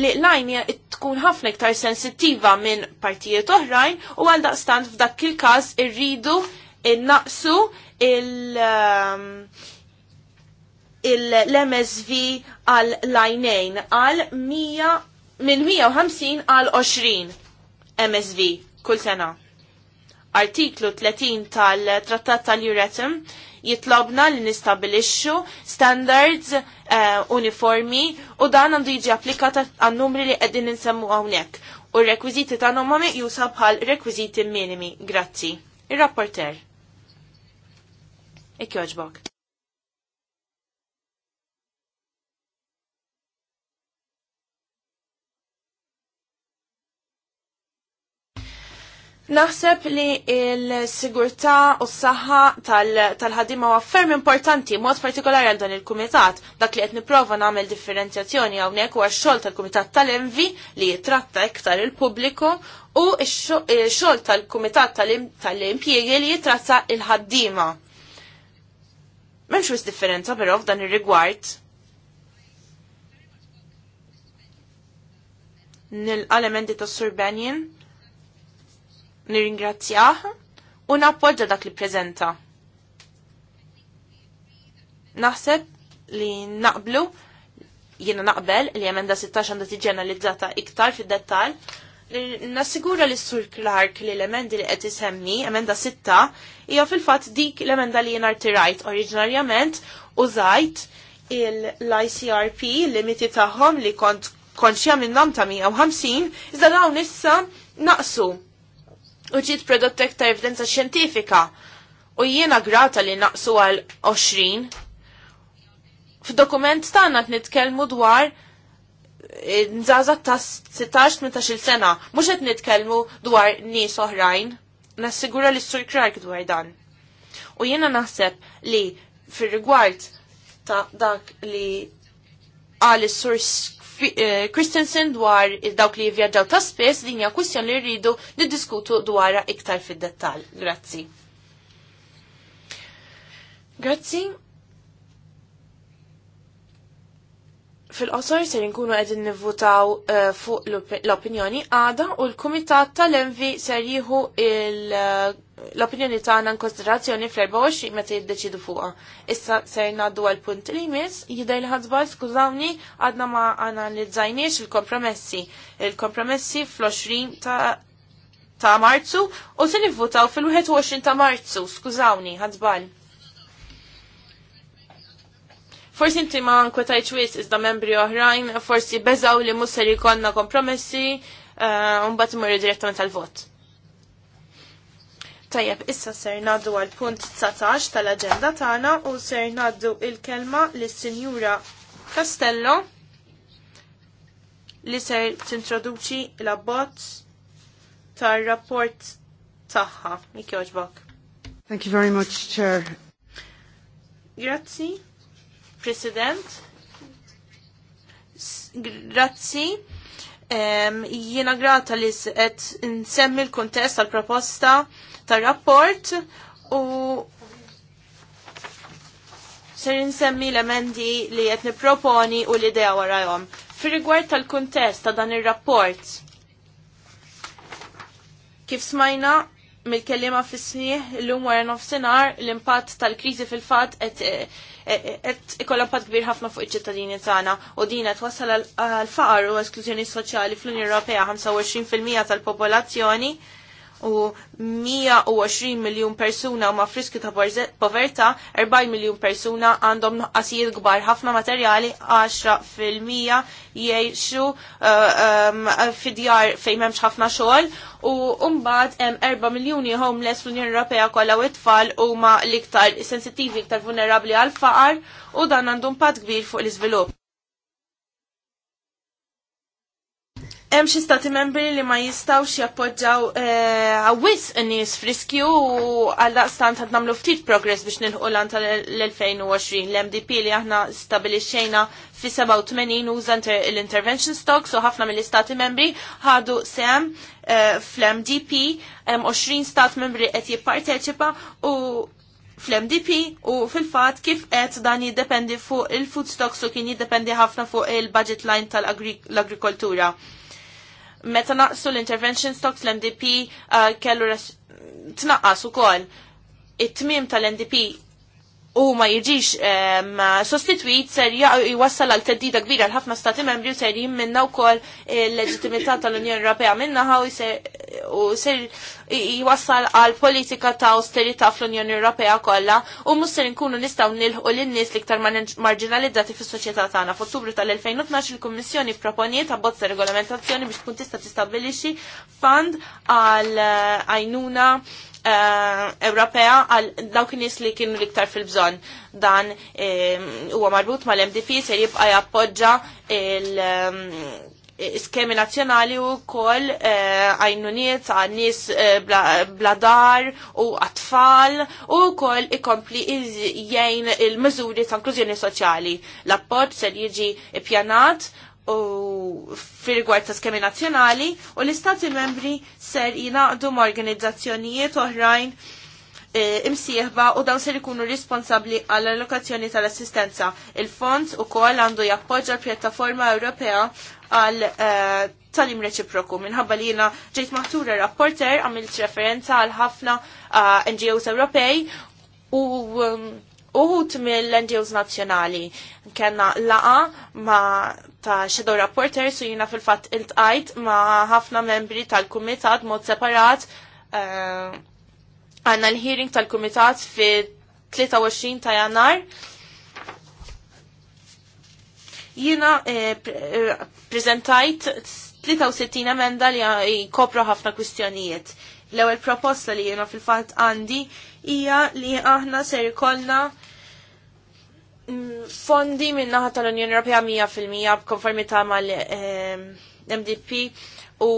Speaker 3: li l-għajn tkun ħafna iktar sensittiva minn partijiet oħrajn u għal f'dak il-każ irridu innaqsu il- um, l-MSV għal lajnejn għal 100 minn 150 għal 20 MSV kull sena. Artiklu 30 tal-Trattat tal-Juretum jitlobna li nistabilixxu standards eh, uniformi u dan għandu jiġi applikata għan-numri li qegħdin insemmu hawnhekk u r-rekwiżiti tagħhom ma bħal rekwiżiti minimi. Grazzi. Ir-rapporter. Ikjoġbok. Naħseb li il-sigurtà u s-saħħa tal-ħadima huwa ferm importanti mod partikolari għal dan il-kumitat. Dak li qed nipprova nagħmel differenzjazzjoni hawnhekk huwa x-xogħol tal-kumitat tal-envi li jitratta iktar il-pubbliku u x-xogħol tal-kumitat tal-impjiegi li jitratta il ħaddima M'hemmx wis differenza però f'dan ir-rigward. nil-elementi tas-surbanjen nirringrazzjah u nappoġġa dak li prezenta. Naħseb li naqblu jiena naqbel li emenda 16 għandha tiġi analizzata iktar fid-dettall nassigura li s-sur Clark li l-emendi li qed isemmi, emenda 6, hija fil-fatt dik l-emenda li jien artirajt oriġinarjament użajt l-ICRP limiti tagħhom li kont konxja minnhom ta' 150, iżda dawn issa naqsu u ġiet prodotta ta' evidenza xjentifika u jiena grata li naqsu għal 20. F'dokument tagħna qed nitkellmu dwar eh, nżaza ta' 16-18 sena, mhux qed nitkellmu dwar nies oħrajn. Nassigura li s-sur krajk dwar dan. U jiena naħseb li fir rigward ta' dak li għal is-sur Eh, Christensen dwar dawk li jivvjaġġaw ta' spess din hija kwistjoni li rridu niddiskutu dwarha iktar fid-dettall. Grazzi. Grazzi. fil-qosor ser nkunu qegħdin nivvutaw eh, fuq l-opinjoni għada u l-Kumitat tal-Envi ser jieħu eh, l-opinjoni tagħna in konsiderazzjoni fl-24 meta jiddeċidu fuqha. Issa ser ngħaddu għal punt li jmiss jidher l-ħadba skużawni għadna ma analizzajniex il-kompromessi. Il-kompromessi fl-20 ta' ta' Marzu u se nivvutaw fil-21 ta' Marzu, skużawni, ħadbal. Forsi inti ma nkwetajt wis iżda membri oħrajn, forsi beżaw li musser jkollna kompromessi, eh, un bat imorri direttament tal-vot. Tajjeb, issa ser naddu għal punt 19 tal-agenda tagħna u ser naddu il-kelma lis sinjura Castello li ser tintroduċi l abbot tar-rapport tagħha. Miki oġbok. Thank you very much, Chair. Grazzi. President. Grazzi. Um, jiena grata li qed nsemmi l-kuntest tal-proposta tar-rapport u ser nsemmi l-emendi li qed niproponi u l-idea warahom. Fir-rigward tal-kuntest ta' dan ir-rapport, kif smajna mill kelliema fis-snieħ l-lum wara nofsinhar l-impatt tal-kriżi fil-fatt qed eh, qed ikollha kbir ħafna fuq iċ-ċittadini tagħna u din qed wassal għal faqar u esklużjoni soċjali fl-Unjoni Ewropea 25% tal-popolazzjoni u 120 miljon persuna ma friskju ta' poverta, 4 miljon persuna għandhom nuqqasijiet gbar ħafna materjali 10% jgħixu fidjar fejn m'hemmx ħafna xogħol u mbagħad hemm 4 miljuni homeless fl-Unjoni Ewropea kollha u tfal huma l-iktar sensitivi iktar vulnerabbli għal faqar u dan għandhom pat kbir fuq l-iżvilupp. Hemm xi stati membri li ma jistgħux jappoġġaw eh, għawis e, nies friskju u għaldaqstant qed nagħmlu ftit progress biex nilħu l tal-2020. L-MDP li aħna stabilixxejna fi 87 uża l-intervention stocks u ħafna mill-istati membri ħadu sem eh, fl-MDP, hemm 20 stat membri qed jipparteċipa u fl-MDP u fil-fat kif qed dan jiddependi fuq il-food stocks u kien jiddependi ħafna fuq il-budget line tal-agrikoltura. -agri meta naqsu l-intervention stocks l-MDP uh, kellu tnaqqas ukoll it-tmim tal-NDP u ma jiġix sostitwit ser jwassal għal teddida kbira l ħafna stati membri u ser jimminna u kol l-leġitimità tal-Unjoni Ewropea minnaħa u ser jwassal għal politika ta' austerita fl-Unjoni Europea kollha u mus ser nkunu nistgħu nilħu lin-nies ktar marginalizzati fis-soċjetà tagħna. F'Ottubru tal-2012 il-Kummissjoni proponiet abbozza regolamentazzjoni biex tkun tista' tistabilixi fund għal eh, għajnuna Eh, Ewropea għal dawk nies li kienu liktar fil-bżonn. Dan eh, huwa marbut mal-MDP se jibqa' jappoġġa il- eh, skemi nazjonali u kol għajnuniet għan nis bladar u għatfall u kol ikompli jgħin il-mizuri ta' inklużjoni soċjali. l appoġġ ser jiġi pjanat u fil-rigward ta' skemi nazzjonali u l-istati membri ser jinaqdu ma' organizzazzjonijiet oħrajn e, imsieħba u dawn ser ikunu responsabli għall allokazzjoni tal-assistenza. il fonds u kol għandu jappoġġa l-pjattaforma Ewropea għal e, tal-im reċiproku. Minħabba li jina ġejt maħtura rapporter għamilt referenza għal ħafna e, NGOs Ewropej u um, uħut mill-NGOs nazjonali. Kenna laqa ma ta' Shadow Rapporters u jina fil-fat il-tqajt ma ħafna membri tal-kumitat mod separat eh, għanna l-hearing tal-kumitat fi 23 ta' janar. Jina eh, eh, prezentajt 63 emenda li jkopru ħafna kwistjonijiet. L-ewel proposta li jena fil-fat għandi hija li aħna ser ikollna Mm, fondi minn naħa tal-Unjoni Ewropea 100% b'konformità mal-MDP ehm, u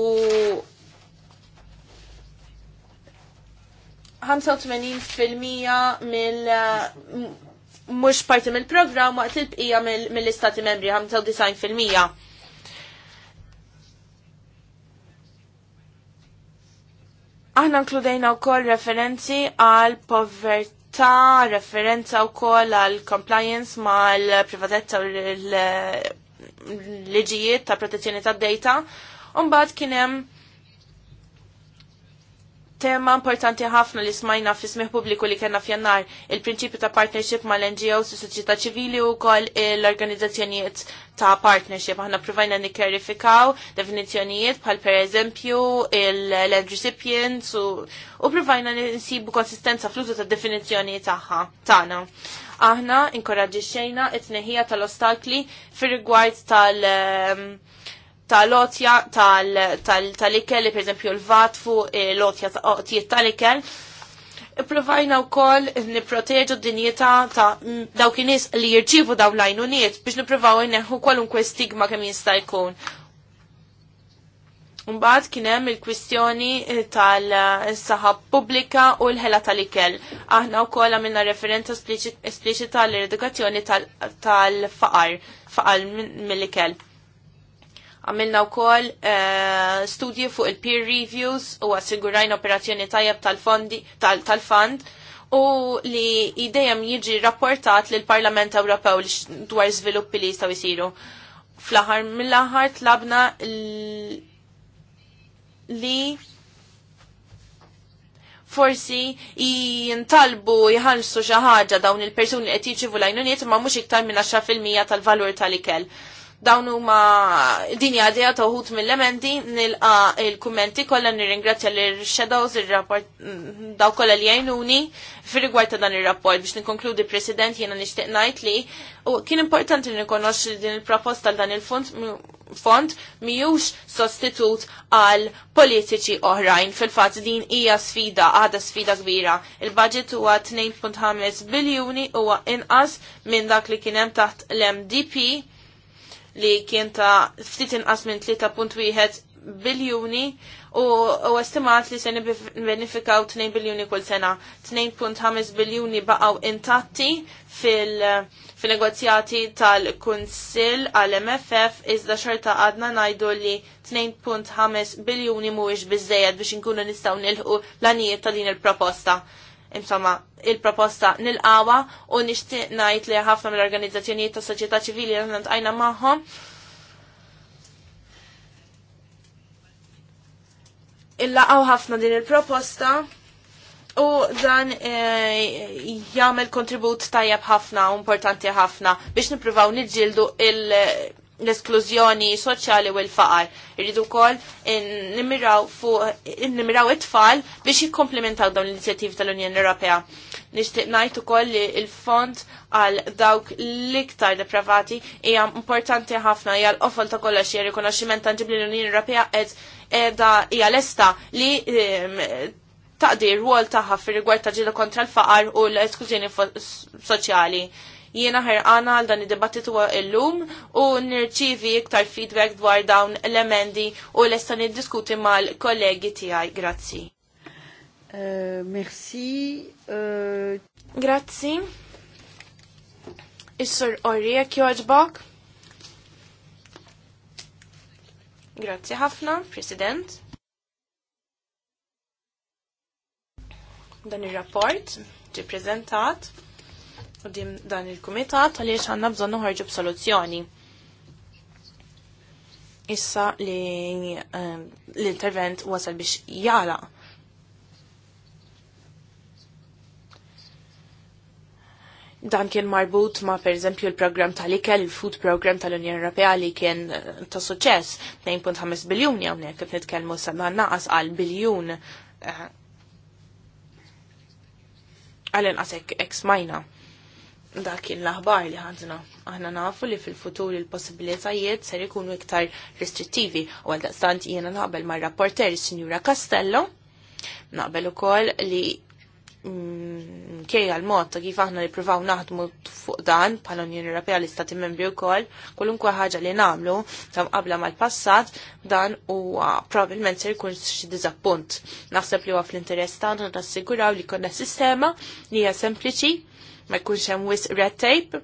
Speaker 3: 85% mill eh, mhux parti mill-programm waqt il-bqija mill-istati membri 95%. Aħna nkludejna wkoll referenzi għal povertà ta' referenza u koll għal compliance ma' l-privatezza u l-liġijiet ta' protezzjoni ta' data. Umbat kienem tema importanti ħafna li smajna fi smih publiku li kena f'jannar il-prinċipju ta' partnership mal ngos u soċjetà ċivili u kol l-organizzazzjonijiet ta' partnership. Aħna provajna nikkerifikaw definizjonijiet bħal per eżempju il-land recipients u, u provajna nsibu konsistenza fl-użu ta' definizjoni tagħha tagħna. Aħna xejna t tneħija tal-ostakli fir-rigward tal- um, tal-lotja tal-ikel li pereżempju l-vat fuq e, lotja tijiet tal-ikel. Provajna u koll niproteġu dinjeta ta' dawk nies li jirċivu daw lajnuniet biex niprovaw neħu kwalunkwe stigma kemm jista' jkun. Mbagħad kien hemm il-kwistjoni tal saħħa pubblika u l-ħela tal-ikel. Aħna wkoll għamilna referenza espliċita l-edukazzjoni tal-faqar, faqar mill-ikel. Għamilna wkoll uh, studji fuq il-peer reviews u assigurajna operazzjoni tajjeb tal fond tal-fund -tal u li idejem jiġi rapportat l parlament Ewropew dwar żviluppi li jistgħu jsiru. Fl-aħħar mill-aħħar tlabna li forsi jintalbu jħallsu xi ħaġa dawn il-persuni li qed vu lajnuniet ma mhux iktar minn 10% tal-valur tal-ikel. Dawn huma din għadija toħut mill-elementi nilqa il-kummenti kollha nirringrazzja l shadows ir-rapport daw kollha li għajnuni fir-rigward ta' dan ir-rapport biex nikkonkludi President jiena nixtieq ngħid li u kien importanti li li din il-proposta dan il-fond fond miħux sostitut għal politiċi oħrajn. Fil-fat din hija sfida, għada sfida kbira. Il-budget huwa 2.5 biljuni huwa inqas minn dak li kienem taħt l-MDP li kien ta' ftit inqas minn 3.1 biljuni u, u estimat li se benefikaw 2 biljuni kull sena. 2.5 biljuni baqaw intatti fil- fil-negozjati tal-Kunsil għal-MFF iżda xorta għadna najdu li 2.5 biljuni mhuwiex biżejjed biex inkunu nistgħu nilħu l-anijiet ta' din il-proposta. Insomma, il-proposta nil-qawa u nixtieq ngħid li ħafna mill-organizzazzjonijiet tas soċjetà ċivili għandna maħħom. magħhom illaqaw ħafna din il-proposta u dan eh, jagħmel kontribut tajjeb ħafna u importanti ħafna biex nippruvaw niġġieldu il- l-esklużjoni soċjali u l-faqar. Irridu kol nimmiraw nimiraw it-tfal biex jikkomplementaw dawn l-inizjattivi tal-Unjoni Ewropea. Nixtieq ngħid ukoll li l-fond għal dawk l-iktar depravati hija importanti ħafna hija l ta' kollox hija rikonoxximent tanġibli l-Unjoni Ewropea qed qiegħda hija lesta li taqdir rwol tagħha fir-rigward ta' ġieda kontra l-faqar u l-esklużjoni soċjali. Jiena ħerqana għal dan id-dibattitu illum u nirċivi iktar feedback dwar dawn l-emendi u lesta niddiskuti mal-kollegi tiegħi. Grazzi. Eh, merci. Eh. Grazzi. Is-sur Orri, jekk joġbok? Grazzi ħafna, President. dan il-rapport ġi prezentat qudiem dan il-kumitat għaliex għandna bżonn noħorġu b'soluzzjoni. Issa li ehm, l-intervent wasal biex jala. Dan kien marbut ma' per eżempju il-programm tal-ikel, il-food program tal-Unjoni Ewropea li kien eh, ta' suċess 2.5 biljun hawnhekk kif nitkellmu sa' naqas għal biljun eh, għal inqas hekk smajna dak kien l-aħbar li ħadna. Aħna nafu li fil-futur il-possibilitajiet ser ikunu iktar restrittivi u għal daqstant jiena naqbel ma' rapporter Sinjura Castello. Naqbel ukoll li mm, kejja l-mod ta' kif aħna nippruvaw naħdmu fuq dan bħala Unjoni Ewropea l-Istati Membri wkoll, kolunkwa ħaġa li nagħmlu ta' qabla mal-passat dan huwa probabbilment se jkun xi diżappunt. Naħseb li huwa fl-interess tagħna nassiguraw li konna sistema li hija sempliċi ma jkunx hemm wis red tape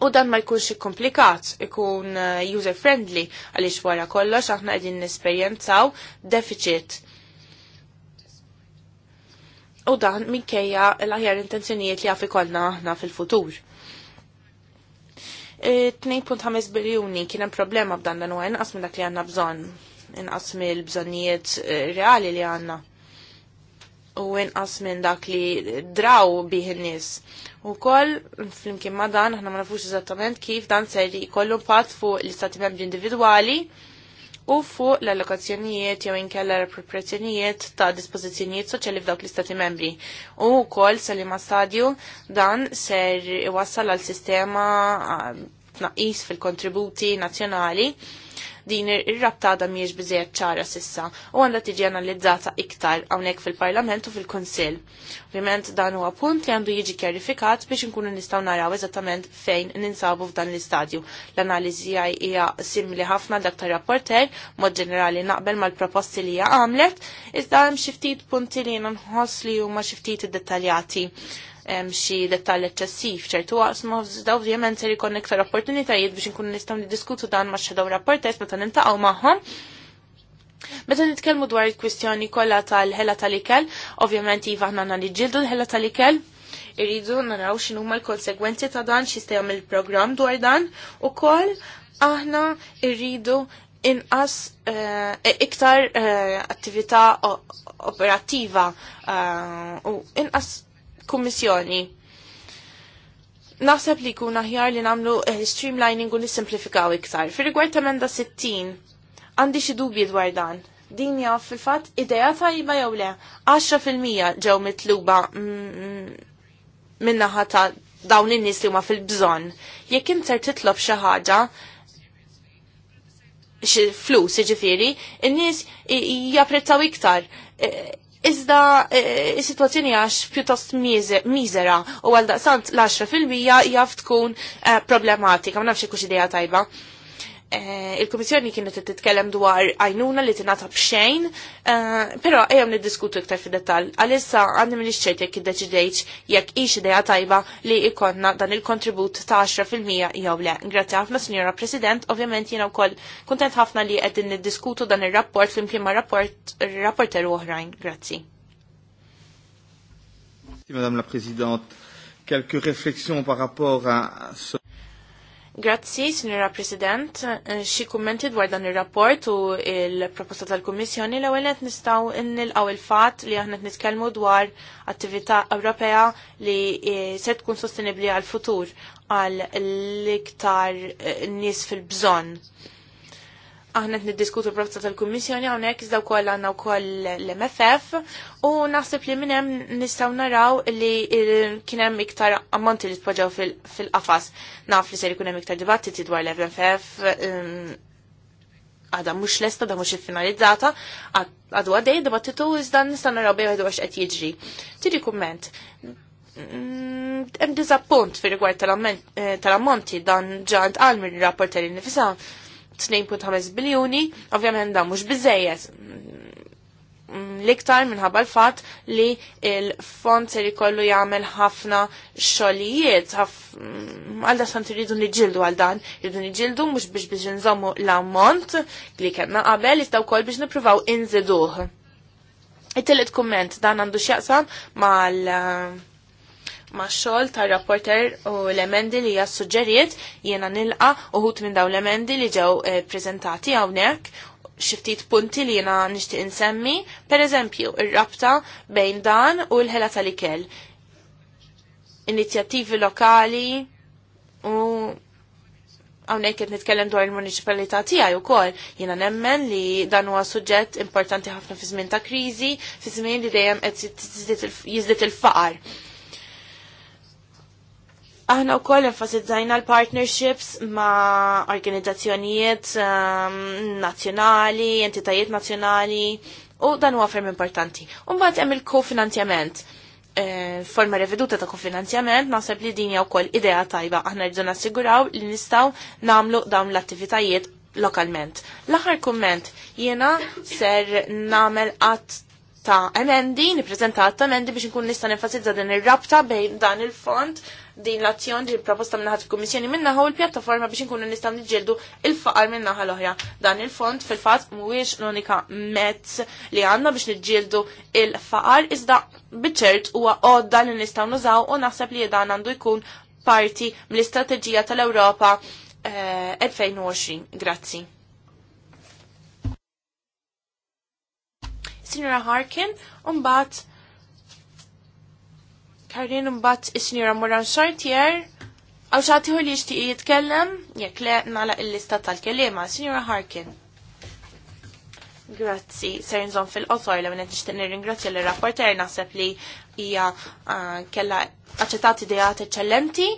Speaker 3: u dan ma jkunx komplikat, ikun eh, user friendly għaliex wara kollox aħna qegħdin nesperjenzaw deficit. U dan minkejja l-aħjar intenzjonijiet li għaf kollna aħna fil-futur. 2.5 e, biljuni kien hemm problema b'dan dan u inqas minn dak li għandna bżonn, inqas mill-bżonnijiet eh, reali li għandna u inqas minn dak li draw bih in-nies. koll, flimkien ma dan aħna ma nafux eżattament kif dan se jkollu impatt fuq l-istati membri individwali u fuq l-allokazzjonijiet jew inkella l-appropriazzjonijiet ta' dispożizzjonijiet soċjali f'dawk l-istati membri. U wkoll se li ma stadju dan ser iwassal għal sistema ah, tnaqqis fil-kontributi nazzjonali din ir-rabtada miex biżejjed ċara sissa u għandha tiġi analizzata iktar hawnhekk fil-Parlament u fil-Kunsill. Ovvjament dan huwa punt li għandu jiġi kjarifikat biex inkunu nistgħu naraw eżattament fejn ninsabu f'dan l-istadju. L-analiżi hija simili ħafna dak tar-rapporter, mod ġenerali naqbel mal-proposti li hija għamlet, iżda hemm xi ftit punti li jiena nħoss li huma xi ftit iddettaljati xi dettall eċċessiv ċertu għasma daw ovvjament ser jkun iktar opportunitajiet biex inkunu nistgħu niddiskutu dan ma' xedaw rapportes meta nintaqgħu magħhom. Meta nitkellmu dwar il-kwistjoni kollha tal-ħela tal-ikel, ovvjament iva aħna ġildu l-ħela tal-ikel, irridu naraw x'in huma l-konsegwenzi ta' dan x'jista' jagħmel il-programm dwar dan ukoll aħna irridu inqas eh, iktar eh, attività operattiva eh, u inqas kummissjoni. Naħseb li kuna aħjar li nagħmlu eh, streamlining u nisimplifikaw iktar. Fir-rigward ta' emenda 60, għandi xi dubji dwar dan. Din hija fil-fatt ideja tajba jew le, 10% ġew mitluba mm, mm, minnaħa ta' dawn in-nies li huma fil-bżonn. Jekk inter titlob xi ħaġa, flus, iġifieri, in-nies japprezzaw iktar. Eh, iżda e, is-sitwazzjoni għax pjuttost miżera u għal daqsant l-10 fil-mija jaf tkun e, problematika, ma nafx kux ideja tajba. Eh, il-Komissjoni kienet titkellem dwar għajnuna li tinata bxejn, eh, pero ejjem niddiskutu iktar fi dettal. Għalissa għandi minn ċert jekk iddeċidejċ jekk hix idea tajba li ikonna dan il-kontribut ta' 10% jew le. Grazzi ħafna, Signora President, ovvjament jiena wkoll kuntent ħafna li qegħdin niddiskutu dan ir-rapport flimkien ma' rapport rapporter oħrajn. Grazzi. Madame la Présidente,
Speaker 2: quelques réflexions par rapport à ce
Speaker 3: Grazzi, Signora President. Eh, xi kummenti dwar dan ir-rapport u il-proposta tal-Kummissjoni l ewwel qed nistgħu nilqgħu il-fatt li aħna qed nitkellmu dwar attività Ewropea li eh, se tkun sostenibbli għal-futur għal l-iktar eh, nies fil-bżonn aħna qed niddiskutu l prozza tal-Kummissjoni hawnhekk iżda wkoll għandna wkoll l-MFF u naħseb li minn hemm nistgħu naraw li kien hemm iktar ammonti li tpoġġew fil-qafas. Naf li se jkun hemm iktar dibattiti dwar l-MFF um, għada mhux lesta da mhux iffinalizzata għadu għadej dibattitu iżda nistgħu naraw bejn għadu għax qed jiġri. Tiri kumment mm, hemm diżappunt fir rigward eh, tal-ammonti dan ġant għal mir rapporteri nifisa 2.5 biljuni, ovvjament dan mhux biżejjed mm, l-iktar minħabba l-fat li il-fond se jkollu jagħmel ħafna xogħlijiet
Speaker 2: mm,
Speaker 3: għal da sant irridu niġġieldu għal dan, irridu niġildu mhux biex biex nżommu l-ammont li kellna qabel iżda wkoll biex nippruvaw inżiduh. It-tielet kumment dan għandu x'jaqsam mal ma' xol ta' rapporter u l-emendi li jassuġġeriet jena nilqa uħut minn daw l-emendi li ġew eh, prezentati għawnek xiftit punti li jena nishtiq insemmi, per eżempju, il rabta bejn dan u l-ħela tal-ikel. Inizjattivi lokali u għawnek qed nitkellem dwar il-municipalità tiegħi wkoll. Jiena nemmen li dan huwa suġġett importanti ħafna fi żmien ta' kriżi, fi żmien li dejjem qed jiżdiet Il Aħna u koll enfasizzajna l-partnerships ma' organizzazzjonijiet um, nazjonali, entitajiet nazjonali, u dan huwa ferm importanti. Umbagħad hemm il-kofinanzjament. E, forma reveduta ta' kofinanzjament, naħseb li din hija wkoll idea tajba aħna rridu nassiguraw li nistgħu nagħmlu dawn l-attivitajiet lokalment. L-aħħar kumment jiena ser nagħmel għat ta' emendi, niprezentat ta' emendi biex nkun nista' nenfasizza din ir-rabta bejn dan il-font din l-azzjoni li proposta minnaħat il-Kummissjoni minnaħu il pjattaforma biex nkunu nistgħu niġġieldu il-faqar minnaħa l-oħra. Dan il-fond fil-fatt mhuwiex l-unika mezz li għandna biex niġġieldu il-faqar iżda biċert huwa għodda li nistgħu nużaw u naħseb li dan għandu jkun parti mill-istrateġija tal-Ewropa 2020. Eh, Grazzi. Sinjora Harkin, un bat Karin mbatt is-Sinjora Moran Sartier, Għaw xaħtiħu li jishtiq jitkellem, jek le nala il-lista tal-kelima, Sinjora Harkin. Grazzi, ser nżon fil-qosor li minnet nishtiq nir-ringrazzja l-rapporter naħseb li hija ah, kella aċċettati idejat eċċellenti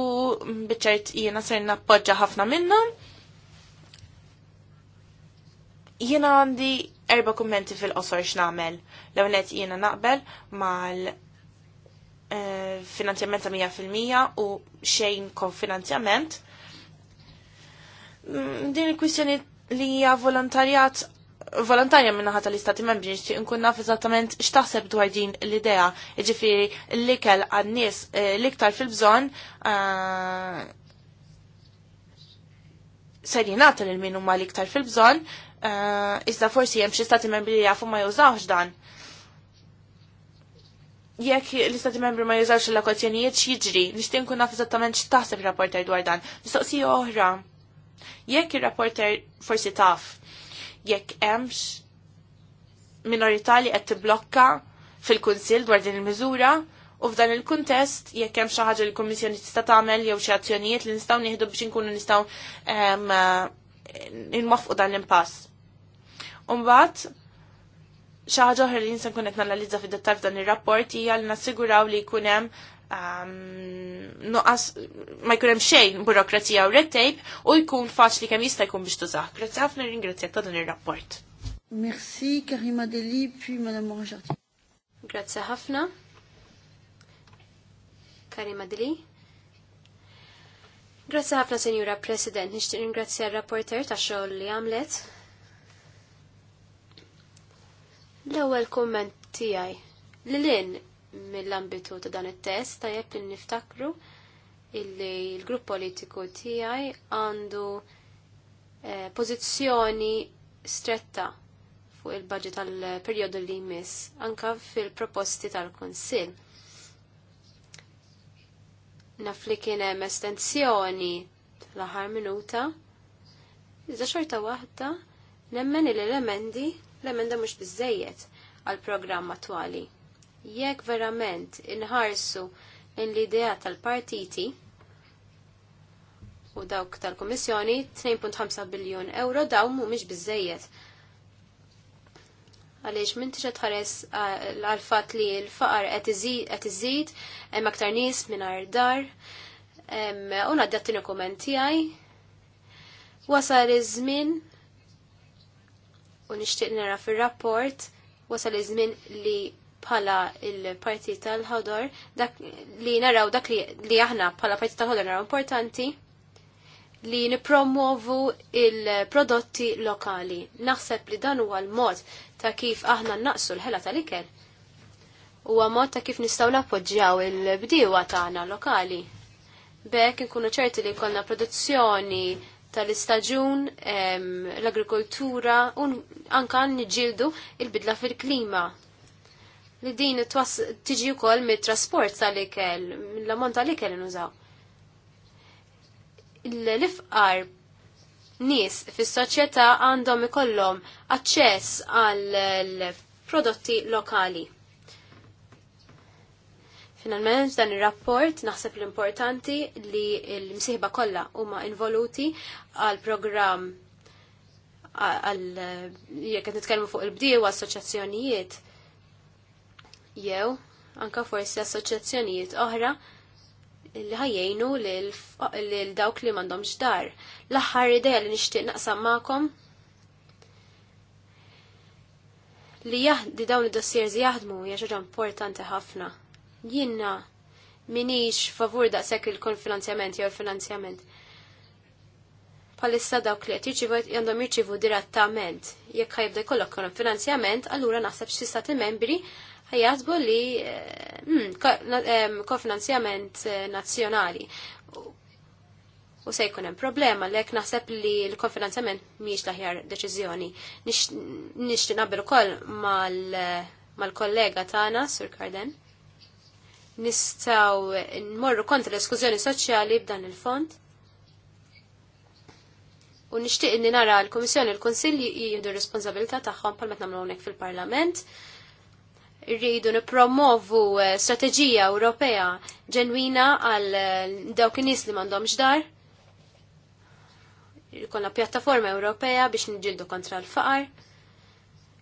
Speaker 3: u bieċert jiena ser nappoġġa ħafna minnhom. Jiena għandi erba kummenti fil-qosor x'namel. L-ewwel jiena naqbel mal Eh, finanzjament ta' 100% u xejn konfinanzjament. Mm, din il-kwistjoni li hija volontarjat volontarja minnaħat tal-istati membri nixtieq nkun naf eżattament x'taħseb dwar din l-idea. Jiġifieri l-ikel għan-nies eh, l-iktar fil-bżonn eh, ser jingħata lil min huma l-iktar fil-bżonn, iżda forsi hemm xi stati membri li jafu ma jużawx dan jekk l-istati membri ma jużawx l-akwazzjonijiet x'jiġri, nixtieq nkun naf eżattament x'taħseb ir-rapporter dwar dan. Mistoqsija oħra. Jekk ir-rapporter forsi taf, jekk hemmx minorità li qed tibblokka fil-Kunsill dwar din il-miżura, u f'dan il-kuntest jekk hemm xi ħaġa l-Kummissjoni tista' tagħmel jew xi azzjonijiet li nistgħu nieħdu biex inkunu nistgħu eh, nwaffqu dan l-impass. Umbagħad xaħġa oħra li jinsan kunet nanalizza fi dettal f'dan ir-rapport hija li nassiguraw li jkun hemm um, nuqqas ma jkun hemm xejn burokrazija u red tape u jkun faċli kemm jista' jkun biex tużah. Grazzi ħafna ringrazzjak ta' dan ir-rapport.
Speaker 1: Merci Karima Deli puis Madame morin Grazzi ħafna. Karima Deli. Grazzi ħafna Senjura President, nixtieq ringrazzja r-rapporter ta' xogħol li għamlet L-ewwel kumment tiegħi li lin mill-ambitu ta' dan it-test tajjeb li niftakru illi l-grupp politiku tiegħi għandu eh, pożizzjoni stretta fuq il-budget tal-periodu li jmiss, anka fil-proposti tal-Konsil. Naf li kien hemm estensjoni l-aħħar minuta, iżda xorta waħda nemmen il elementi l-emenda mhux bizzejiet għal programm attuali. Jekk verament inħarsu in l-idea tal-partiti u dawk tal-Komissjoni 2.5 biljon euro daw mhumiex bizzejiet. Għaliex minn tiġa tħares għal għalfat li l-faqar qed iżid hemm aktar nies mingħajr dar u ngħadda t-tieni kumment tiegħi wasal iż-żmien u nixtieq nara fir-rapport wasal iż-żmien li bħala il-parti tal-ħodor dak li naraw dak li, li aħna bħala parti tal-ħodor naraw importanti li nipromovu il-prodotti lokali. Naħseb li dan huwa l-mod ta' kif aħna naqsu l-ħela tal-ikel. Huwa mod ta' kif nistgħu nappoġġjaw il-bdiewa tagħna lokali. Bek inkunu ċerti li jkollna produzzjoni tal-istaġun, l-agrikoltura, u anka nġildu il-bidla fil-klima. Li din tiġi wkoll mit-trasport tal-ikel, mill-ammont tal-ikel nużaw. L-ifqar nies fis-soċjetà għandhom ikollhom aċċess għal prodotti lokali. Finalment dan ir-rapport naħseb l-importanti li l-msieħba kollha huma involuti għal programm għal jekk nitkellmu fuq il-bdiew assoċjazzjonijiet jew anka forsi assoċjazzjonijiet oħra li ħajjejnu lil dawk li m'għandhomx dar. L-aħħar idea li nixtieq naqsam magħkom li jahdi dawn id-dossiers jaħdmu hija xaġa importanti ħafna jinnna minix favur daqshekk il-konfinanzjament jew il-finanzjament. Palissa dawk li qed jirċivu jirċivu direttament. Jekk ħajbda jkollok finanzjament, allura naħseb xi stati membri ħajjaħsbu li eh, hmm, kofinanzjament eh, nazzjonali. U se jkun hemm problema lek naħseb li l-konfinanzjament mhijiex l-aħjar deċiżjoni. Nixtieq nabel ukoll eh, mal-kollega tagħna Sur Karden nistaw nmorru kontra l-eskużjoni soċjali b'dan il-fond. U nixtieq inni nara l-Kummissjoni l-Kunsill jieħdu r-responsabilità tagħhom bħal meta nagħmlu hawnhekk fil-Parlament. Irridu nippromovu eh, strateġija Ewropea ġenwina għal eh, dawk in-nies li m'għandhomx dar. Jkollna pjattaforma Ewropea biex niġġieldu kontra l-faqar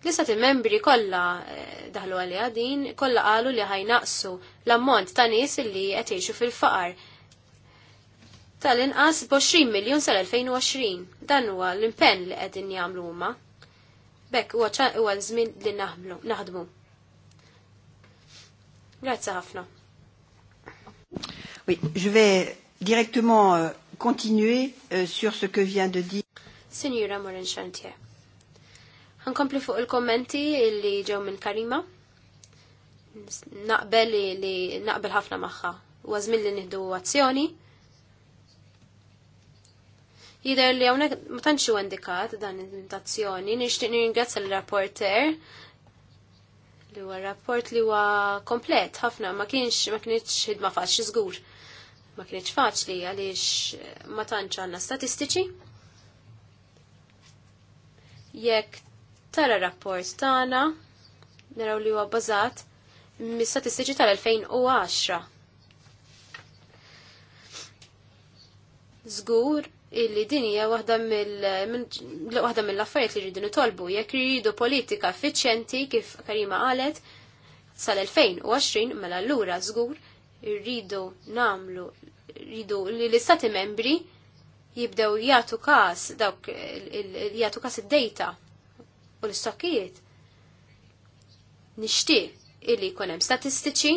Speaker 1: L-istati membri kollha eh, daħlu għalija din, kollha qalu li ħajnaqsu l-ammont ta' nies li qed jgħixu fil-faqar tal-inqas b'20 miljun sal-2020. Dan huwa l-impenn li qegħdin jagħmlu huma. Bekk huwa huwa żmien li naħmlu naħdmu. Grazzi ħafna. Oui, je vais directement euh, continuer euh, sur ce
Speaker 3: que vient de dire
Speaker 1: Signora Morin Chantier. Nkompli fuq il-kommenti li ġew minn Karima. Naqbel li naqbel ħafna magħha. Ważmin li nieħdu azzjoni. Jider li hawnhekk ma tantx indikat dan l-azzjoni, nixtieq nirringrazzja l-rapporter li huwa rapport li huwa komplet ħafna ma kienx ma kienx ħidma faċli żgur. Ma kienx faċli għaliex ma tantx għandna statistiċi. Jekk tara rapport tagħna naraw li huwa bażat mis-statistiċi tal-2010. Żgur illi din hija waħda mill-affarijiet li rridu nitolbu jekk rridu politika effiċjenti kif Karima qalet sal-2020 mela allura żgur rridu namlu rridu li l-istati membri jibdew jagħtu każ dawk jagħtu każ id-dejta u l-istokkijiet. Nixtieq illi jkunem hemm statistiċi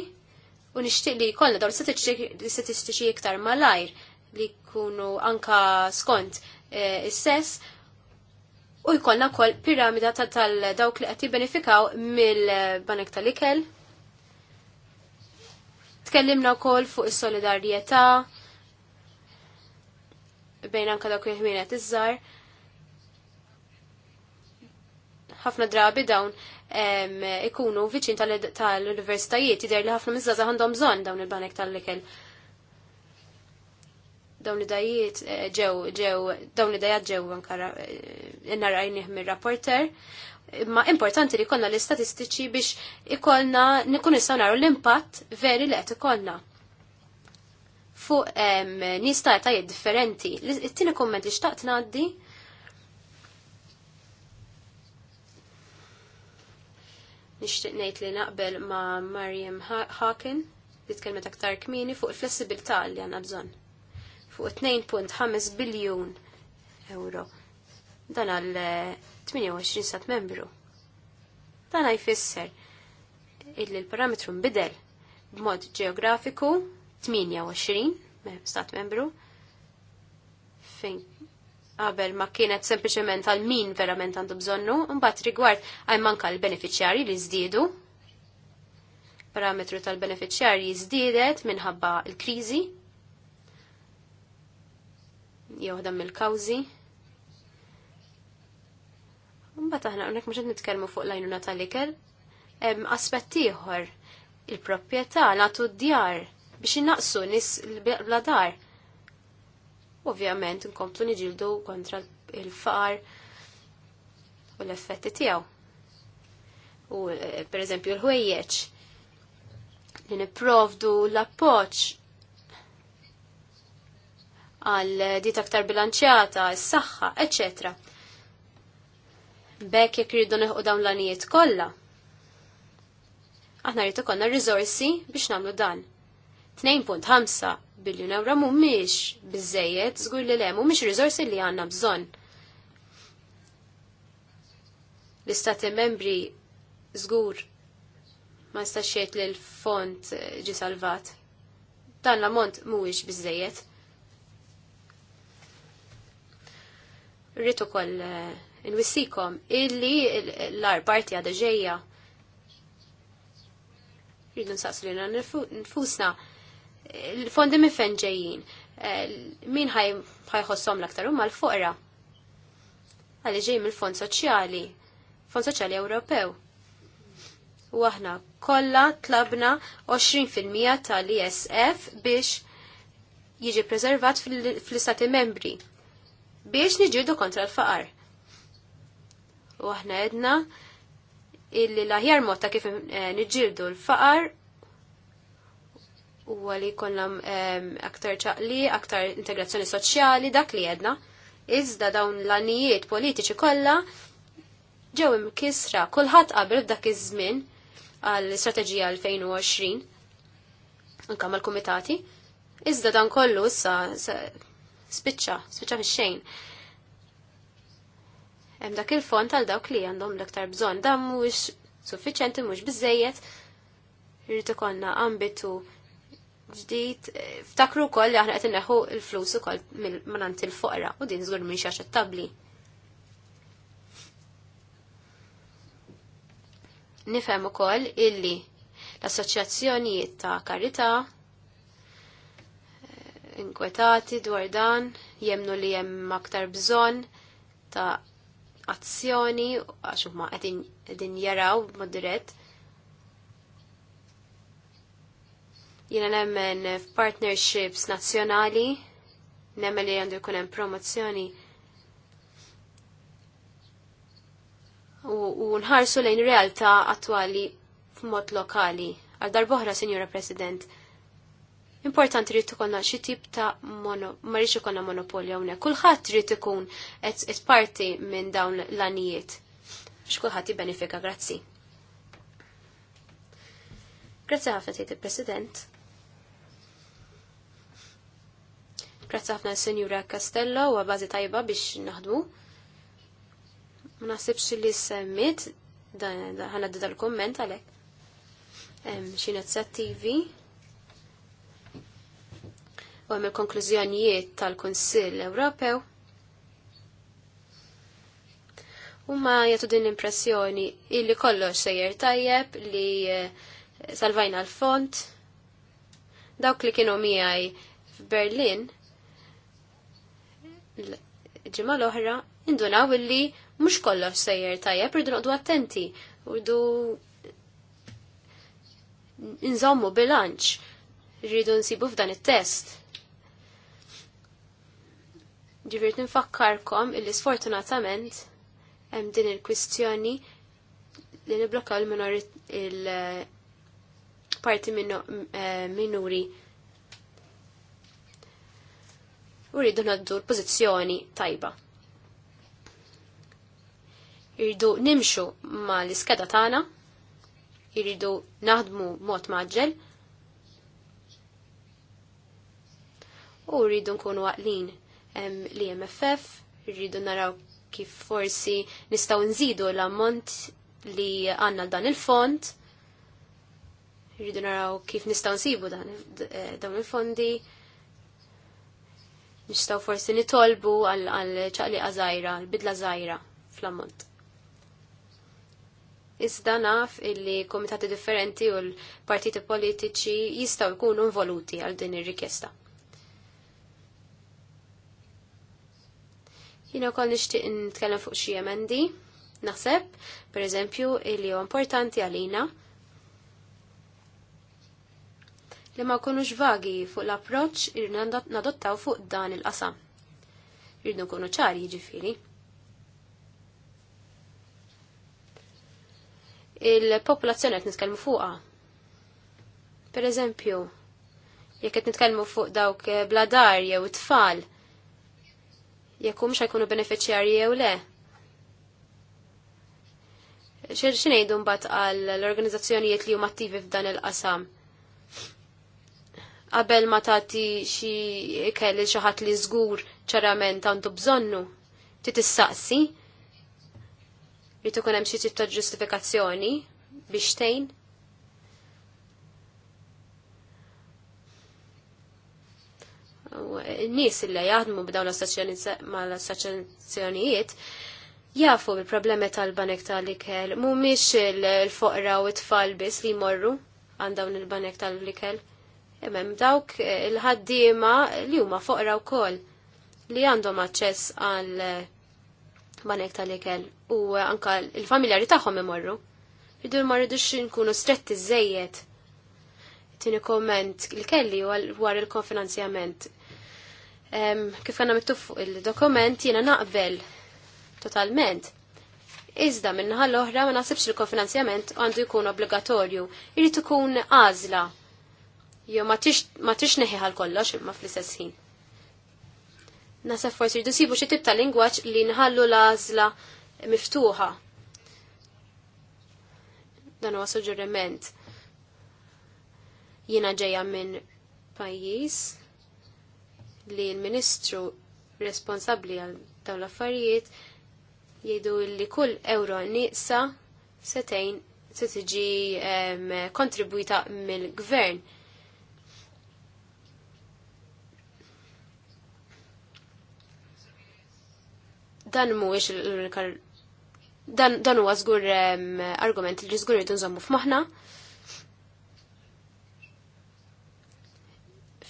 Speaker 1: u nixtieq li jkollna dawn statistiċi iktar malajr li jkunu anka skont eh, is-sess u jkollna wkoll piramida tal-dawk li qed benefikaw mill-banek tal-ikel. Tkellimna wkoll fuq is-solidarjetà bejn anka dawk li ħmienet iż-żar. ħafna drabi dawn ikunu viċin tal-universitajiet, jider li ħafna mizzaza għandhom bżonn dawn il-banek tal-likel. Dawn id-dajiet eh, ġew, ġew, dawn id dajiet ġew ankara eh, narajnih mir-rapporter. Imma importanti li konna l-istatistiċi biex ikonna nikun nistgħu naru l-impatt veri li għet ikollna fuq nista' ta' differenti. It-tieni kumment li xtaqt ngħaddi Nixtieq ngħid li naqbel ma' Mariam Hawken li tkellmet aktar kmieni fuq il-flessibilità li għandna bżonn. Fuq 2.5 biljun euro. Dan għal 28 eh, sat membru. Dan jfisser illi l-parametru nbidel b'mod ġeografiku 28 stat membru fejn qabel ma kienet sempliċement għal min verament għandu bżonnu, mbagħad rigward għaj manka l beneficjari li żdiedu. Parametru tal-beneficjarji żdiedet minħabba l-kriżi. Jew mill-kawżi. Mbagħad aħna hawnhekk mhux qed nitkellmu fuq l-għajnuna tal-ikel. aspett ieħor il-proprjetà nagħtu d-djar biex innaqsu nis bla dar ovvjament nkomplu niġildu kontra il-faqar u l-effetti tiegħu. U eh, per eżempju l-ħwejjeġ li nipprovdu l-appoġġ għal diet aktar bilanċjata, s-saħħa, eccetera. Bekk jekk rridu neħu dawn l-anijiet kollha. Aħna rritu ikollna r rizorsi biex nagħmlu dan. 2.5 biljun euro mhumiex biżejjed żgur li le mhumiex riżorsi li għandna bżonn. L-istati membri żgur ma jistax jgħid li l-fond eh, ġi salvat. Dan l-ammont mhuwiex biżejjed. Rrid ukoll eh, inwissikom illi l-ar parti għadha ġejja. Rridu nsaqsu lilna nfusna. Nfus il-fondi minn fejn ġejjin. Eh, min ħajħossom l-aktar huma l-foqra. Għalli ġej mill-Fond Soċjali, Fond Soċjali Ewropew. U aħna kollha tlabna 20% tal-ISF biex jiġi preservat fl-istati membri biex niġidu kontra l-faqar. U aħna edna illi laħjar aħjar ta' kif eh, niġildu l-faqar u li konna aktar ċaqli, aktar integrazzjoni soċjali, dak li jedna. Iżda dawn l-anijiet politiċi kollha ġew imkisra kulħadd qabel f'dak iż-żmien għall-istrateġija 2020 anke mal-kumitati. Iżda dan kollu issa spiċċa, spiċċa fix-xejn. Hemm dak il-fond għal dawk li għandhom l-aktar bżonn. Dan mhuwiex suffiċjenti mhux biżejjed. Irrid ikollna ambitu ġdijt. Eh, ftakru wkoll li aħna qed inneħu l-flus ukoll kol manant il-foqra u din żgur minn tabli. aċċettabbli. Nifhem ukoll illi l-assoċjazzjonijiet ta' karità eh, inkwetati dwar dan, jemnu li hemm aktar bżonn ta' azzjoni għax huma qegħdin jaraw mod dirett Jiena nemmen f'partnerships nazzjonali, nemmen li għandu jkun hemm promozzjoni u nħarsu lejn realtà attwali f'mod lokali. Għal darboħra, Sinjora President, importanti rrit ikollna xi tip ta' mono, ma rridx ikolna monopolja hawnhekk. Kulħadd rrid ikun qed parti minn dawn l-anijiet. X'kulħadd jibbenefika, grazzi. Grazzi ħafna tgħid il-President. Grazzi ħafna l-Senjura Castello u għabazi tajba biex naħdmu. Ma naħsibx li semmit ħana d l-komment għalek. Xi inizjattivi u hemm il-konklużjonijiet tal-Kunsill Ewropew. ma jagħtu din l-impressjoni illi kollox sejjer tajjeb li eh, salvajna l-font dawk li kienu miegħi f'Berlin l-ġimgħa l-oħra indunaw illi mhux kollox sejjer tajjeb irdu noqdu attenti irdu nżommu bilanċ rridu nsibu f'dan it-test. Ġivirt nfakkarkom illi sfortunatament hemm din il-kwistjoni li niblokkaw il-parti eh, minuri u rridu naddu l-pozizjoni tajba. Irridu nimxu ma l-iskeda tagħna, irridu naħdmu mod maġġel, u rridu nkunu għaqlin li MFF, rridu naraw kif forsi nistaw nżidu l-ammont li għanna dan il-fond, rridu naraw kif nistaw nsibu dan, il eh, fondi nistaw forsi nitolbu għal ċaqli għazajra, bidla zaħira fl-ammont. Iżda naf illi komitati differenti u l-partiti politiċi jistaw jkunu involuti għal din ir-rikjesta. Jina kol nishtiq nitkellem fuq xi emendi, naħseb, per eżempju, illi importanti għalina li ma konux vagi fuq l-approċ irna nadottaw fuq dan il-qasam. Irridu nkunu ċari ġifiri. Il-popolazzjoni qed nitkellmu fuqha. Per eżempju, jekk qed nitkellmu fuq dawk bladar jew it-tfal, jekk hux jkunu beneficjari jew le xinejdu mbat għal l-organizzazzjonijiet li huma attivi f'dan il-qasam qabel ma tagħti xi kelli xi ħadd li żgur ċarament għandu bżonnu titissaqsi jrid ikun hemm xi tip ġustifikazzjoni biex tgħin. n-nis li jaħdmu b'dawn l-assoċjazzjonijiet jafu bil-problemi tal-banek tal-ikel, mumiex il-foqra u t-tfal bis li morru għan il-banek tal-ikel. Imem dawk eh, il-ħaddiema li huma foqra wkoll li għandhom aċċess għal eh, banek tal-ikel u eh, anka il-familjari tagħhom imorru. Ridu ma rridux nkunu stretti żejjed. Tini komment il-kelli dwar il-konfinanzjament. Kif għanna mittuf fuq il-dokument jiena naqbel totalment. Iżda minnaħal l-oħra ma nasibx il-konfinanzjament għandu jkun obbligatorju. Irrid ikun għażla Jo ma tix għal kollox imma fl-istess ħin. Nasa forsi jridu sibu xi tibta lingwaċ lingwaġġ li nħallu l-għażla miftuħa. Dan huwa suġġeriment. Jiena ġejja minn pajjiż li l-Ministru responsabbli għal dawn l-affarijiet jgħidu li kull euro nieqsa setejn se tiġi kontribwita mill-gvern. Dan mhuwiex dan dan huwa żgur argument li żgur jridu nżommu f'moħħna.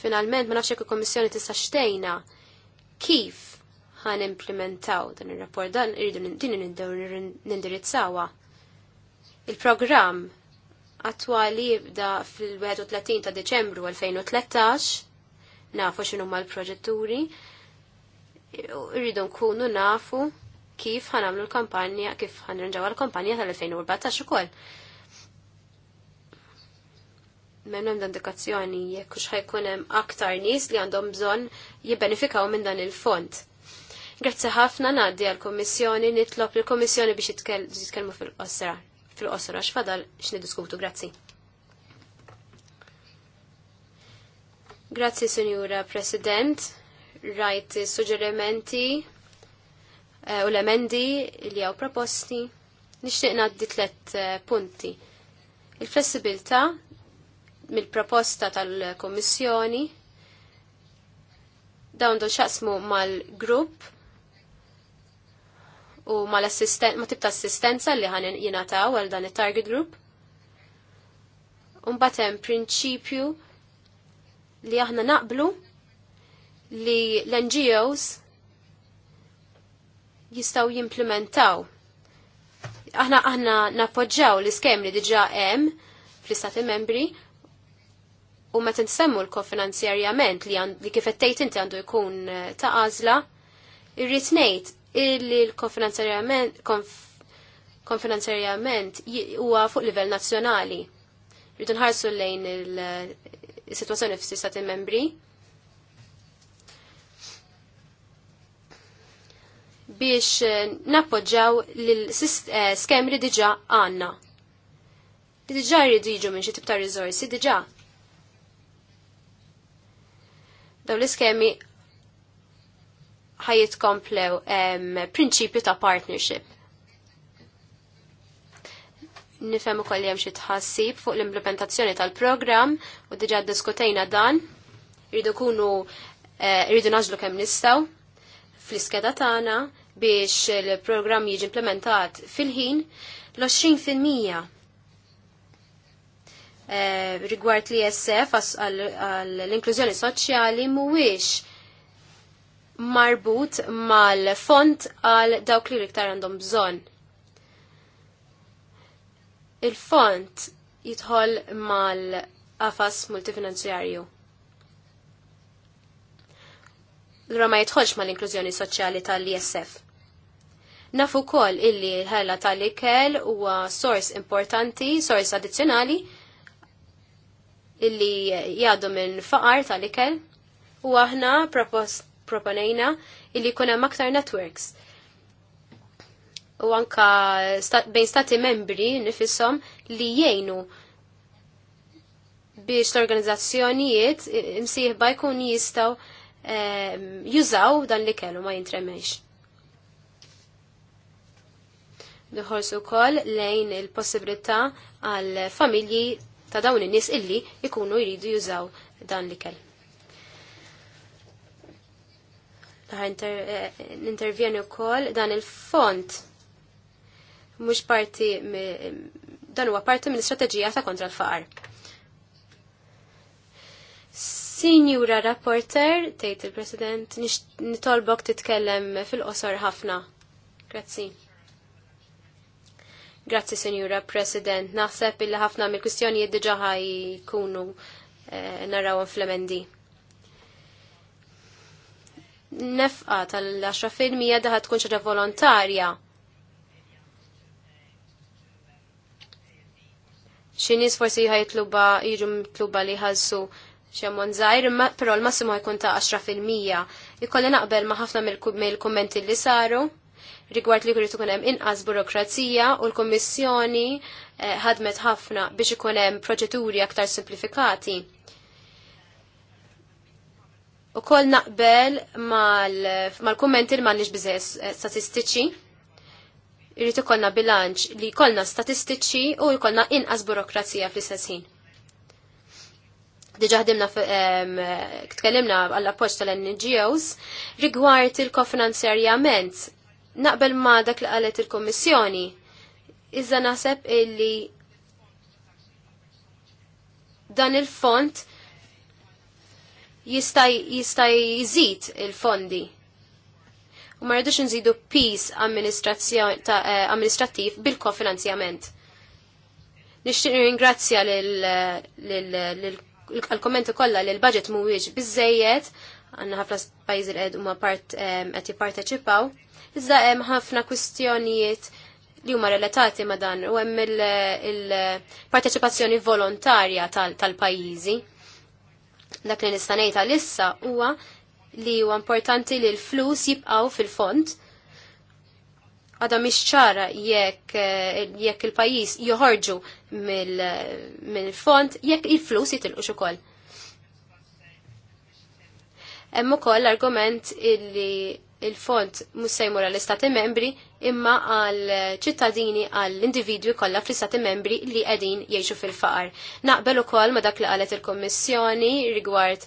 Speaker 1: Finalment ma nafx jekk il-Kommissjoni tista' xtejna kif ħan implementaw dan ir-rapport dan irridu din nindirizzawa. Il-programm attwali jibda fil-31 ta' Deċembru 2013 nafu x'inhuma l-proġetturi rridu nkunu nafu kif ħanamlu l-kampanja, kif ħanrenġaw l-kampanja tal-2014 ukoll. Mennom d-indikazzjoni jekk u xħajkunem hemm aktar nies li għandhom bżonn jibbenefikaw minn dan il-fond. Grazzi ħafna ngħaddi għall-Kummissjoni nitlob l kummissjoni biex jitkellmu fil-qosra fil-qosra x'fadal x'nidiskutu, grazzi. Grazzi, Sinjura President rajt suġġerimenti eh, u l-emendi li għaw proposti. Nishtiq naddi tlet eh, punti. Il-flessibilta mill-proposta tal-Komissjoni dawn do xaqsmu mal-grupp u mal ma tibta assistenza li ħan jinataw għal dan il-target group. batem prinċipju li aħna naqblu li l-NGOs jistaw jimplementaw. Aħna aħna nappoġġaw l-iskem li diġa hemm fl-istati membri u meta nsemmu l-kofinanzjarjament li, li kif qed inti għandu jkun eh, ta' għażla, irrid ngħid illi l-kofinanzjarjament konfinanzjarjament huwa fuq livell nazzjonali. Rridu nħarsu lejn il-sitwazzjoni eh, fl-istati membri biex eh, nappoġġaw l-skem eh, li diġa għanna. Li diġa jridu minn xi tip ta' diġa. Daw l-iskemi ħajit komplew prinċipju ta' partnership. Nifhem ukoll hemm xi tħassib fuq l-implementazzjoni tal-programm u diġà diskutejna dan. Rridu kunu rridu eh, naġlu kemm nistgħu fl-iskeda tagħna biex il-programm jiġi implementat fil-ħin l-20% eh, rigward li SF għall-inklużjoni soċjali mhuwiex marbut mal-font għal dawk li iktar għandhom bżonn. Il-font jidħol mal-qafas multifinanzjarju. L-ra ma jidħolx mal-inklużjoni soċjali tal-ISF. Nafu kol illi l-ħela tal-ikel huwa sors importanti, sors addizzjonali illi jgħadu minn faqar tal-ikel u aħna proponejna illi kuna maktar networks u anka sta bejn stati membri nifissom li jgħinu biex l-organizzazzjonijiet imsieħba jkun jistaw eh, jużaw dan li kellu ma jintremex nħorsu kol lejn il-possibilità għal familji ta' dawn in-nies illi jkunu jridu jużaw dan l-ikel. Eh, nintervjeni wkoll dan il-font mhux parti dan huwa parti mill strategija ta' kontra l-faqar. Sinjura rapporter, tgħid il-President, nitolbok titkellem fil-qosor ħafna. Grazzi. Grazzi, Senjura President. Naħseb illi ħafna mill-kwistjonijiet diġà ħajkunu eh, narawhom fl-emendi. Nefqa tal-10% daħat tkun ċaġa volontarja. Xi nies forsi ħajtluba jiġu mitluba li ħassu xemmon zaħir, pero l-massimo jkun ta' 10%. Ikolli naqbel ma' ħafna mill-kummenti li saru rigward li jrid ikun hemm inqas burokrazija u l-Kummissjoni eh, ħadmet ħafna biex ikun hemm proċeduri aktar simplifikati. U kol naqbel mal-kommenti mal li manniġ bizzes eh, statistiċi. Irrit ikollna bilanċ li kolna statistiċi u jkollna inqas burokrazija fl sessin ħin. Diġa ħdimna eh, tkellimna għall appoġġ tal-NGOs rigward il-kofinanzjarjament naqbel ma dak li qalet il-Kommissjoni. Iżda naħseb illi dan il-font jista' jizid il-fondi. U ma rridux nżidu pis eh, amministrattiv bil-kofinanzjament. Nixtieq ringrazzja l-kommenti kollha li l-budget mhuwiex biżejjed, għandna ħafna pajjiżi li qed huma part eh, qed jipparteċipaw. Iżda hemm ħafna kwistjonijiet li huma relatati ma' dan u hemm il-parteċipazzjoni volontarja tal-pajjiżi. Dak li nista' ngħid għalissa huwa li huwa importanti li l-flus jibqgħu fil-fond għada mhix ċara jekk il-pajjiż joħorġu mill-fond jekk il-flus jitilqux ukoll. Hemm ukoll argument illi il-fond mhux se għal istati membri imma għal ċittadini għall individwi kollha fl-istati membri li qegħdin jgħixu fil-faqar. Naqbel ukoll ma dak li qalet il-Kommissjoni rigward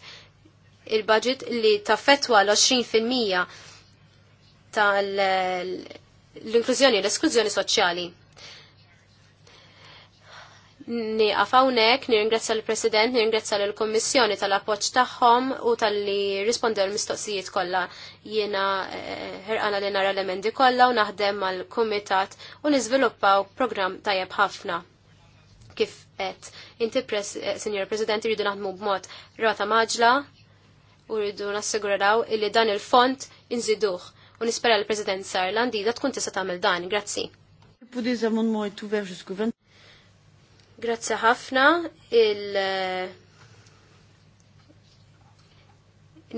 Speaker 1: il-budget li taffettwa l-20% tal inklużjoni l-esklużjoni soċjali. Niqaf hawnhekk, nirringrazzja l-President, nirringrazzja l-Kommissjoni tal-appoġġ tagħhom u tal-li rispondew l-mistoqsijiet kollha. Jiena eh, ħerqana li nara l-emendi kollha u naħdem mal-Kumitat u niżviluppaw programm tajjeb ħafna. Kif qed inti eh, Sinjor President iridu naħdmu b'mod rata maġla u rridu nassiguraw illi dan il-font inżiduh u nispera l-President Sarlandi da tkun tista' tagħmel dan. Grazzi. Grazzi ħafna il eh,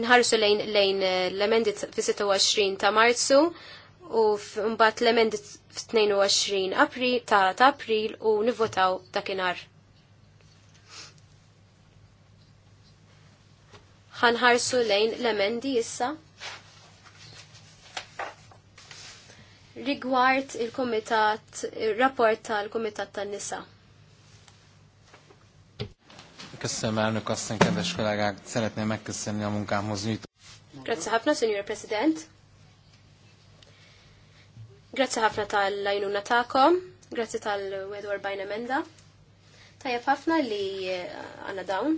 Speaker 1: nħarsu lejn lejn eh, l-emendi fi-26 ta' Marzu u mbagħad l-emendi f-22 April ta' ta' April u nivvotaw dakinhar. ħanħarsu lejn l-emendi issa. Rigward il-komitat, il-rapport tal-komitat tan-nisa.
Speaker 2: Köszönöm, elnök asszony, kedves kollégák, szeretném megköszönni a munkámhoz nyújtó.
Speaker 1: Grazie hafna, Signor President. Grazie hafna tal-lajnuna ta'kom, grazie tal-wedu bajn emenda. Tajab ħafna li eh, għanna dawn.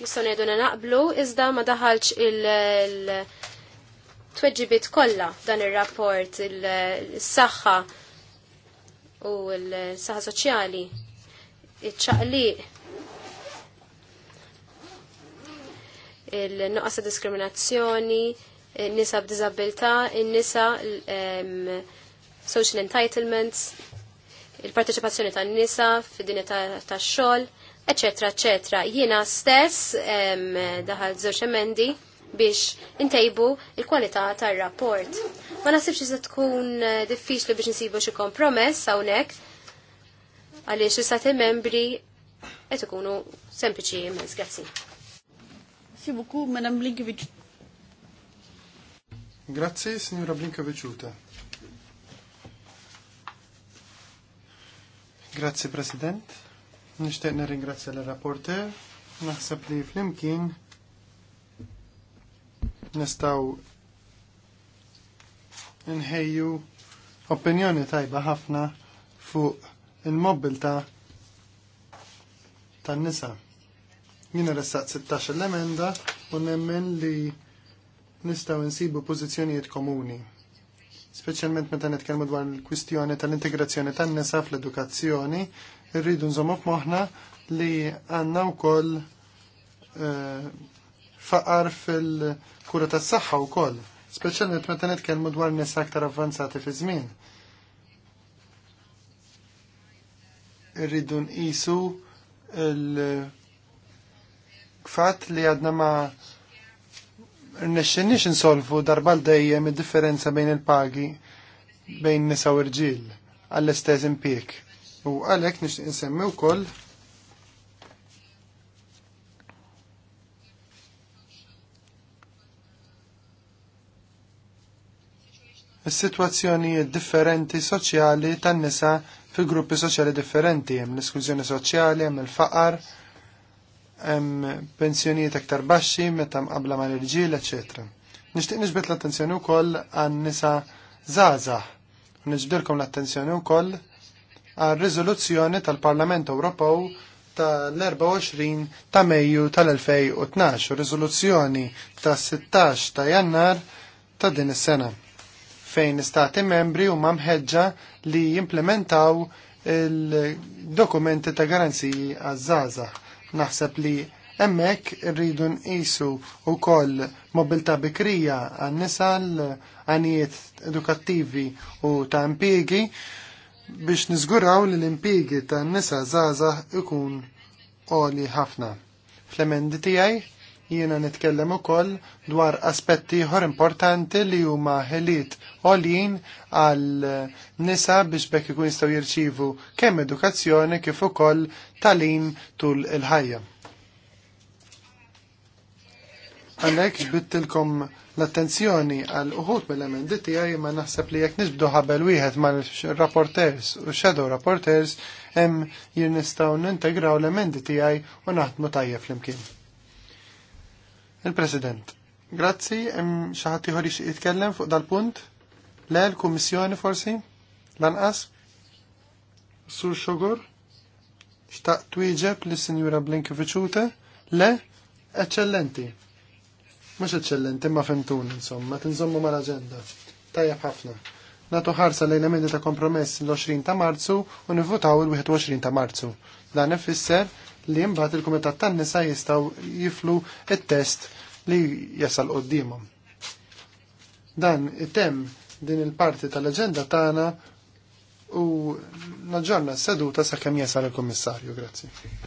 Speaker 1: Nistaw ngħidu naqblu, izda ma daħalċ il-tweġibit kolla dan il rapport il saxħa u l-saħħa soċjali iċċaqliq il-nuqqas diskriminazzjoni, il-nisa b'dizabilta, il-nisa social entitlements, il-parteċipazzjoni tan nisa fid-dinja ta' xogħol, eċetera, eċetera. Jiena stess daħal żewġ emendi biex intejbu il-kwalità tar-rapport. Ma nasibx iżda tkun eh, diffiċli biex nsibu xi kompromess hawnhekk, għaliex l-istati membri qed ikunu sempliċi immens. Grazzi.
Speaker 3: Grazzi buku, Madam Blinkovic.
Speaker 2: Grazie, Signora Blinkovic Uta. Grazzi, President. Nishtiq nirringrazzja l-rapporter. Naħseb li flimkien nistaw nħejju opinjoni tajba ħafna fuq il mobil ta' tan-nisa. Jien ressaq 16 l-emenda u nemmen li nistgħu nsibu pożizzjonijiet komuni. Speċjalment meta nitkellmu dwar il-kwistjoni tal-integrazzjoni tan-nisa fl-edukazzjoni, irridu nżommu f'moħħna li għandna wkoll uh, faqar fil-kura tas-saħħa wkoll, speċjalment meta nitkellmu dwar nisa aktar avvanzati fi żmien rridu nqisu l-fatt li għadna ma rnexxinniex insolvu darba dejjem id-differenza bejn il-pagi bejn nisa u rġil għall-istess impjek. U għalhekk nixtieq insemmi wkoll is-sitwazzjoni differenti soċjali tan-nisa fi gruppi soċjali differenti, hemm l-esklużjoni soċjali, hemm il-faqar, hemm pensjonijiet aktar baxxi meta mqabla mal-irġiel, eċetera. Nixtieq niġbed l-attenzjoni wkoll għan-nisa żgħażagħ u niġbdilkom l-attenzjoni wkoll għar riżoluzzjoni tal-Parlament Ewropew tal-24 ta' Mejju tal-2012 u riżoluzzjoni ta' 16 ta' Jannar ta' din is-sena fejn stati membri huma mħeġġa li jimplementaw il-dokumenti ta' garanziji għazzaza. Naħseb li emmek rridu nqisu u koll mobilta bikrija għan-nisa għanijiet edukattivi u ta' impiegi biex nizguraw li l-impiegi ta' nisa zaza ikun oli ħafna. Fl-emendi tijaj jiena nitkellem ukoll dwar aspetti ħor importanti li huma ħeliet għolin għal nisa biex bekk ikun jistgħu jirċivu kemm edukazzjoni kif ukoll talim tul il-ħajja. Għalhekk xbittilkom l-attenzjoni għal uħut mill-emendi tiegħi ma naħseb li jekk nisbdu ħabel wieħed mal-rapporters u shadow rapporters hemm jien nistgħu nintegraw l-emendi tiegħi u naħdmu tajjeb flimkien. Il-President, grazzi, jem xaħati ħoriċ jitkellem fuq dal-punt? Le l-Kummissjoni forsi? Lanqas? Sur Xogur? Xtaq twieġeb li sinjura Blinkeviċute? Le? Eccellenti. Mhux eccellenti, ma fimtun, insomma, tinżommu mal-aġenda. Tajab ħafna. Natu ħarsa lejn emendi ta' kompromess l-20 ta' Marzu u nivvutaw il-21 ta' Marzu. Dan ifisser li mbagħad il-Kumitat tan-nisa jistgħu jiflu il test li jasal qoddimum. Dan it-tem din il-parti tal-aġenda tagħna u naġġorna s-seduta sakemm jasal il-Kummissarju. Grazzi.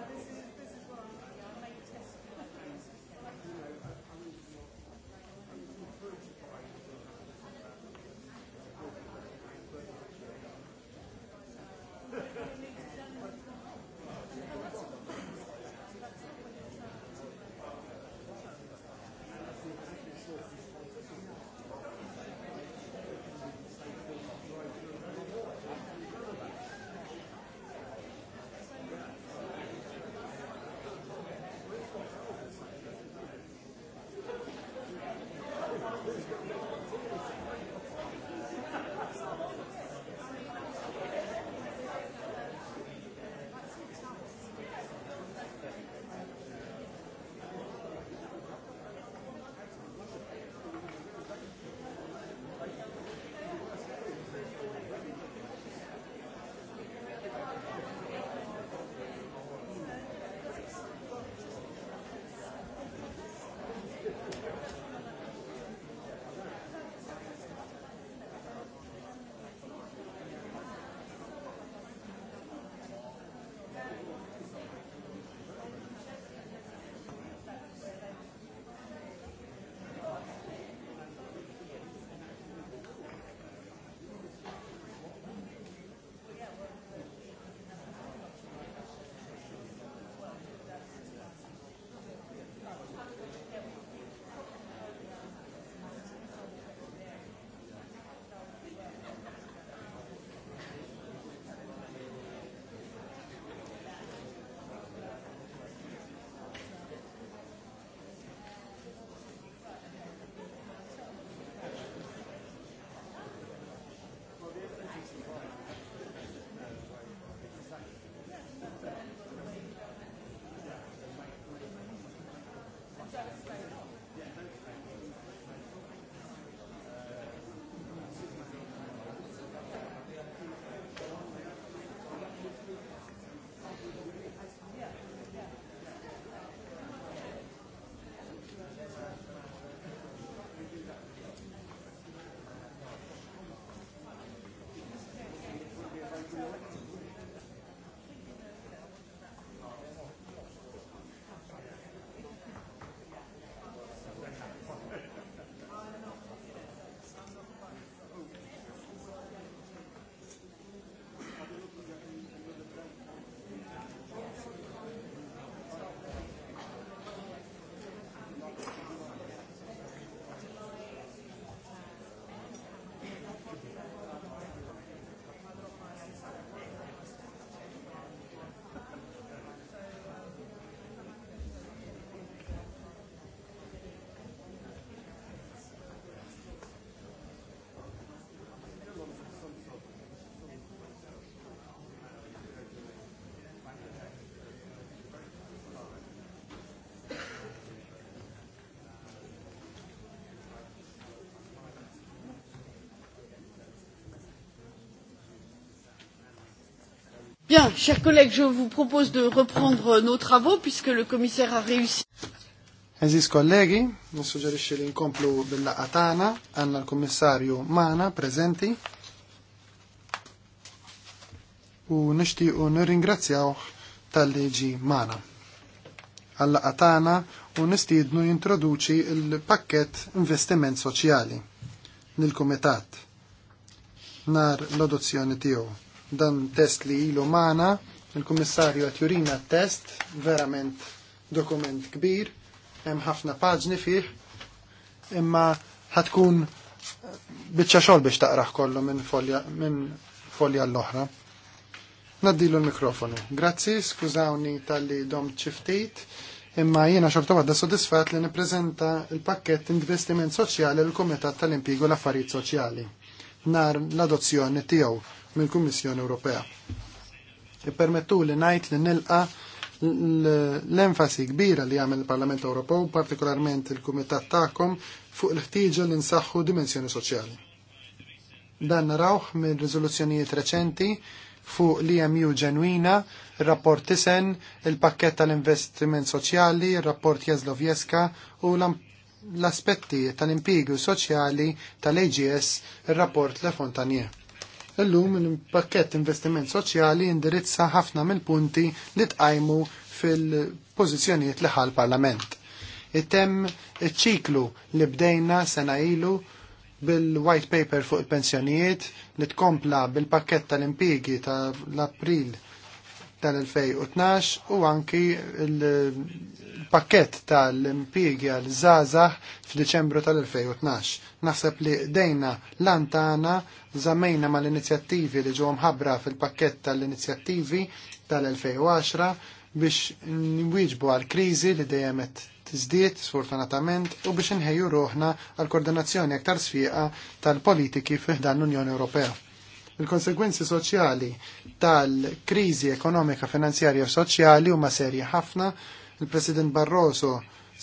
Speaker 3: Bien, chers collègues, je vous propose de reprendre euh, nos travaux puisque le commissaire
Speaker 2: a réussi. Aziz kollegi, nissuġġerixxi li nkomplu bil-laqgħa tagħna għandna l-Kummissarju Mana preżenti u nixtiequ nirringrazzjaw tal-liġi Mana. Għall-laqgħa tagħna u nistiednu jintroduċi l-pakkett investiment soċjali lill kumitat nar l-adozzjoni tiegħu dan test li ilu mana, il-Kummissarju għat jurina test, verament dokument kbir, hemm ħafna paġni fih, imma ħatkun bieċa xol biex taqraħ kollu minn folja, min folja l-oħra. Naddilu l-mikrofonu. Grazzi, skużawni tal-li dom ċiftit, imma jiena xorta għadda soddisfat li niprezenta il-pakket investiment soċjali l-Komitat tal-Impiegu l-Affarijiet Soċjali nar l-adozzjoni tiegħu mill-Kummissjoni Ewropea. Ippermettu li ngħid li nilqa' l-enfasi kbira li għamil il-Parlament Ewropew, partikolarment il-Kumitat Takom fuq l-ħtieġa li nsaħħu dimensjoni soċjali. Dan narawħ minn riżoluzzjonijiet reċenti fuq l-EMU ġenwina, rapport Tisen, il-pakket tal-investiment soċjali, il-rapport Jezlov Jeska u l l-aspetti tal-impiegu soċjali tal-AGS ir-rapport Le Fontanier. Illum il-pakket investiment soċjali indirizza ħafna mill-punti li tqajmu fil-pożizzjonijiet li ħal parlament. Item iċ-ċiklu li bdejna sena ilu bil-white paper fuq il-pensjonijiet li tkompla bil-pakket tal-impiegi tal-April 2019 tal-2012 u anki il-pakket tal-impiegi għal fil f'Diċembru tal-2012. Naħseb li dejna lantana ma mal-inizjattivi li ġew mħabbra fil-pakket tal-inizjattivi tal-2010 biex nwieġbu għal kriżi li dejjem qed sfortunatament u biex inħejju ruħna għal koordinazzjoni aktar sfiqa tal-politiki fiħdan l-Unjoni Ewropea. Il-konsekwenzi soċjali tal-kriżi ekonomika, finanzjarja u soċjali huma serji ħafna. Il-President Barroso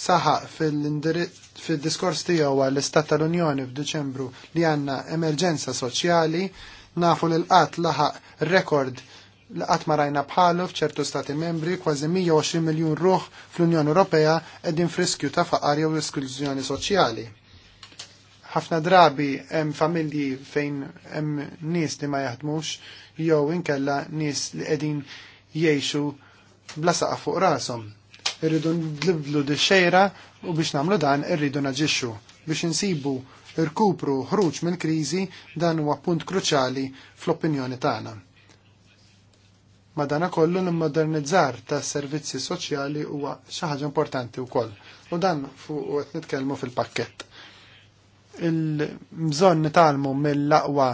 Speaker 2: saħaq fil-diskors tiegħu għall-Istat tal-Unjoni f'Diċembru li għandna emerġenza soċjali nafu l qatt laħaq rekord l qatt ma rajna bħalu f'ċertu stati membri kważi 120 miljun ruħ fl-Unjoni Ewropea qegħdin friskju ta' faqar jew esklużjoni soċjali ħafna drabi hemm familji fejn hemm nies li ma jaħdmux jew inkella nies li qegħdin jgħixu bla saqa fuq rashom. Irridu nlibdlu di xejra u biex nagħmlu dan irridu naġixxu biex insibu irkupru ħruġ mill-kriżi dan huwa punt kruċjali fl-opinjoni tagħna. Madana kollu l-modernizzar ta' servizzi soċjali huwa xi ħaġa importanti wkoll u dan fuq qed nitkellmu fil-pakkett il-bżonn nitalmu mill-aqwa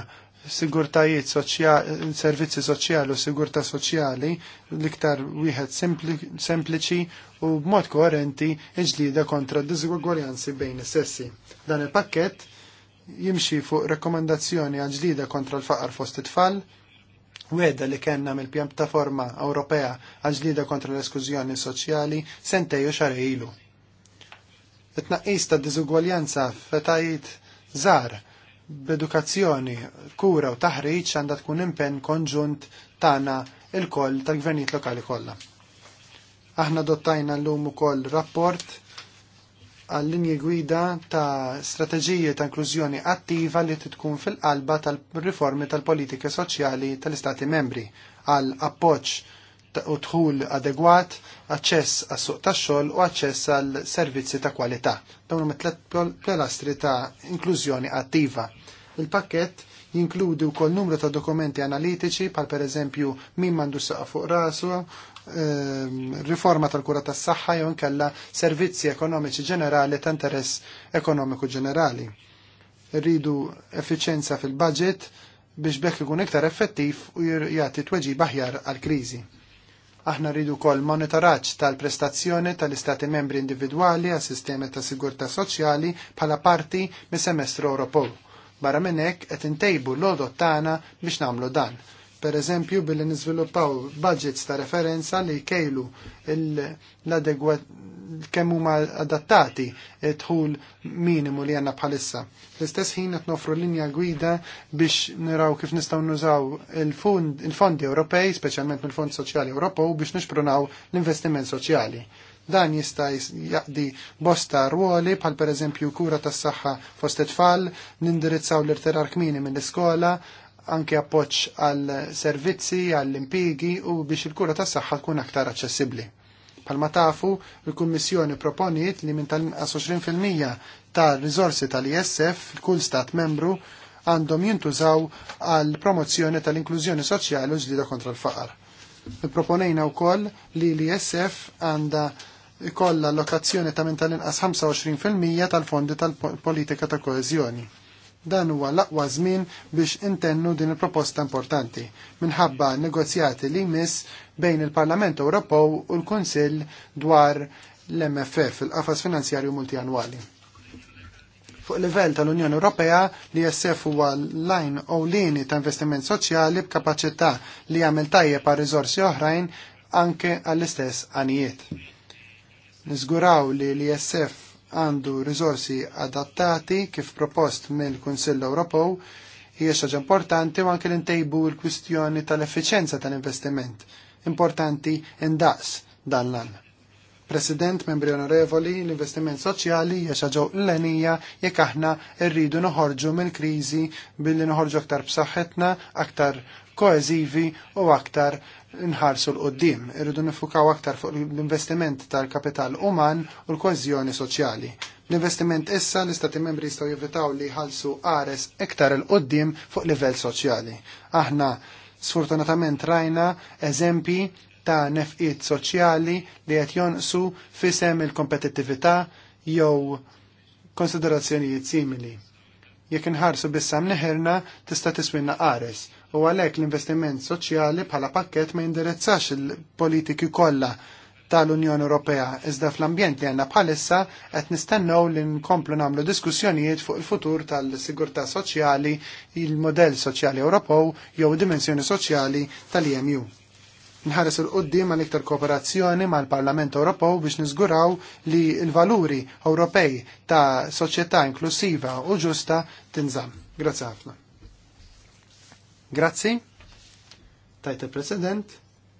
Speaker 2: sigurtajiet soċjali, servizzi soċjali u sigurta soċjali l-iktar wieħed sempliċi u b'mod koerenti ġlida kontra d-diżgwaljanzi bejn is-sessi. Dan il-pakket jimxi fuq rekomendazzjoni għal ġlida kontra l-faqar fost it-tfal, Wedda li kena mill pjattaforma Ewropea għal ġlida kontra l-eskużjoni soċjali sentej u xarejlu. ilu it-naqis ta' diżugwaljanza fetajiet żgħar b'edukazzjoni, kura u taħriġ għandha tkun impenn konġunt tagħna il-koll tal-gvernijiet lokali kollha. Aħna dottajna llum ukoll rapport għal linji gwida ta' strateġiji ta' inklużjoni attiva li titkun fil-qalba tal-riformi tal-politika soċjali tal-Istati membri għal appoġġ utħul adegwat, aċċess għas suq tax-xogħol u aċċess għal servizzi ta' kwalità. Dawn huma tliet pilastri ta' inklużjoni attiva. Il-pakkett jinkludi wkoll numru ta' dokumenti analitiċi bħal pereżempju min m'għandu saqa fuq rasu, ehm, riforma tal-kura tas-saħħa jew inkella servizzi ekonomiċi ġenerali ta' interess ekonomiku ġenerali. Rridu effiċjenza fil-budget biex bekk ikun iktar effettiv u jagħti tweġib aħjar għall-kriżi. Aħna rridu kol monitoraġġ tal-prestazzjoni tal-istati membri individwali għas sistemi ta' sigurta soċjali bħala parti mis semestru Ewropew. Barra minn hekk qed intejbu l-għodot tagħna biex nagħmlu dan per eżempju billi niżviluppaw budgets ta' referenza li jkejlu l-adegwat kemm huma adattati dħul minimu li għandna bħalissa. l istess ħin qed nofru linja gwida biex niraw kif nistgħu nużaw il-fondi Ewropej, speċjalment mill-Fond Soċjali Ewropew biex nixprunaw l-investiment soċjali. Dan jista' jaqdi bosta ruoli bħal pereżempju kura tas-saħħa fost it-tfal, nindirizzaw l-irterar kmini mill-iskola, anke appoġġ għal servizzi, għall impigi u biex il-kura tas saħħa tkun aktar aċċessibbli. Palma tafu, il-Kummissjoni proponiet li minn tal-inqas 20% tal risorsi tal-ISF kull stat membru għandhom jintużaw għal promozzjoni tal-inklużjoni soċjali u ġdida kontra l-faqar. Proponejna wkoll li l-ISF għandha l allokazzjoni ta' minn tal-inqas 25% tal-fondi tal-politika ta' koeżjoni Dan huwa l-aqwa żmien biex intennu din il-proposta importanti minħabba negozjati li jmiss bejn il-Parlament Ewropew u l-Kunsill dwar l-MFF, il-Qafas Finanzjarju Multianwali. Fuq livell tal-Unjoni Ewropea li jessef huwa l lajn owlieni ta' investiment soċjali b'kapaċità li jagħmel tajjeb pa' riżorsi oħrajn anke għall-istess għanijiet. Nizguraw li l-ISF għandu rizorsi adattati kif propost mill-Kunsill Ewropew hija xaġa importanti u anke l-intejbu l-kwistjoni tal-effiċenza tal-investiment. Importanti indaqs dan l President, membri onorevoli, l-investiment soċjali jaxaġaw l-lenija jekk aħna rridu noħorġu mill-krizi billi noħorġu aktar b'saħħetna, aktar koezivi u aktar nħarsu l-qoddim, irridu nifukaw aktar fuq l-investiment tal-kapital uman u l-kohezjoni soċjali. L-investiment issa l-istati membri jistgħu jivitaw li jħallsu ares iktar il-qoddim fuq livell soċjali. Aħna sfortunatament rajna eżempi ta' nefqiet soċjali li qed jonqsu fisem il-kompetittività jew konsiderazzjonijiet simili. Jekk inħarsu bissa mneħirna tista' tiswinna qares u għalhekk l-investiment soċjali bħala pakkett ma jindirizzax il-politiki kollha tal-Unjoni Ewropea iżda fl-ambjent li għandna bħalissa qed nistennew li nkomplu nagħmlu diskussjonijiet fuq il-futur tal-sigurtà soċjali, il-modell soċjali Ewropew jew dimensjoni soċjali tal-EMU nħares il-qoddim għal iktar kooperazzjoni mal-Parlament Ewropew biex niżguraw li l-valuri Ewropej ta' soċjetà inklusiva u ġusta tinżam. Grazzi ħafna. Grazzi, tajt il-President,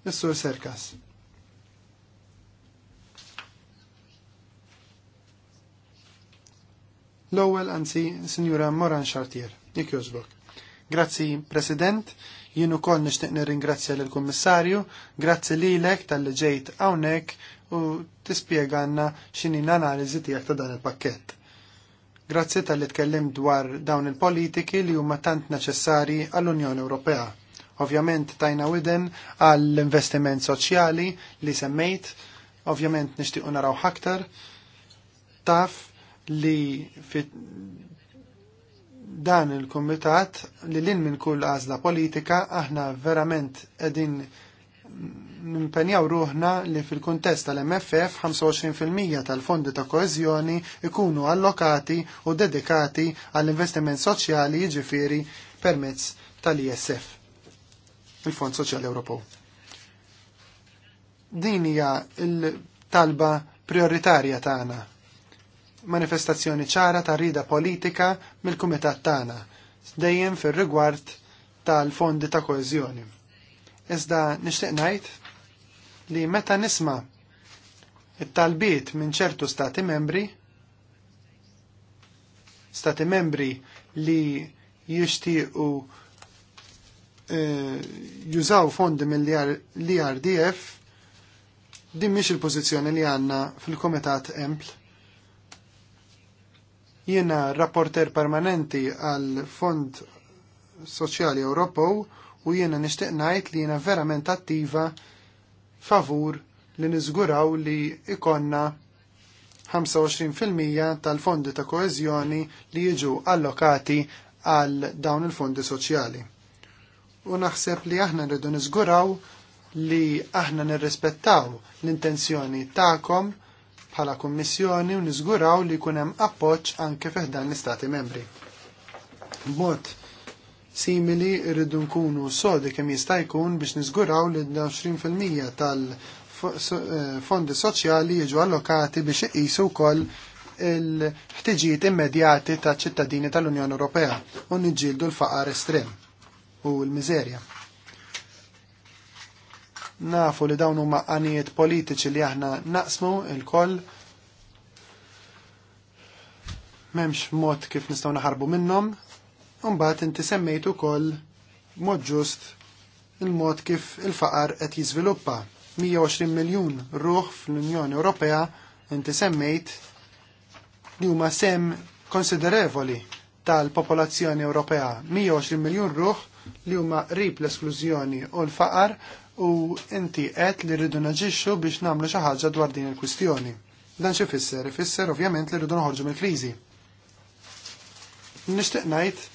Speaker 2: Nessur Serkas. L-ewwel anzi Sinjura Moran Chartier, jekk jogħġbok. Grazzi President, jien ukoll nixtieq nirringrazzja lill kummissarju grazzi lilek tal-li ġejt hawnhekk u tispjegalna x'inhi l-analiżi tiegħek ta' dan il-pakkett. Grazzi tal-li tkellim dwar dawn il-politiki li huma tant neċessari għall-Unjoni Ewropea. Ovvjament tajna widen għall-investiment soċjali li semmejt, ovvjament nixtiequ naraw aktar, taf li fit dan il-komitat li l-in minn kull għazla politika aħna verament edin nimpenjaw ruħna li fil-kuntest tal-MFF 25% tal-fondi ta' koezjoni ikunu allokati u dedikati għall-investiment soċjali jiġifieri permezz tal-ISF, il-Fond Soċjali Ewropew. Din hija l-talba prioritarja tagħna. Manifestazzjoni ċara ta' rida politika mill-kumitat tagħna, dejjem fir-rigward tal-fondi ta' koezjoni. Iżda nixtieq ngħid li meta nisma' it-talbiet minn ċertu stati membri, stati membri li jixtiequ eh, jużaw fondi mill-IRDF, din mhix il-pożizzjoni li għandna fil-Komitat Empl. Jiena rapporter permanenti għal Fond Soċjali Ewropew u jiena nixtieq ngħid li jiena verament attiva favur li niżguraw li ikonna 25% tal-fondi ta' koeżjoni li jiġu allokati għal dawn il-fondi soċjali. U naħseb li aħna rridu niżguraw li aħna nirrispettaw l-intenzjoni ta'kom bħala kummissjoni u niżguraw li kunem appoċ anke fiħdan l-Istati membri. B'mod simili rridu nkunu sodi kemm jista' jkun biex niżguraw li 20% tal-fondi soċjali jiġu allokati biex iqisu wkoll il-ħtiġijiet immedjati ta' ċittadini tal-Unjoni Ewropea u niġġieldu l-faqar estrem u l-miżerja. Nafu li dawn huma qanijiet politiċi li aħna naqsmu il-koll memx mod kif nistgħu naħarbu minnhom, Umbat inti semmejtu kol mod ġust il-mod kif il-faqar qed jiżviluppa. 120 miljun ruħ fl-Unjoni Ewropea inti semmejt li huma sem konsiderevoli tal-popolazzjoni Ewropea. 120 miljun ruħ li huma qrib l-esklużjoni u l-faqar u inti qed li rridu naġixxu biex nagħmlu xi ħaġa dwar din il-kwistjoni. Dan xi fisser? Ifisser ovvjament li rridu noħorġu mill-kriżi. Nixtieq ngħid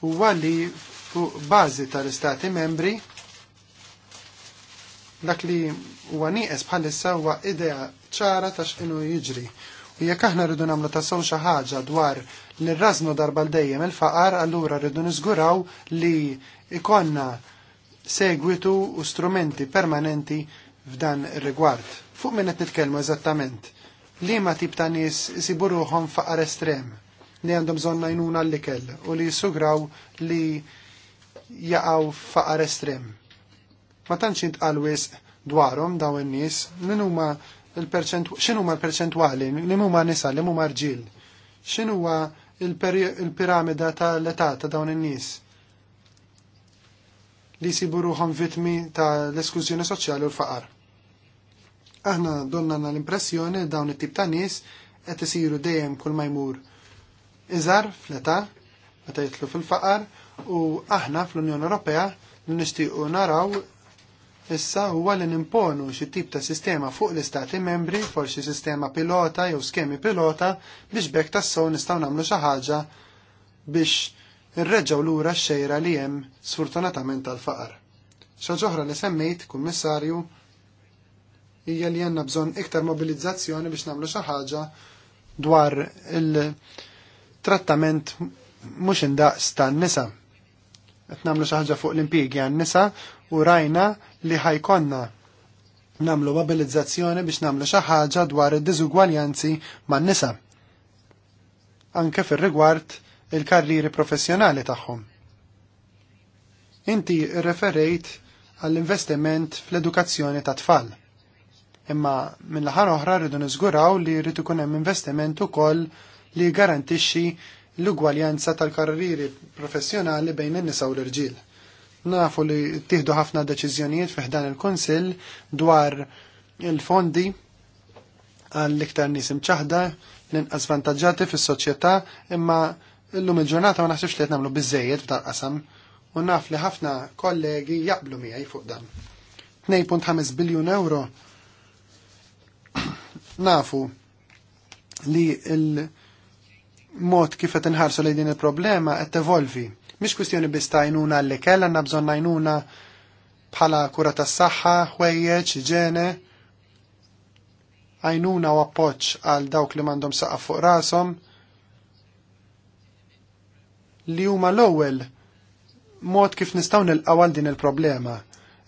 Speaker 2: huwa li fuq bażi tal-Istati membri dak li huwa nieqes bħalissa huwa idea ċara ta' x'inhu jiġri. U jekk aħna rridu nagħmlu ta' xi ħaġa dwar li rraznu darba l dejjem il-faqar, allura rridu niżguraw li ikonna segwitu u strumenti permanenti f'dan ir-rigward. Fuq minnet qed nitkellmu eżattament. Liema tip ta' nies isibu faqar estrem li għandhom bżonna għajnuna l-ikel u li jisugraw li jaqgħu faqar estrem. Ma tantx intqal dwarhom daw in-nies min huma x'inhu l-perċentwali li huma nisa li huma rġil. X'inhu huwa il-piramida tal-età ta' dawn in-nies li jsibu ruħhom vitmi ta' l-esklużjoni soċjali u l-faqar. Aħna donna l-impressjoni dawn it-tip ta' nies qed isiru dejjem kull ma jmur iżar fl-età meta jitlu fil-faqar u aħna fl-Unjoni Ewropea nixtiequ naraw issa huwa li nimponu xi tip ta' sistema fuq l-istati membri, forsi sistema pilota jew skemi pilota biex bekk tassew nistgħu nagħmlu xi ħaġa biex irreġgħu lura x-xejra li hemm sfortunatament tal-faqar. ġoħra li semmejt, kummissarju, hija li għandna bżonn iktar mobilizzazzjoni biex nagħmlu xi ħaġa dwar il- trattament mhux indaqs tan-nisa. Qed nagħmlu xi ħaġa fuq l impigja għan-nisa u rajna li ħajkonna namlu mobilizzazzjoni biex namlu xi ħaġa dwar id-diżugwaljanzi man-nisa. Anke fir-rigward il-karriri professjonali tagħhom. Inti referejt għall-investiment fl-edukazzjoni ta' tfal. Imma mill ħar oħra rridu niżguraw li rridu ikun hemm investiment ukoll li garantixxi l-ugwaljanza tal-karriri professjonali bejn in-nisa u l-irġiel. Nafu li tieħdu ħafna deċiżjonijiet fih dan il-Kunsill dwar il-fondi għall-iktar nies imċaħda l-inqas vantaġġati fis-soċjetà imma llum il-ġurnata ma naħsibx li qed nagħmlu biżejjed f'dan qasam u naf li ħafna kollegi jaqblu miegħi fuq dan. 2.5 biljun euro nafu li l- mod kif qed inħarsu lejn din il-problema qed tevolvi. Mhix kwistjoni biss ta' għajnuna li kellha għandna bżonn għajnuna bħala kura tas-saħħa, ħwejjeġ, ġene, għajnuna u appoġġ għal dawk li m'għandhom saqa fuq rashom li huma l-ewwel mod kif nistgħu nilqgħu għal din il-problema.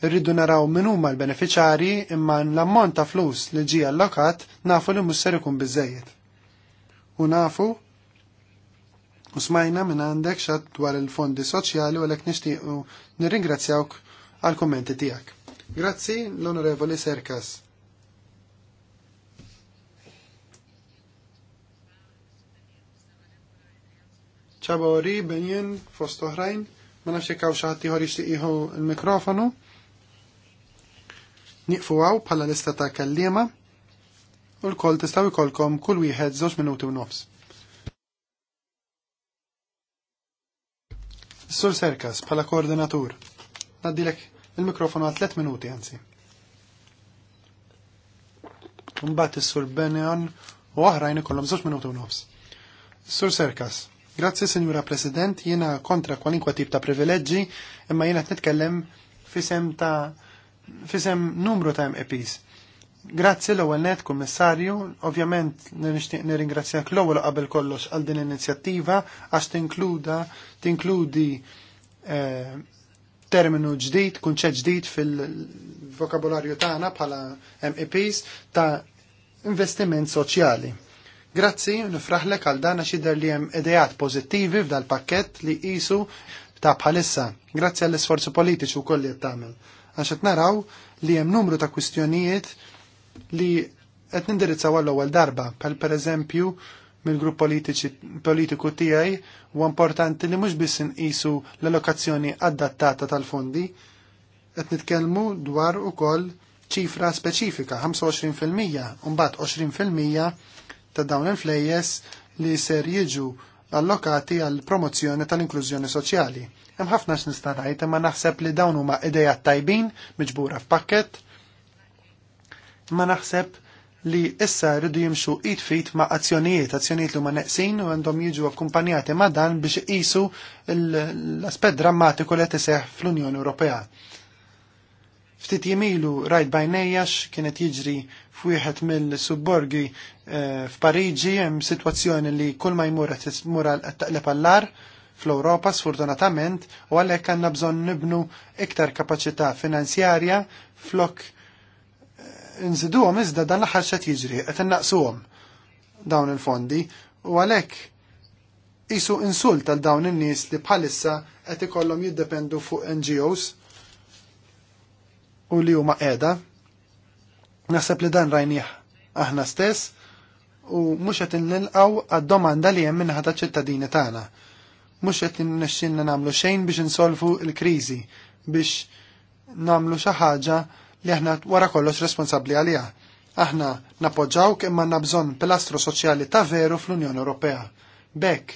Speaker 2: Irridu naraw min huma l-beneficjari imma l-ammont ta' flus li ġie allokat nafu li mhux ser ikun biżejjed. U nafu U smajna minn għandek xat dwar il-fondi soċjali u għalek nishtiqu nirringrazzjawk għal kommenti tijak. Grazzi l-Onorevoli Serkas. ċabori, Benjen, fost oħrajn, ma nafxie kaw xaħti ħor jixtiqiħu il-mikrofonu. Niqfu għaw bħala lista ta' kallima u l-kol tistaw kolkom kull wieħed zoċ minuti u nofs. Sur Serkas, bħala koordinatur, naddilek il-mikrofonu għal 3 minuti għanzi. Mbagħad is-Sur Benjon u oħrajn ikollhom żewġ minuti u nofs. Sur Serkas, grazzi Sinjura President, jiena kontra kwalinkwa tip ta' privileġġi, imma jiena qed nitkellem fisem ta' fisem numru ta' MEPs. Grazzi l-ewwel net, Kummissarju. Ovvjament nixtieq nirringrazzjak l-ewwel qabel kollox għal din l-inizjattiva għax tinkluda tinkludi eh, terminu ġdid, kunċett ġdid fil-vokabularju tagħna bħala MEPs ta' investiment soċjali. Grazzi, nifraħlek għal dan għax jidher li hemm idejat pożittivi f'dal pakkett li qisu ta' bħalissa. Grazzi għall-isforzi politiċi wkoll li qed tagħmel. Għax qed naraw li hemm numru ta' kwistjonijiet li qed nindirizza għall-ewwel darba, bħal pereżempju mill-grupp politiku tiegħi u importanti li mhux biss inqisu l-allokazzjoni adattata tal-fondi, qed nitkellmu dwar ukoll ċifra speċifika 25% u mbagħad 20% ta' dawn il-flejjes li ser jiġu allokati għal promozzjoni tal-inklużjoni soċjali. Hemm ħafna x'nista' ngħid imma naħseb li dawn huma idejat tajbin miġbura f'pakkett ma naħseb li issa rridu jimxu id fit ma' azzjonijiet, azzjonijiet li ma' neqsin u għandhom jiġu akkumpanjati ma' dan biex iqisu l-aspet drammatiku li tiseħ fl-Unjoni Ewropea. Ftit jimilu rajt bajnejjax kienet jiġri f'wieħed mill-subborgi eh, f'Pariġi hemm sitwazzjoni li kull ma jmur qed tmur taqleb allar fl-Ewropa sfortunatament u għalhekk għandna bżonn nibnu iktar kapaċità finanzjarja flok għom iżda dan l jġri, għet n qed innaqsuhom dawn il-fondi u għalhekk isu insult għal dawn in-nies li bħalissa qed ikollhom jiddependu fuq NGOs u li huma qiegħda. Naħseb li dan rajnieh aħna stess u mhux qed nilqgħu għad-domanda li hemm ħata ċittadini tagħna. Mhux qed nixxinna nagħmlu xejn biex insolfu l-kriżi biex namlu xi ħaġa li aħna wara kollox responsabbli għaliha. Aħna napoġġawk imma nabżon pilastru soċjali ta' veru fl-Unjoni Ewropea Bekk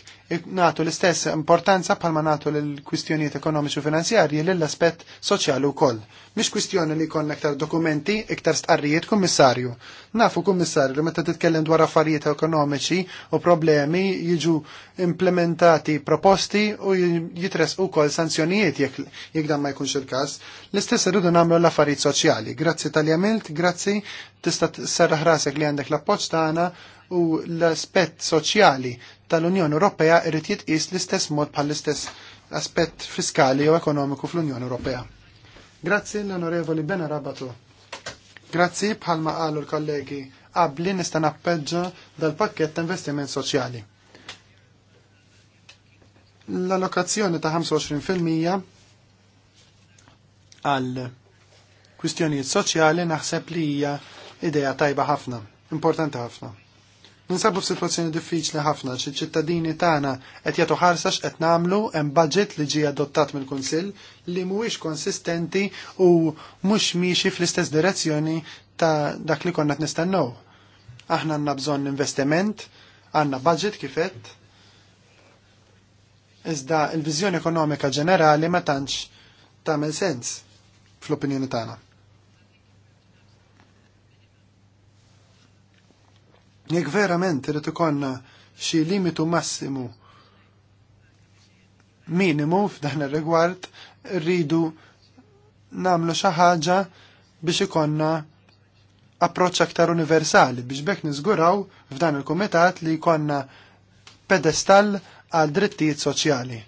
Speaker 2: natu l-istess importanza bħalma natu l-kwistjonijiet ekonomiċi u finanzjarji l-aspett soċjali wkoll. Mhix kwistjoni li jkollna iktar dokumenti, iktar stqarrijiet kummissarju. Nafu kummissarju li meta titkellem dwar affarijiet ekonomiċi u problemi jiġu implementati proposti u jitres ukoll sanzjonijiet jekk dan ma jkunx il-każ. L-istess rridu nagħmlu l-affarijiet soċjali. Grazzi tal-jamilt, grazzi tista' serraħ serraħrasek li għandek l-appoġġ tagħna u l-aspett soċjali tal-Unjoni Ewropea irid jitqis l-istess mod bħal l-istess aspett fiskali u ekonomiku fl-Unjoni Ewropea. Grazzi l-Onorevoli Bena Rabatu. Grazzi bħalma qalu l-kollegi qabli nista' nappeġġa dal-pakkett ta' investiment soċjali. L-allokazzjoni ta' 25% għal kwistjonijiet soċjali naħseb li hija idea tajba ħafna, importanti ħafna. Ninsabu f'sitwazzjoni diffiċli ħafna xi ċittadini tagħna qed jagħtu ħarsax qed nagħmlu hemm budget li ġie adottat mill-Kunsill li mhuwiex konsistenti u mhux miexi fl-istess direzzjoni ta' dak li konna nistennew. Aħna għandna bżonn investiment, għandna budget kifet, iżda l-viżjoni ekonomika ġenerali ma tantx tagħmel sens fl-opinjoni tagħna. Jekk verament irid ikollna xi limitu massimu minimu f'dan ir-rigward rridu nagħmlu xi ħaġa biex ikonna approċċ aktar universali biex bekk niżguraw f'dan il-kumitat li jkollna pedestal għal drittijiet soċjali.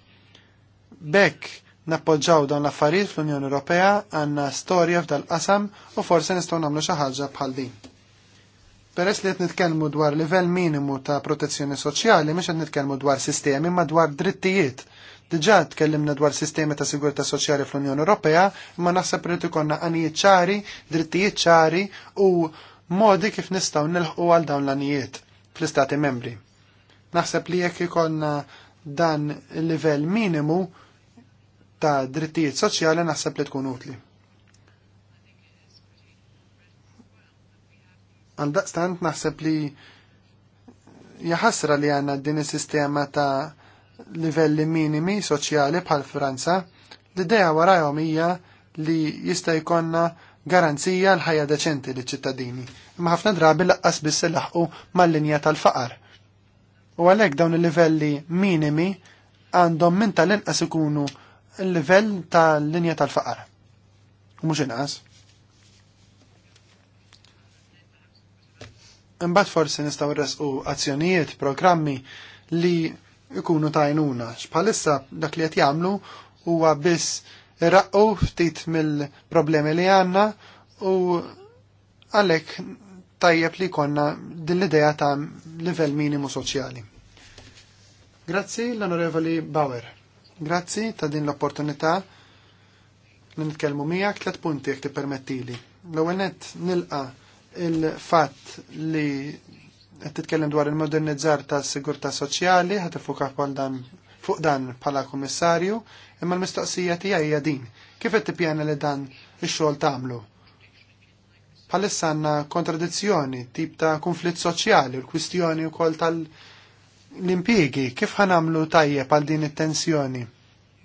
Speaker 2: Bekk nappoġġaw dawn l-affarijiet fl-Unjoni Ewropea għandna storja f'dal-qasam u forse nistgħu nagħmlu xi ħaġa bħal din. Peress li qed nitkellmu dwar livell minimu ta' protezzjoni soċjali mhux qed nitkellmu dwar sistemi ma dwar drittijiet. Diġà tkellimna dwar sistemi ta' sigurtà soċjali fl-Unjoni Ewropea, imma naħseb li ikollna għanijiet ċari, drittijiet ċari u modi kif nistgħu nilħqu għal dawn l-għanijiet fl-istati membri. Naħseb li jekk ikollna dan il-livell minimu ta' drittijiet soċjali naħseb li tkun utli. Għandaqstant naħseb li jaħasra li għanna din is-sistema ta' livelli minimi soċjali bħal Franza, l-ideja warajom hija li jista' jkollna garanzija l-ħajja deċenti li ċittadini, imma ħafna drabi laqqas biss laħqu mal-linja tal-faqar. U għalhekk dawn il-livelli minimi għandhom minn tal-inqas ikunu l-livell tal-linja tal-faqar. Mhux inqas. Imbagħad forsi nistgħu u azzjonijiet, programmi li ikunu tajnuna. Xpalissa dak li qed jagħmlu huwa biss irraqqu ftit mill-problemi li għandna u għalhekk tajjeb li konna din l-idea ta' livell minimu soċjali. Grazzi l-Onorevoli Bauer. Grazzi ta' din l-opportunità li nitkellmu miegħek tliet punti jekk tippermettili. L-ewwel nett nilqa' il-fatt li qed titkellem dwar il-modernizzar tas-sigurtà soċjali ħad ifuka dan fuq dan bħala kummissarju, imma l-mistoqsija tiegħi hija din. Kif qed tippjana li dan ix-xogħol tagħmlu? Bħalissa għandna kontradizzjoni, tip ta' konflitt soċjali, l-kwistjoni wkoll tal-impjiegi, kif ħanamlu tajjeb għal din it-tensjoni?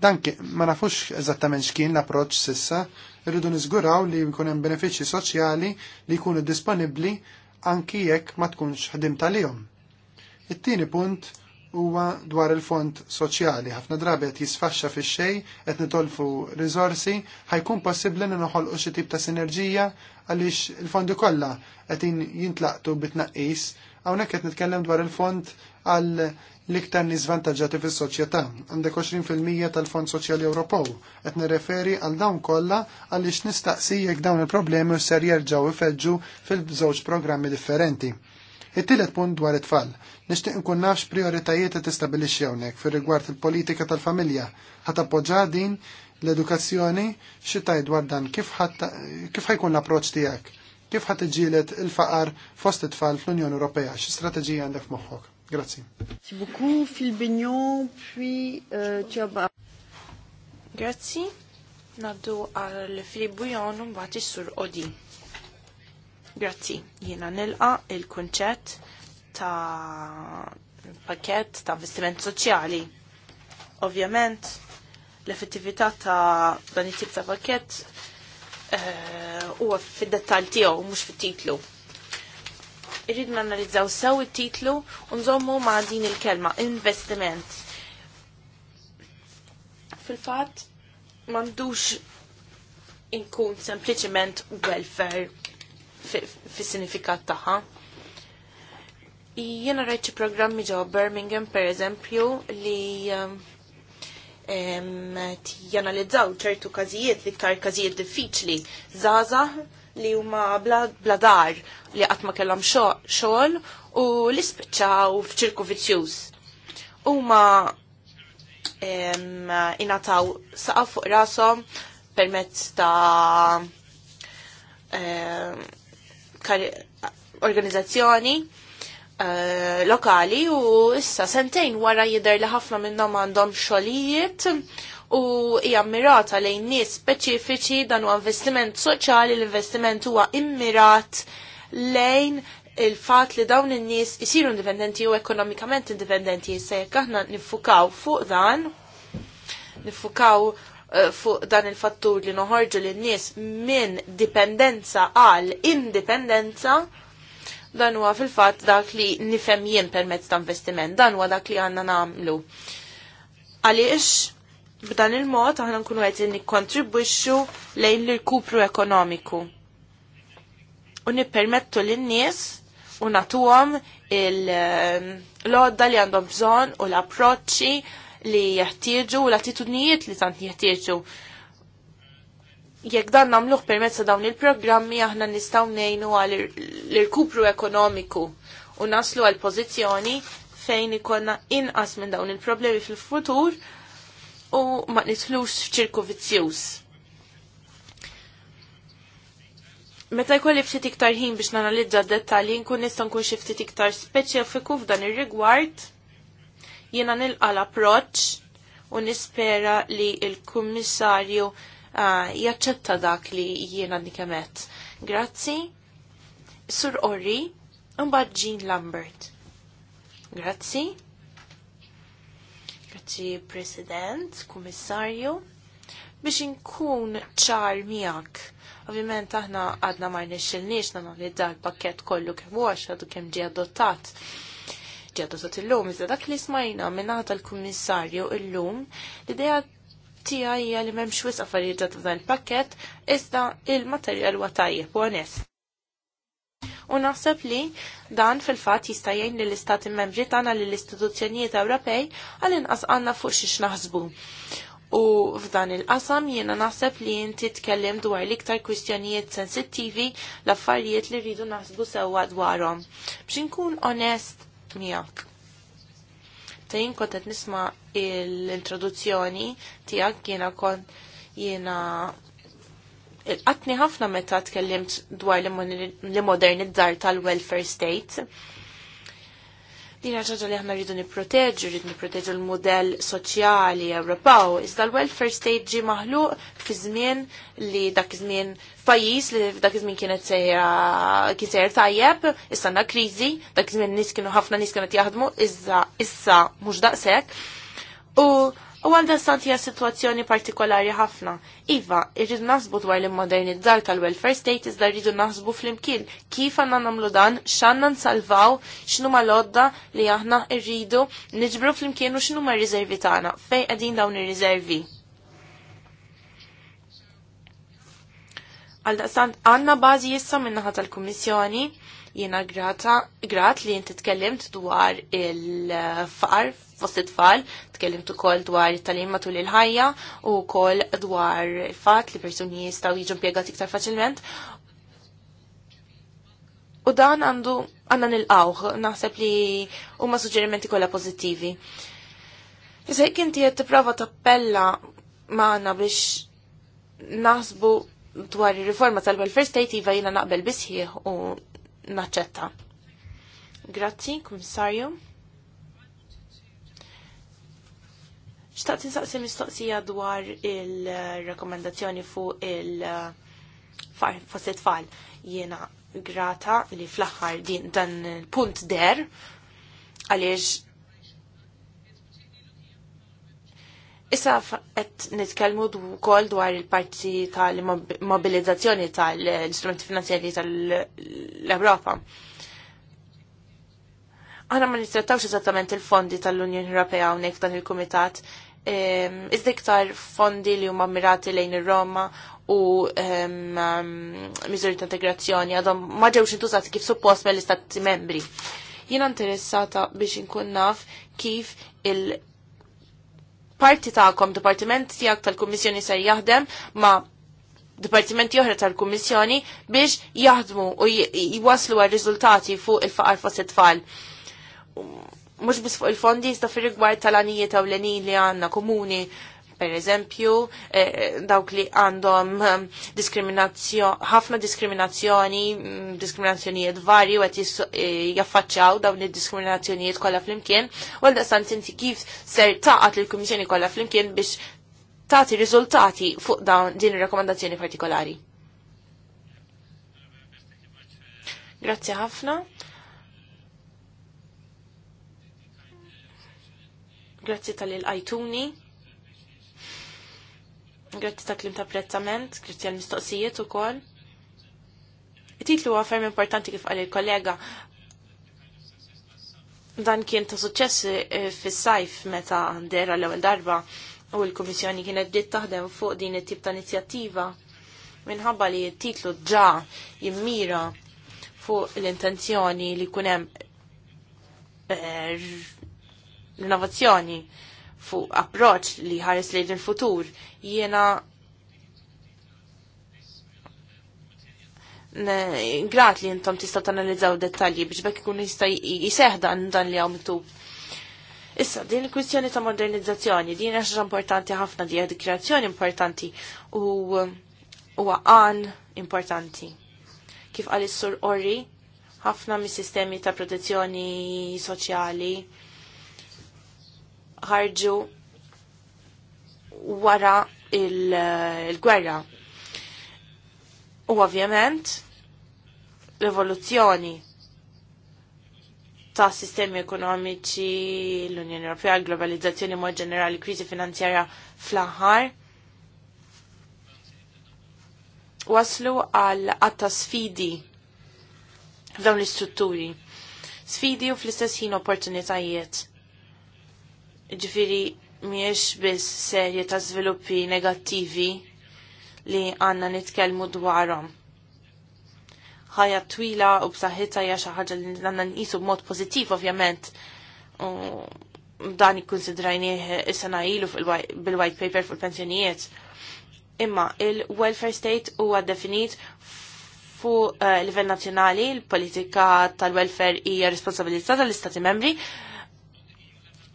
Speaker 2: Dan ma nafux eżattament x'kien l-approċċ sissa, irridu niżguraw li jkun hemm benefiċċji soċjali li jkunu disponibbli anki jekk ma tkunx ħdim tal It-tieni punt huwa dwar il-fond soċjali. Ħafna drabi qed jisfaxxa fix-xejn qed nitolfu riżorsi, ħajkun possibbli li noħolqu xi tip ta' sinerġija għaliex il-fondi kollha qed jintlaqtu tnaqqis hawnhekk qed nitkellem dwar il-fond għal l-iktar niżvantaġġati fis-soċjetà. Għandek 20% tal-Fond Soċjali Ewropew qed nirreferi għal dawn kollha għaliex nistaqsi jekk dawn il-problemi ser jerġgħu ifeġġu fil-żewġ programmi differenti. It-tielet punt dwar it-tfal. Nixtieq nkun nafx prioritajiet qed tistabilixxi hawnhekk fir-rigward il-politika tal-familja. Ħadd appoġġa din l-edukazzjoni xi tajt dwar dan kif ħajkun l-approċċ tiegħek? Kif ħadd iġielet il-faqar fost it-tfal fl-Unjoni Ewropea? X'i strateġija għandek f'moħħok? Grazie. Grazie beaucoup, Phil Bignon, puis euh,
Speaker 3: Tiaba. Grazie. Naddu għal Filip Bujon un bati sur Odi. Grazzi, jiena nilqa il-kunċett ta' pakket ta' investiment soċjali. Ovvjament, l-effettività ta' dan it-tip ta' pakket eh, huwa uh, fid-dettal tiegħu mhux fit-titlu irrid nanalizzaw sew it-titlu u nżommu ma' din il-kelma investiment. Fil-fatt m'għandux inkun sempliciment welfare fis-sinifikat tagħha. Jena rajt xi programmi ġewwa Birmingham pereżempju li um, janalizzaw ċertu każijiet l-iktar każijiet diffiċli. Zaza li huma bla, bla dar li qatt ma kellhom xogħol u li spiċċaw f'ċirku vizzjuż. Huma inataw saqaf fuq rashom permezz ta' organizzazzjoni eh, lokali u issa sentejn wara jidher li ħafna minnhom għandhom xogħlijiet u hija mirata lejn nies speċifiċi dan huwa investiment soċjali, l-investiment huwa immirat lejn il-fat li dawn in-nies isiru indipendenti u ekonomikament indipendenti se jekk aħna nifukaw fuq dan, nifukaw eh, fuq dan il-fattur li noħorġu l nies minn dipendenza għal indipendenza, dan huwa fil-fatt dak li nifhem jien permezz ta' investiment, dan huwa dak li għandna nagħmlu. Għaliex b'dan il-mod aħna nkunu qegħdin nikkontribwixxu lejn l-kupru ekonomiku. U nippermettu lin-nies u nagħtuhom l-odda li għandhom bżonn u l-approċċi li jeħtieġu u l-attitudnijiet li tant jeħtieġu. Jekk dan nagħmluh permezz ta' dawn il-programmi aħna nistgħu ngħinu għal irkupru ekonomiku u naslu għal pożizzjoni fejn ikonna inqas minn dawn il-problemi fil-futur u ma nitlux f'ċirku vizzjuż. Meta jkolli ftit iktar ħin biex nanalizza d-dettalji nkun nista' nkun xi ftit iktar speċifiku f'dan ir-rigward, jiena nilqa l-approċċ u nispera li l-kummissarju ah, jaċċetta dak li jiena dikemet. Grazzi. Sur Orri, mbagħad Jean Lambert. Grazzi. Grazzi President, Kummissarju, biex inkun ċar miegħek. Ovvjament aħna għadna ma rnexxilniex li l-pakkett kollu kemm huwa u kemm ġie adottat. Ġi adottat illum, iżda dak li smajna minn l-Kummissarju illum l-idea tija hija li m'hemmx wisq affarijiet ġodda f'dan il-pakkett iżda il-materjal huwa tajjeb u u naħseb li dan fil-fatt jista' jgħin lill istati membri tagħna lill istituzzjonijiet Ewropej għal inqas għandna fuq xiex naħsbu. U f'dan il-qasam jiena naħseb li inti tkellem dwar l-iktar kwistjonijiet sensittivi l-affarijiet li rridu naħsbu sewwa dwarhom. Bxin kun onest miegħek. Tajn kont qed nisma' l-introduzzjoni tiegħek jena kon jiena il-qatni ħafna meta tkellimt dwar li modernizzar tal-welfare state. Din ħaġa li aħna rridu nipproteġu, rridu nipproteġu l-modell soċjali Ewropaw, Iżda l-welfare state ġi maħluq fi żmien li dak iż-żmien pajjiż li dak iż-żmien kienet sejra tajjeb, issa għandna kriżi, dak iż-żmien kienu ħafna nis kienu jaħdmu, issa issa mhux daqshekk. U U għal dastant hija situazzjoni partikolari ħafna. Iva, irridu nasbu dwar l-immodernizzar tal-welfare state iżda rridu nasbu fl-imkien kif għanna namlu dan, x'għandna nsalvaw, x'nu ma lodda li aħna rridu niġbru fl-imkien u x'nu ma' riservi tagħna, fejn qegħdin dawn ir-riservi. Għal daqstant għanna bażi issa minnaħa tal-Kummissjoni jiena grata grat li jinti tkellimt dwar il farf fost it-tfal, tkellimt ukoll dwar it-talim matul il-ħajja u wkoll dwar il-fatt li persuni jistgħu jiġu impjegati iktar faċilment. U dan għandu għandna nilqawh, naħseb li huma suġġerimenti kollha pożittivi. Iżda jekk inti qed tipprova tappella maħna biex naħsbu dwar ir-riforma tal-welfare state iva jina naqbel bisħieħ u naċċetta. Grazzi, Kummissarju. Xtaqt insaqsi mistoqsija dwar il-rekomendazzjoni fuq il-fosset uh, tfal. Jena grata li fl aħħar din dan punt der għaliex Issa qed nitkellmu wkoll dwar il-parti tal-mobilizzazzjoni tal-istrumenti finanzjali tal-Ewropa. Aħna ma nittrattawx eżattament il-fondi tal-Unjoni Ewropea hawnhekk dan il-Kumitat iżda iktar fondi li huma mirati lejn ir-Roma u miżuri ta' integrazzjoni għadhom ma ġewx intużati kif suppost mill-istati membri. Jiena interessata biex inkun naf kif il- parti tagħkom dipartiment tiegħek tal kummissjoni ser jaħdem ma dipartimenti oħra tal-Kummissjoni biex jaħdmu u jwaslu għal riżultati fuq il-faqar fost tfal mux bis fuq il-fondi jista fi rigward tal-anijiet ta' l-enin li għanna komuni per eżempju, eh, dawk li għandhom ehm, diskriminazzjoni, ħafna diskriminazzjoni, mm, diskriminazzjonijiet varji għet eh, jaffaċċaw dawn id-diskriminazzjonijiet kollha flimkien, u għal daqsan kif ser taqat il-Kummissjoni kollha flimkien biex tagħti riżultati fuq dawn din ir-rakkomandazzjoni partikolari. Grazzi ħafna. Grazzi tal-il-ajtuni. Grazzi ta' klim ta' prezzament, grazzi għal mistoqsijiet u kol. titlu huwa ferm importanti kif għal il-kollega. Dan kien ta' suċċess e, fis-sajf meta dera l-ewwel darba u l-Kummissjoni kienet ditt taħdem fuq din it-tip ta' inizjattiva minħabba li t-titlu ġa jimmira fuq l-intenzjoni li kunem e, l-innovazzjoni fuq approċ li ħares lejn il-futur jiena grat li jintom tista tanalizzaw dettalji biex bekk ikun jista jiseħdan dan li għamtu. Issa, din il-kwistjoni ta' modernizzazzjoni, din għaxġa importanti ħafna, di dikreazzjoni importanti u għan importanti. Kif għal sur orri, ħafna mis sistemi ta' protezzjoni soċjali, ħarġu wara il-gwerra. U ovvjament, l-evoluzzjoni ta' sistemi ekonomiċi, l-Unjoni Ewropea, globalizzazzjoni mod ġenerali, kriżi finanzjarja fl-aħħar. Waslu għal għatta sfidi f'dawn l-istrutturi. Sfidi u fl-istess ħin opportunitajiet. Ġifiri, miex biss serje ta' sviluppi negattivi li għanna nitkelmu dwarhom. Ħajja twila u b'saħħitha hija xi ħaġa li għandna nqisu b'mod pożittiv ovvjament. Dan ikkunsidrajnieh is-sena ilu bil-white paper fuq il-pensjonijiet. Imma il-welfare state huwa definit fuq uh, livell nazzjonali, il-politika tal-welfare hija responsabilità tal-Istati membri,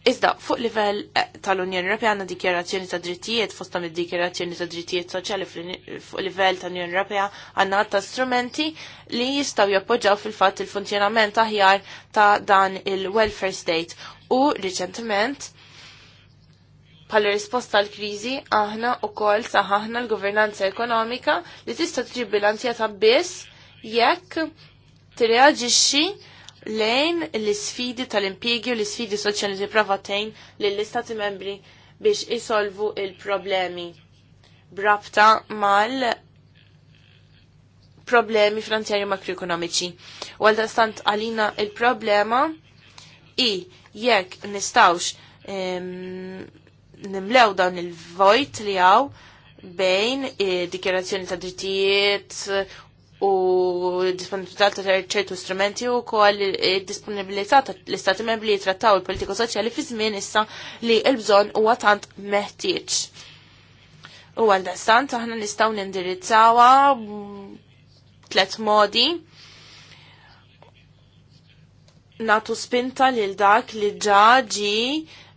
Speaker 3: Iżda, eh, fuq livell tal-Unjoni Ewropea għandna dikjarazzjoni ta' drittijiet fostam id-dikjerazzjoni ta' drittijiet soċjali fuq livell tal-Unjoni Ewropea għandna ta' strumenti li jistgħu jappoġġaw fil-fatt il-funzjonament aħjar ta' dan il-welfare state. U riċentement bħala risposta għal kriżi aħna wkoll saħħna l-governanza ekonomika li tista' tġib bilanzjata biss jekk tirreaġixxi lejn l-sfidi tal impiegi u l-sfidi soċjali li provatejn lill-istati membri biex isolvu il-problemi brabta mal problemi finanzjari makroekonomiċi. U għal stant għalina il-problema i jekk nistawx nimlew dan il-vojt li għaw bejn eh, dikjerazzjoni ta' drittijiet u disponibilità ta' ċertu strumenti u kol disponibilità ta' l-istati membri li trattaw il-politiko soċjali fi żmien issa li l-bżonn huwa tant meħtieġ. U għal dastant aħna nistgħu nindirizzawa tlet modi natu spinta lil dak li ġaġi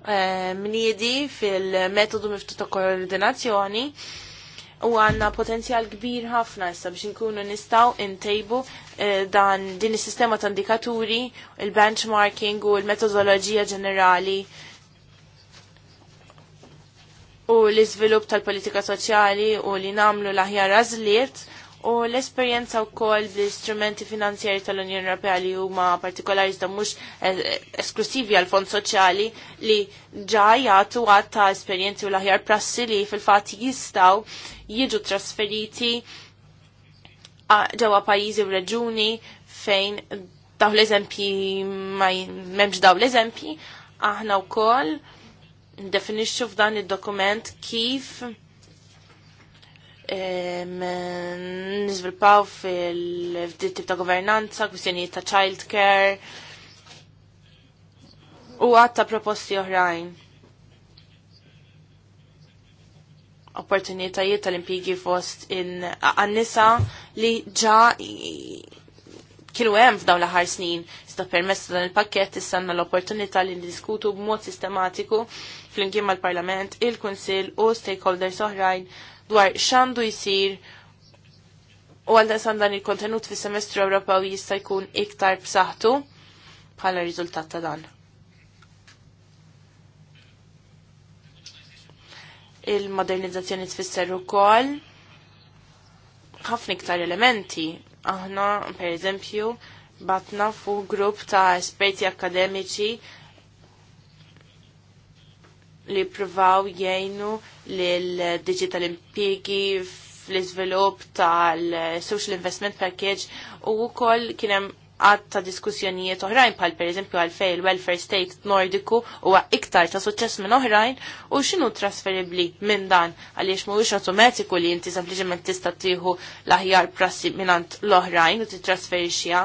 Speaker 3: eh, mniedi fil-metodu miftu ta' koordinazzjoni u għanna potenzjal kbir ħafna issa biex nkunu nistaw intejbu eh, dan din is-sistema ta' indikaturi, il-benchmarking u l-metodoloġija ġenerali u l-iżvilupp tal-politika soċjali u li namlu l-aħjar għażliet u l-esperjenza wkoll bl-istrumenti finanzjari tal-Unjoni Europea li huma partikolari da mhux esklusivi għal fond soċjali li ġa jagħtu għatta ta' esperjenzi u l-aħjar prassi li fil-fatt jistgħu jiġu trasferiti ġewwa pajjiżi u reġuni fejn daw l-eżempji ma daw l-eżempji aħna wkoll definisġu f'dan id-dokument kif nizvilpaw fil-tip ta' governanza, kwistjonijiet ta' child care u għatta proposti oħrajn. Opportunitajiet tal impigi fost in għannisa li ġa kienu hemm f'dawn l-aħħar snin. Sta permess dan il-pakkett issanna l-opportunità li ndiskutu b'mod sistematiku flimkien mal-Parlament, il-Kunsill u stakeholders oħrajn dwar xandu jisir u għal dan il-kontenut fis semestru Ewropew jista' jkun iktar b'saħħtu bħala riżultat ta' dan. Il-modernizzazzjoni tfisser ukoll ħafna iktar elementi. Aħna, per eżempju, batna fu grupp ta' esperti akademiċi li provaw jgħinu l-digital impiegi fl-izvilup tal-social investment package u wkoll kien hemm għad ta' diskussjonijiet oħrajn pal per eżempju għalfej il-welfare state nordiku u iktar ta' suċċess minn oħrajn u xinu trasferibli minn dan għaliex mhuwiex automatiku li inti sempliċement tista' tieħu l-aħjar prassi minnant l-oħrajn u titrasferixxiha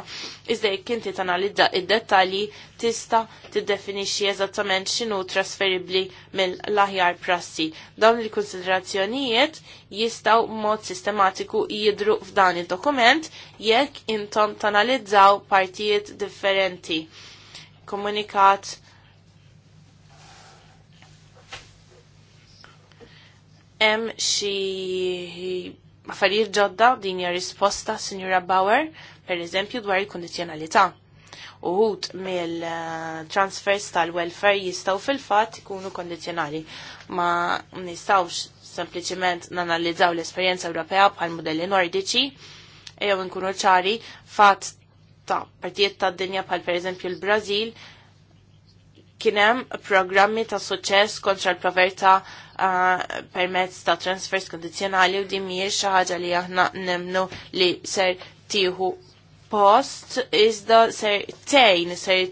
Speaker 3: iżda jekk inti tanalizza id-dettalji tista tiddefinixxi eżattament x'inhu trasferibbli mill-aħjar prassi. Dawn il-konsiderazzjonijiet jistgħu mod sistematiku jidru f'dan id-dokument jekk intom tanalizzaw partijiet differenti. Komunikat hemm xi affarijiet ġodda din hija risposta Sinjura Bauer, per eżempju dwar il kundizzjonalità uħut mill-transfers tal-welfare jistaw fil-fat ikunu kondizjonali. Ma nistawx sempliciment nanalizzaw l-esperienza Ewropea bħal modelli nordiċi, jew nkunu ċari fat ta' partijiet ta' dinja bħal per eżempju l-Brazil, kienem programmi ta' suċċess kontra l-proverta uh, permezz ta' transfers kondizjonali u dimmi miex xi ħaġa li aħna nemnu li ser tieħu post iżda ser tejn ser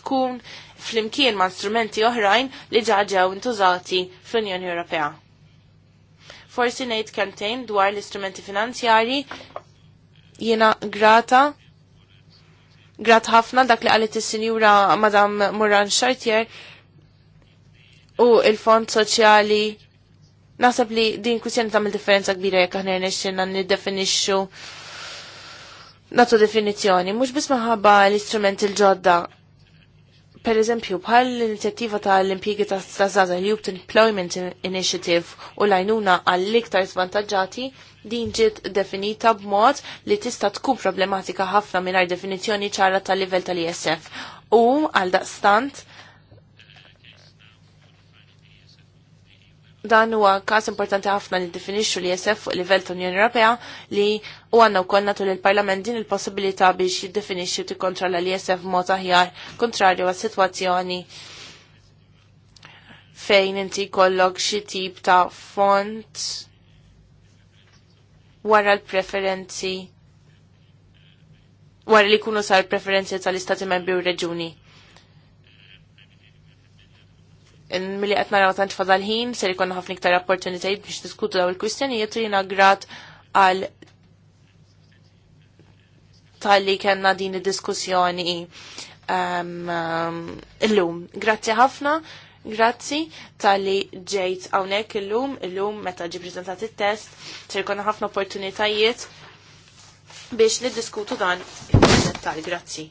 Speaker 3: tkun flimkien ma' strumenti oħrajn li ġaġew intużati fl-Unjoni Ewropea. Forsi ngħid kemtejn dwar l-istrumenti finanzjarji jiena grata grat ħafna dak li qalet is-sinjura Madam Moran Chartier u il-Fond Soċjali Naħseb li din kwistjoni tagħmel differenza kbira jekk aħna nixxinna niddefinixxu natu definizjoni, mux bis maħabba l-istrument il-ġodda. Per eżempju, bħal l-inizjattiva ta' l-impiegi ta' Zaza, l-Youth Employment Initiative u lajnuna għall-iktar svantagġati, din ġiet definita b'mod li tista' tkun problematika ħafna mingħajr definizzjoni ċara tal-livell tal-ISF. U għal daqstant, dan huwa każ importanti ħafna li definixxu li jesef fuq livell ta' Unjoni Ewropea li u għandna wkoll nagħtu lill parlament din il-possibilità biex jiddefinixxi u tikkontrolla li jesef mod aħjar kontrarju għas sitwazzjoni fejn inti jkollok xi tip ta' font wara l-preferenzi wara li jkunu sar preferenzi tal-istati membri u reġuni. Milli qed naraw tant fadal ħin ser ikun ħafna iktar opportunitajiet biex diskutu daw il-kwistjonijiet u jiena grat għal tal-li kellna din id-diskussjoni ehm, ehm, illum. Grazzi ħafna, grazzi tal-li ġejt hawnhekk illum, illum meta ġi preżentat it-test, ser ikun ħafna opportunitajiet biex niddiskutu dan il fid tal. Grazzi.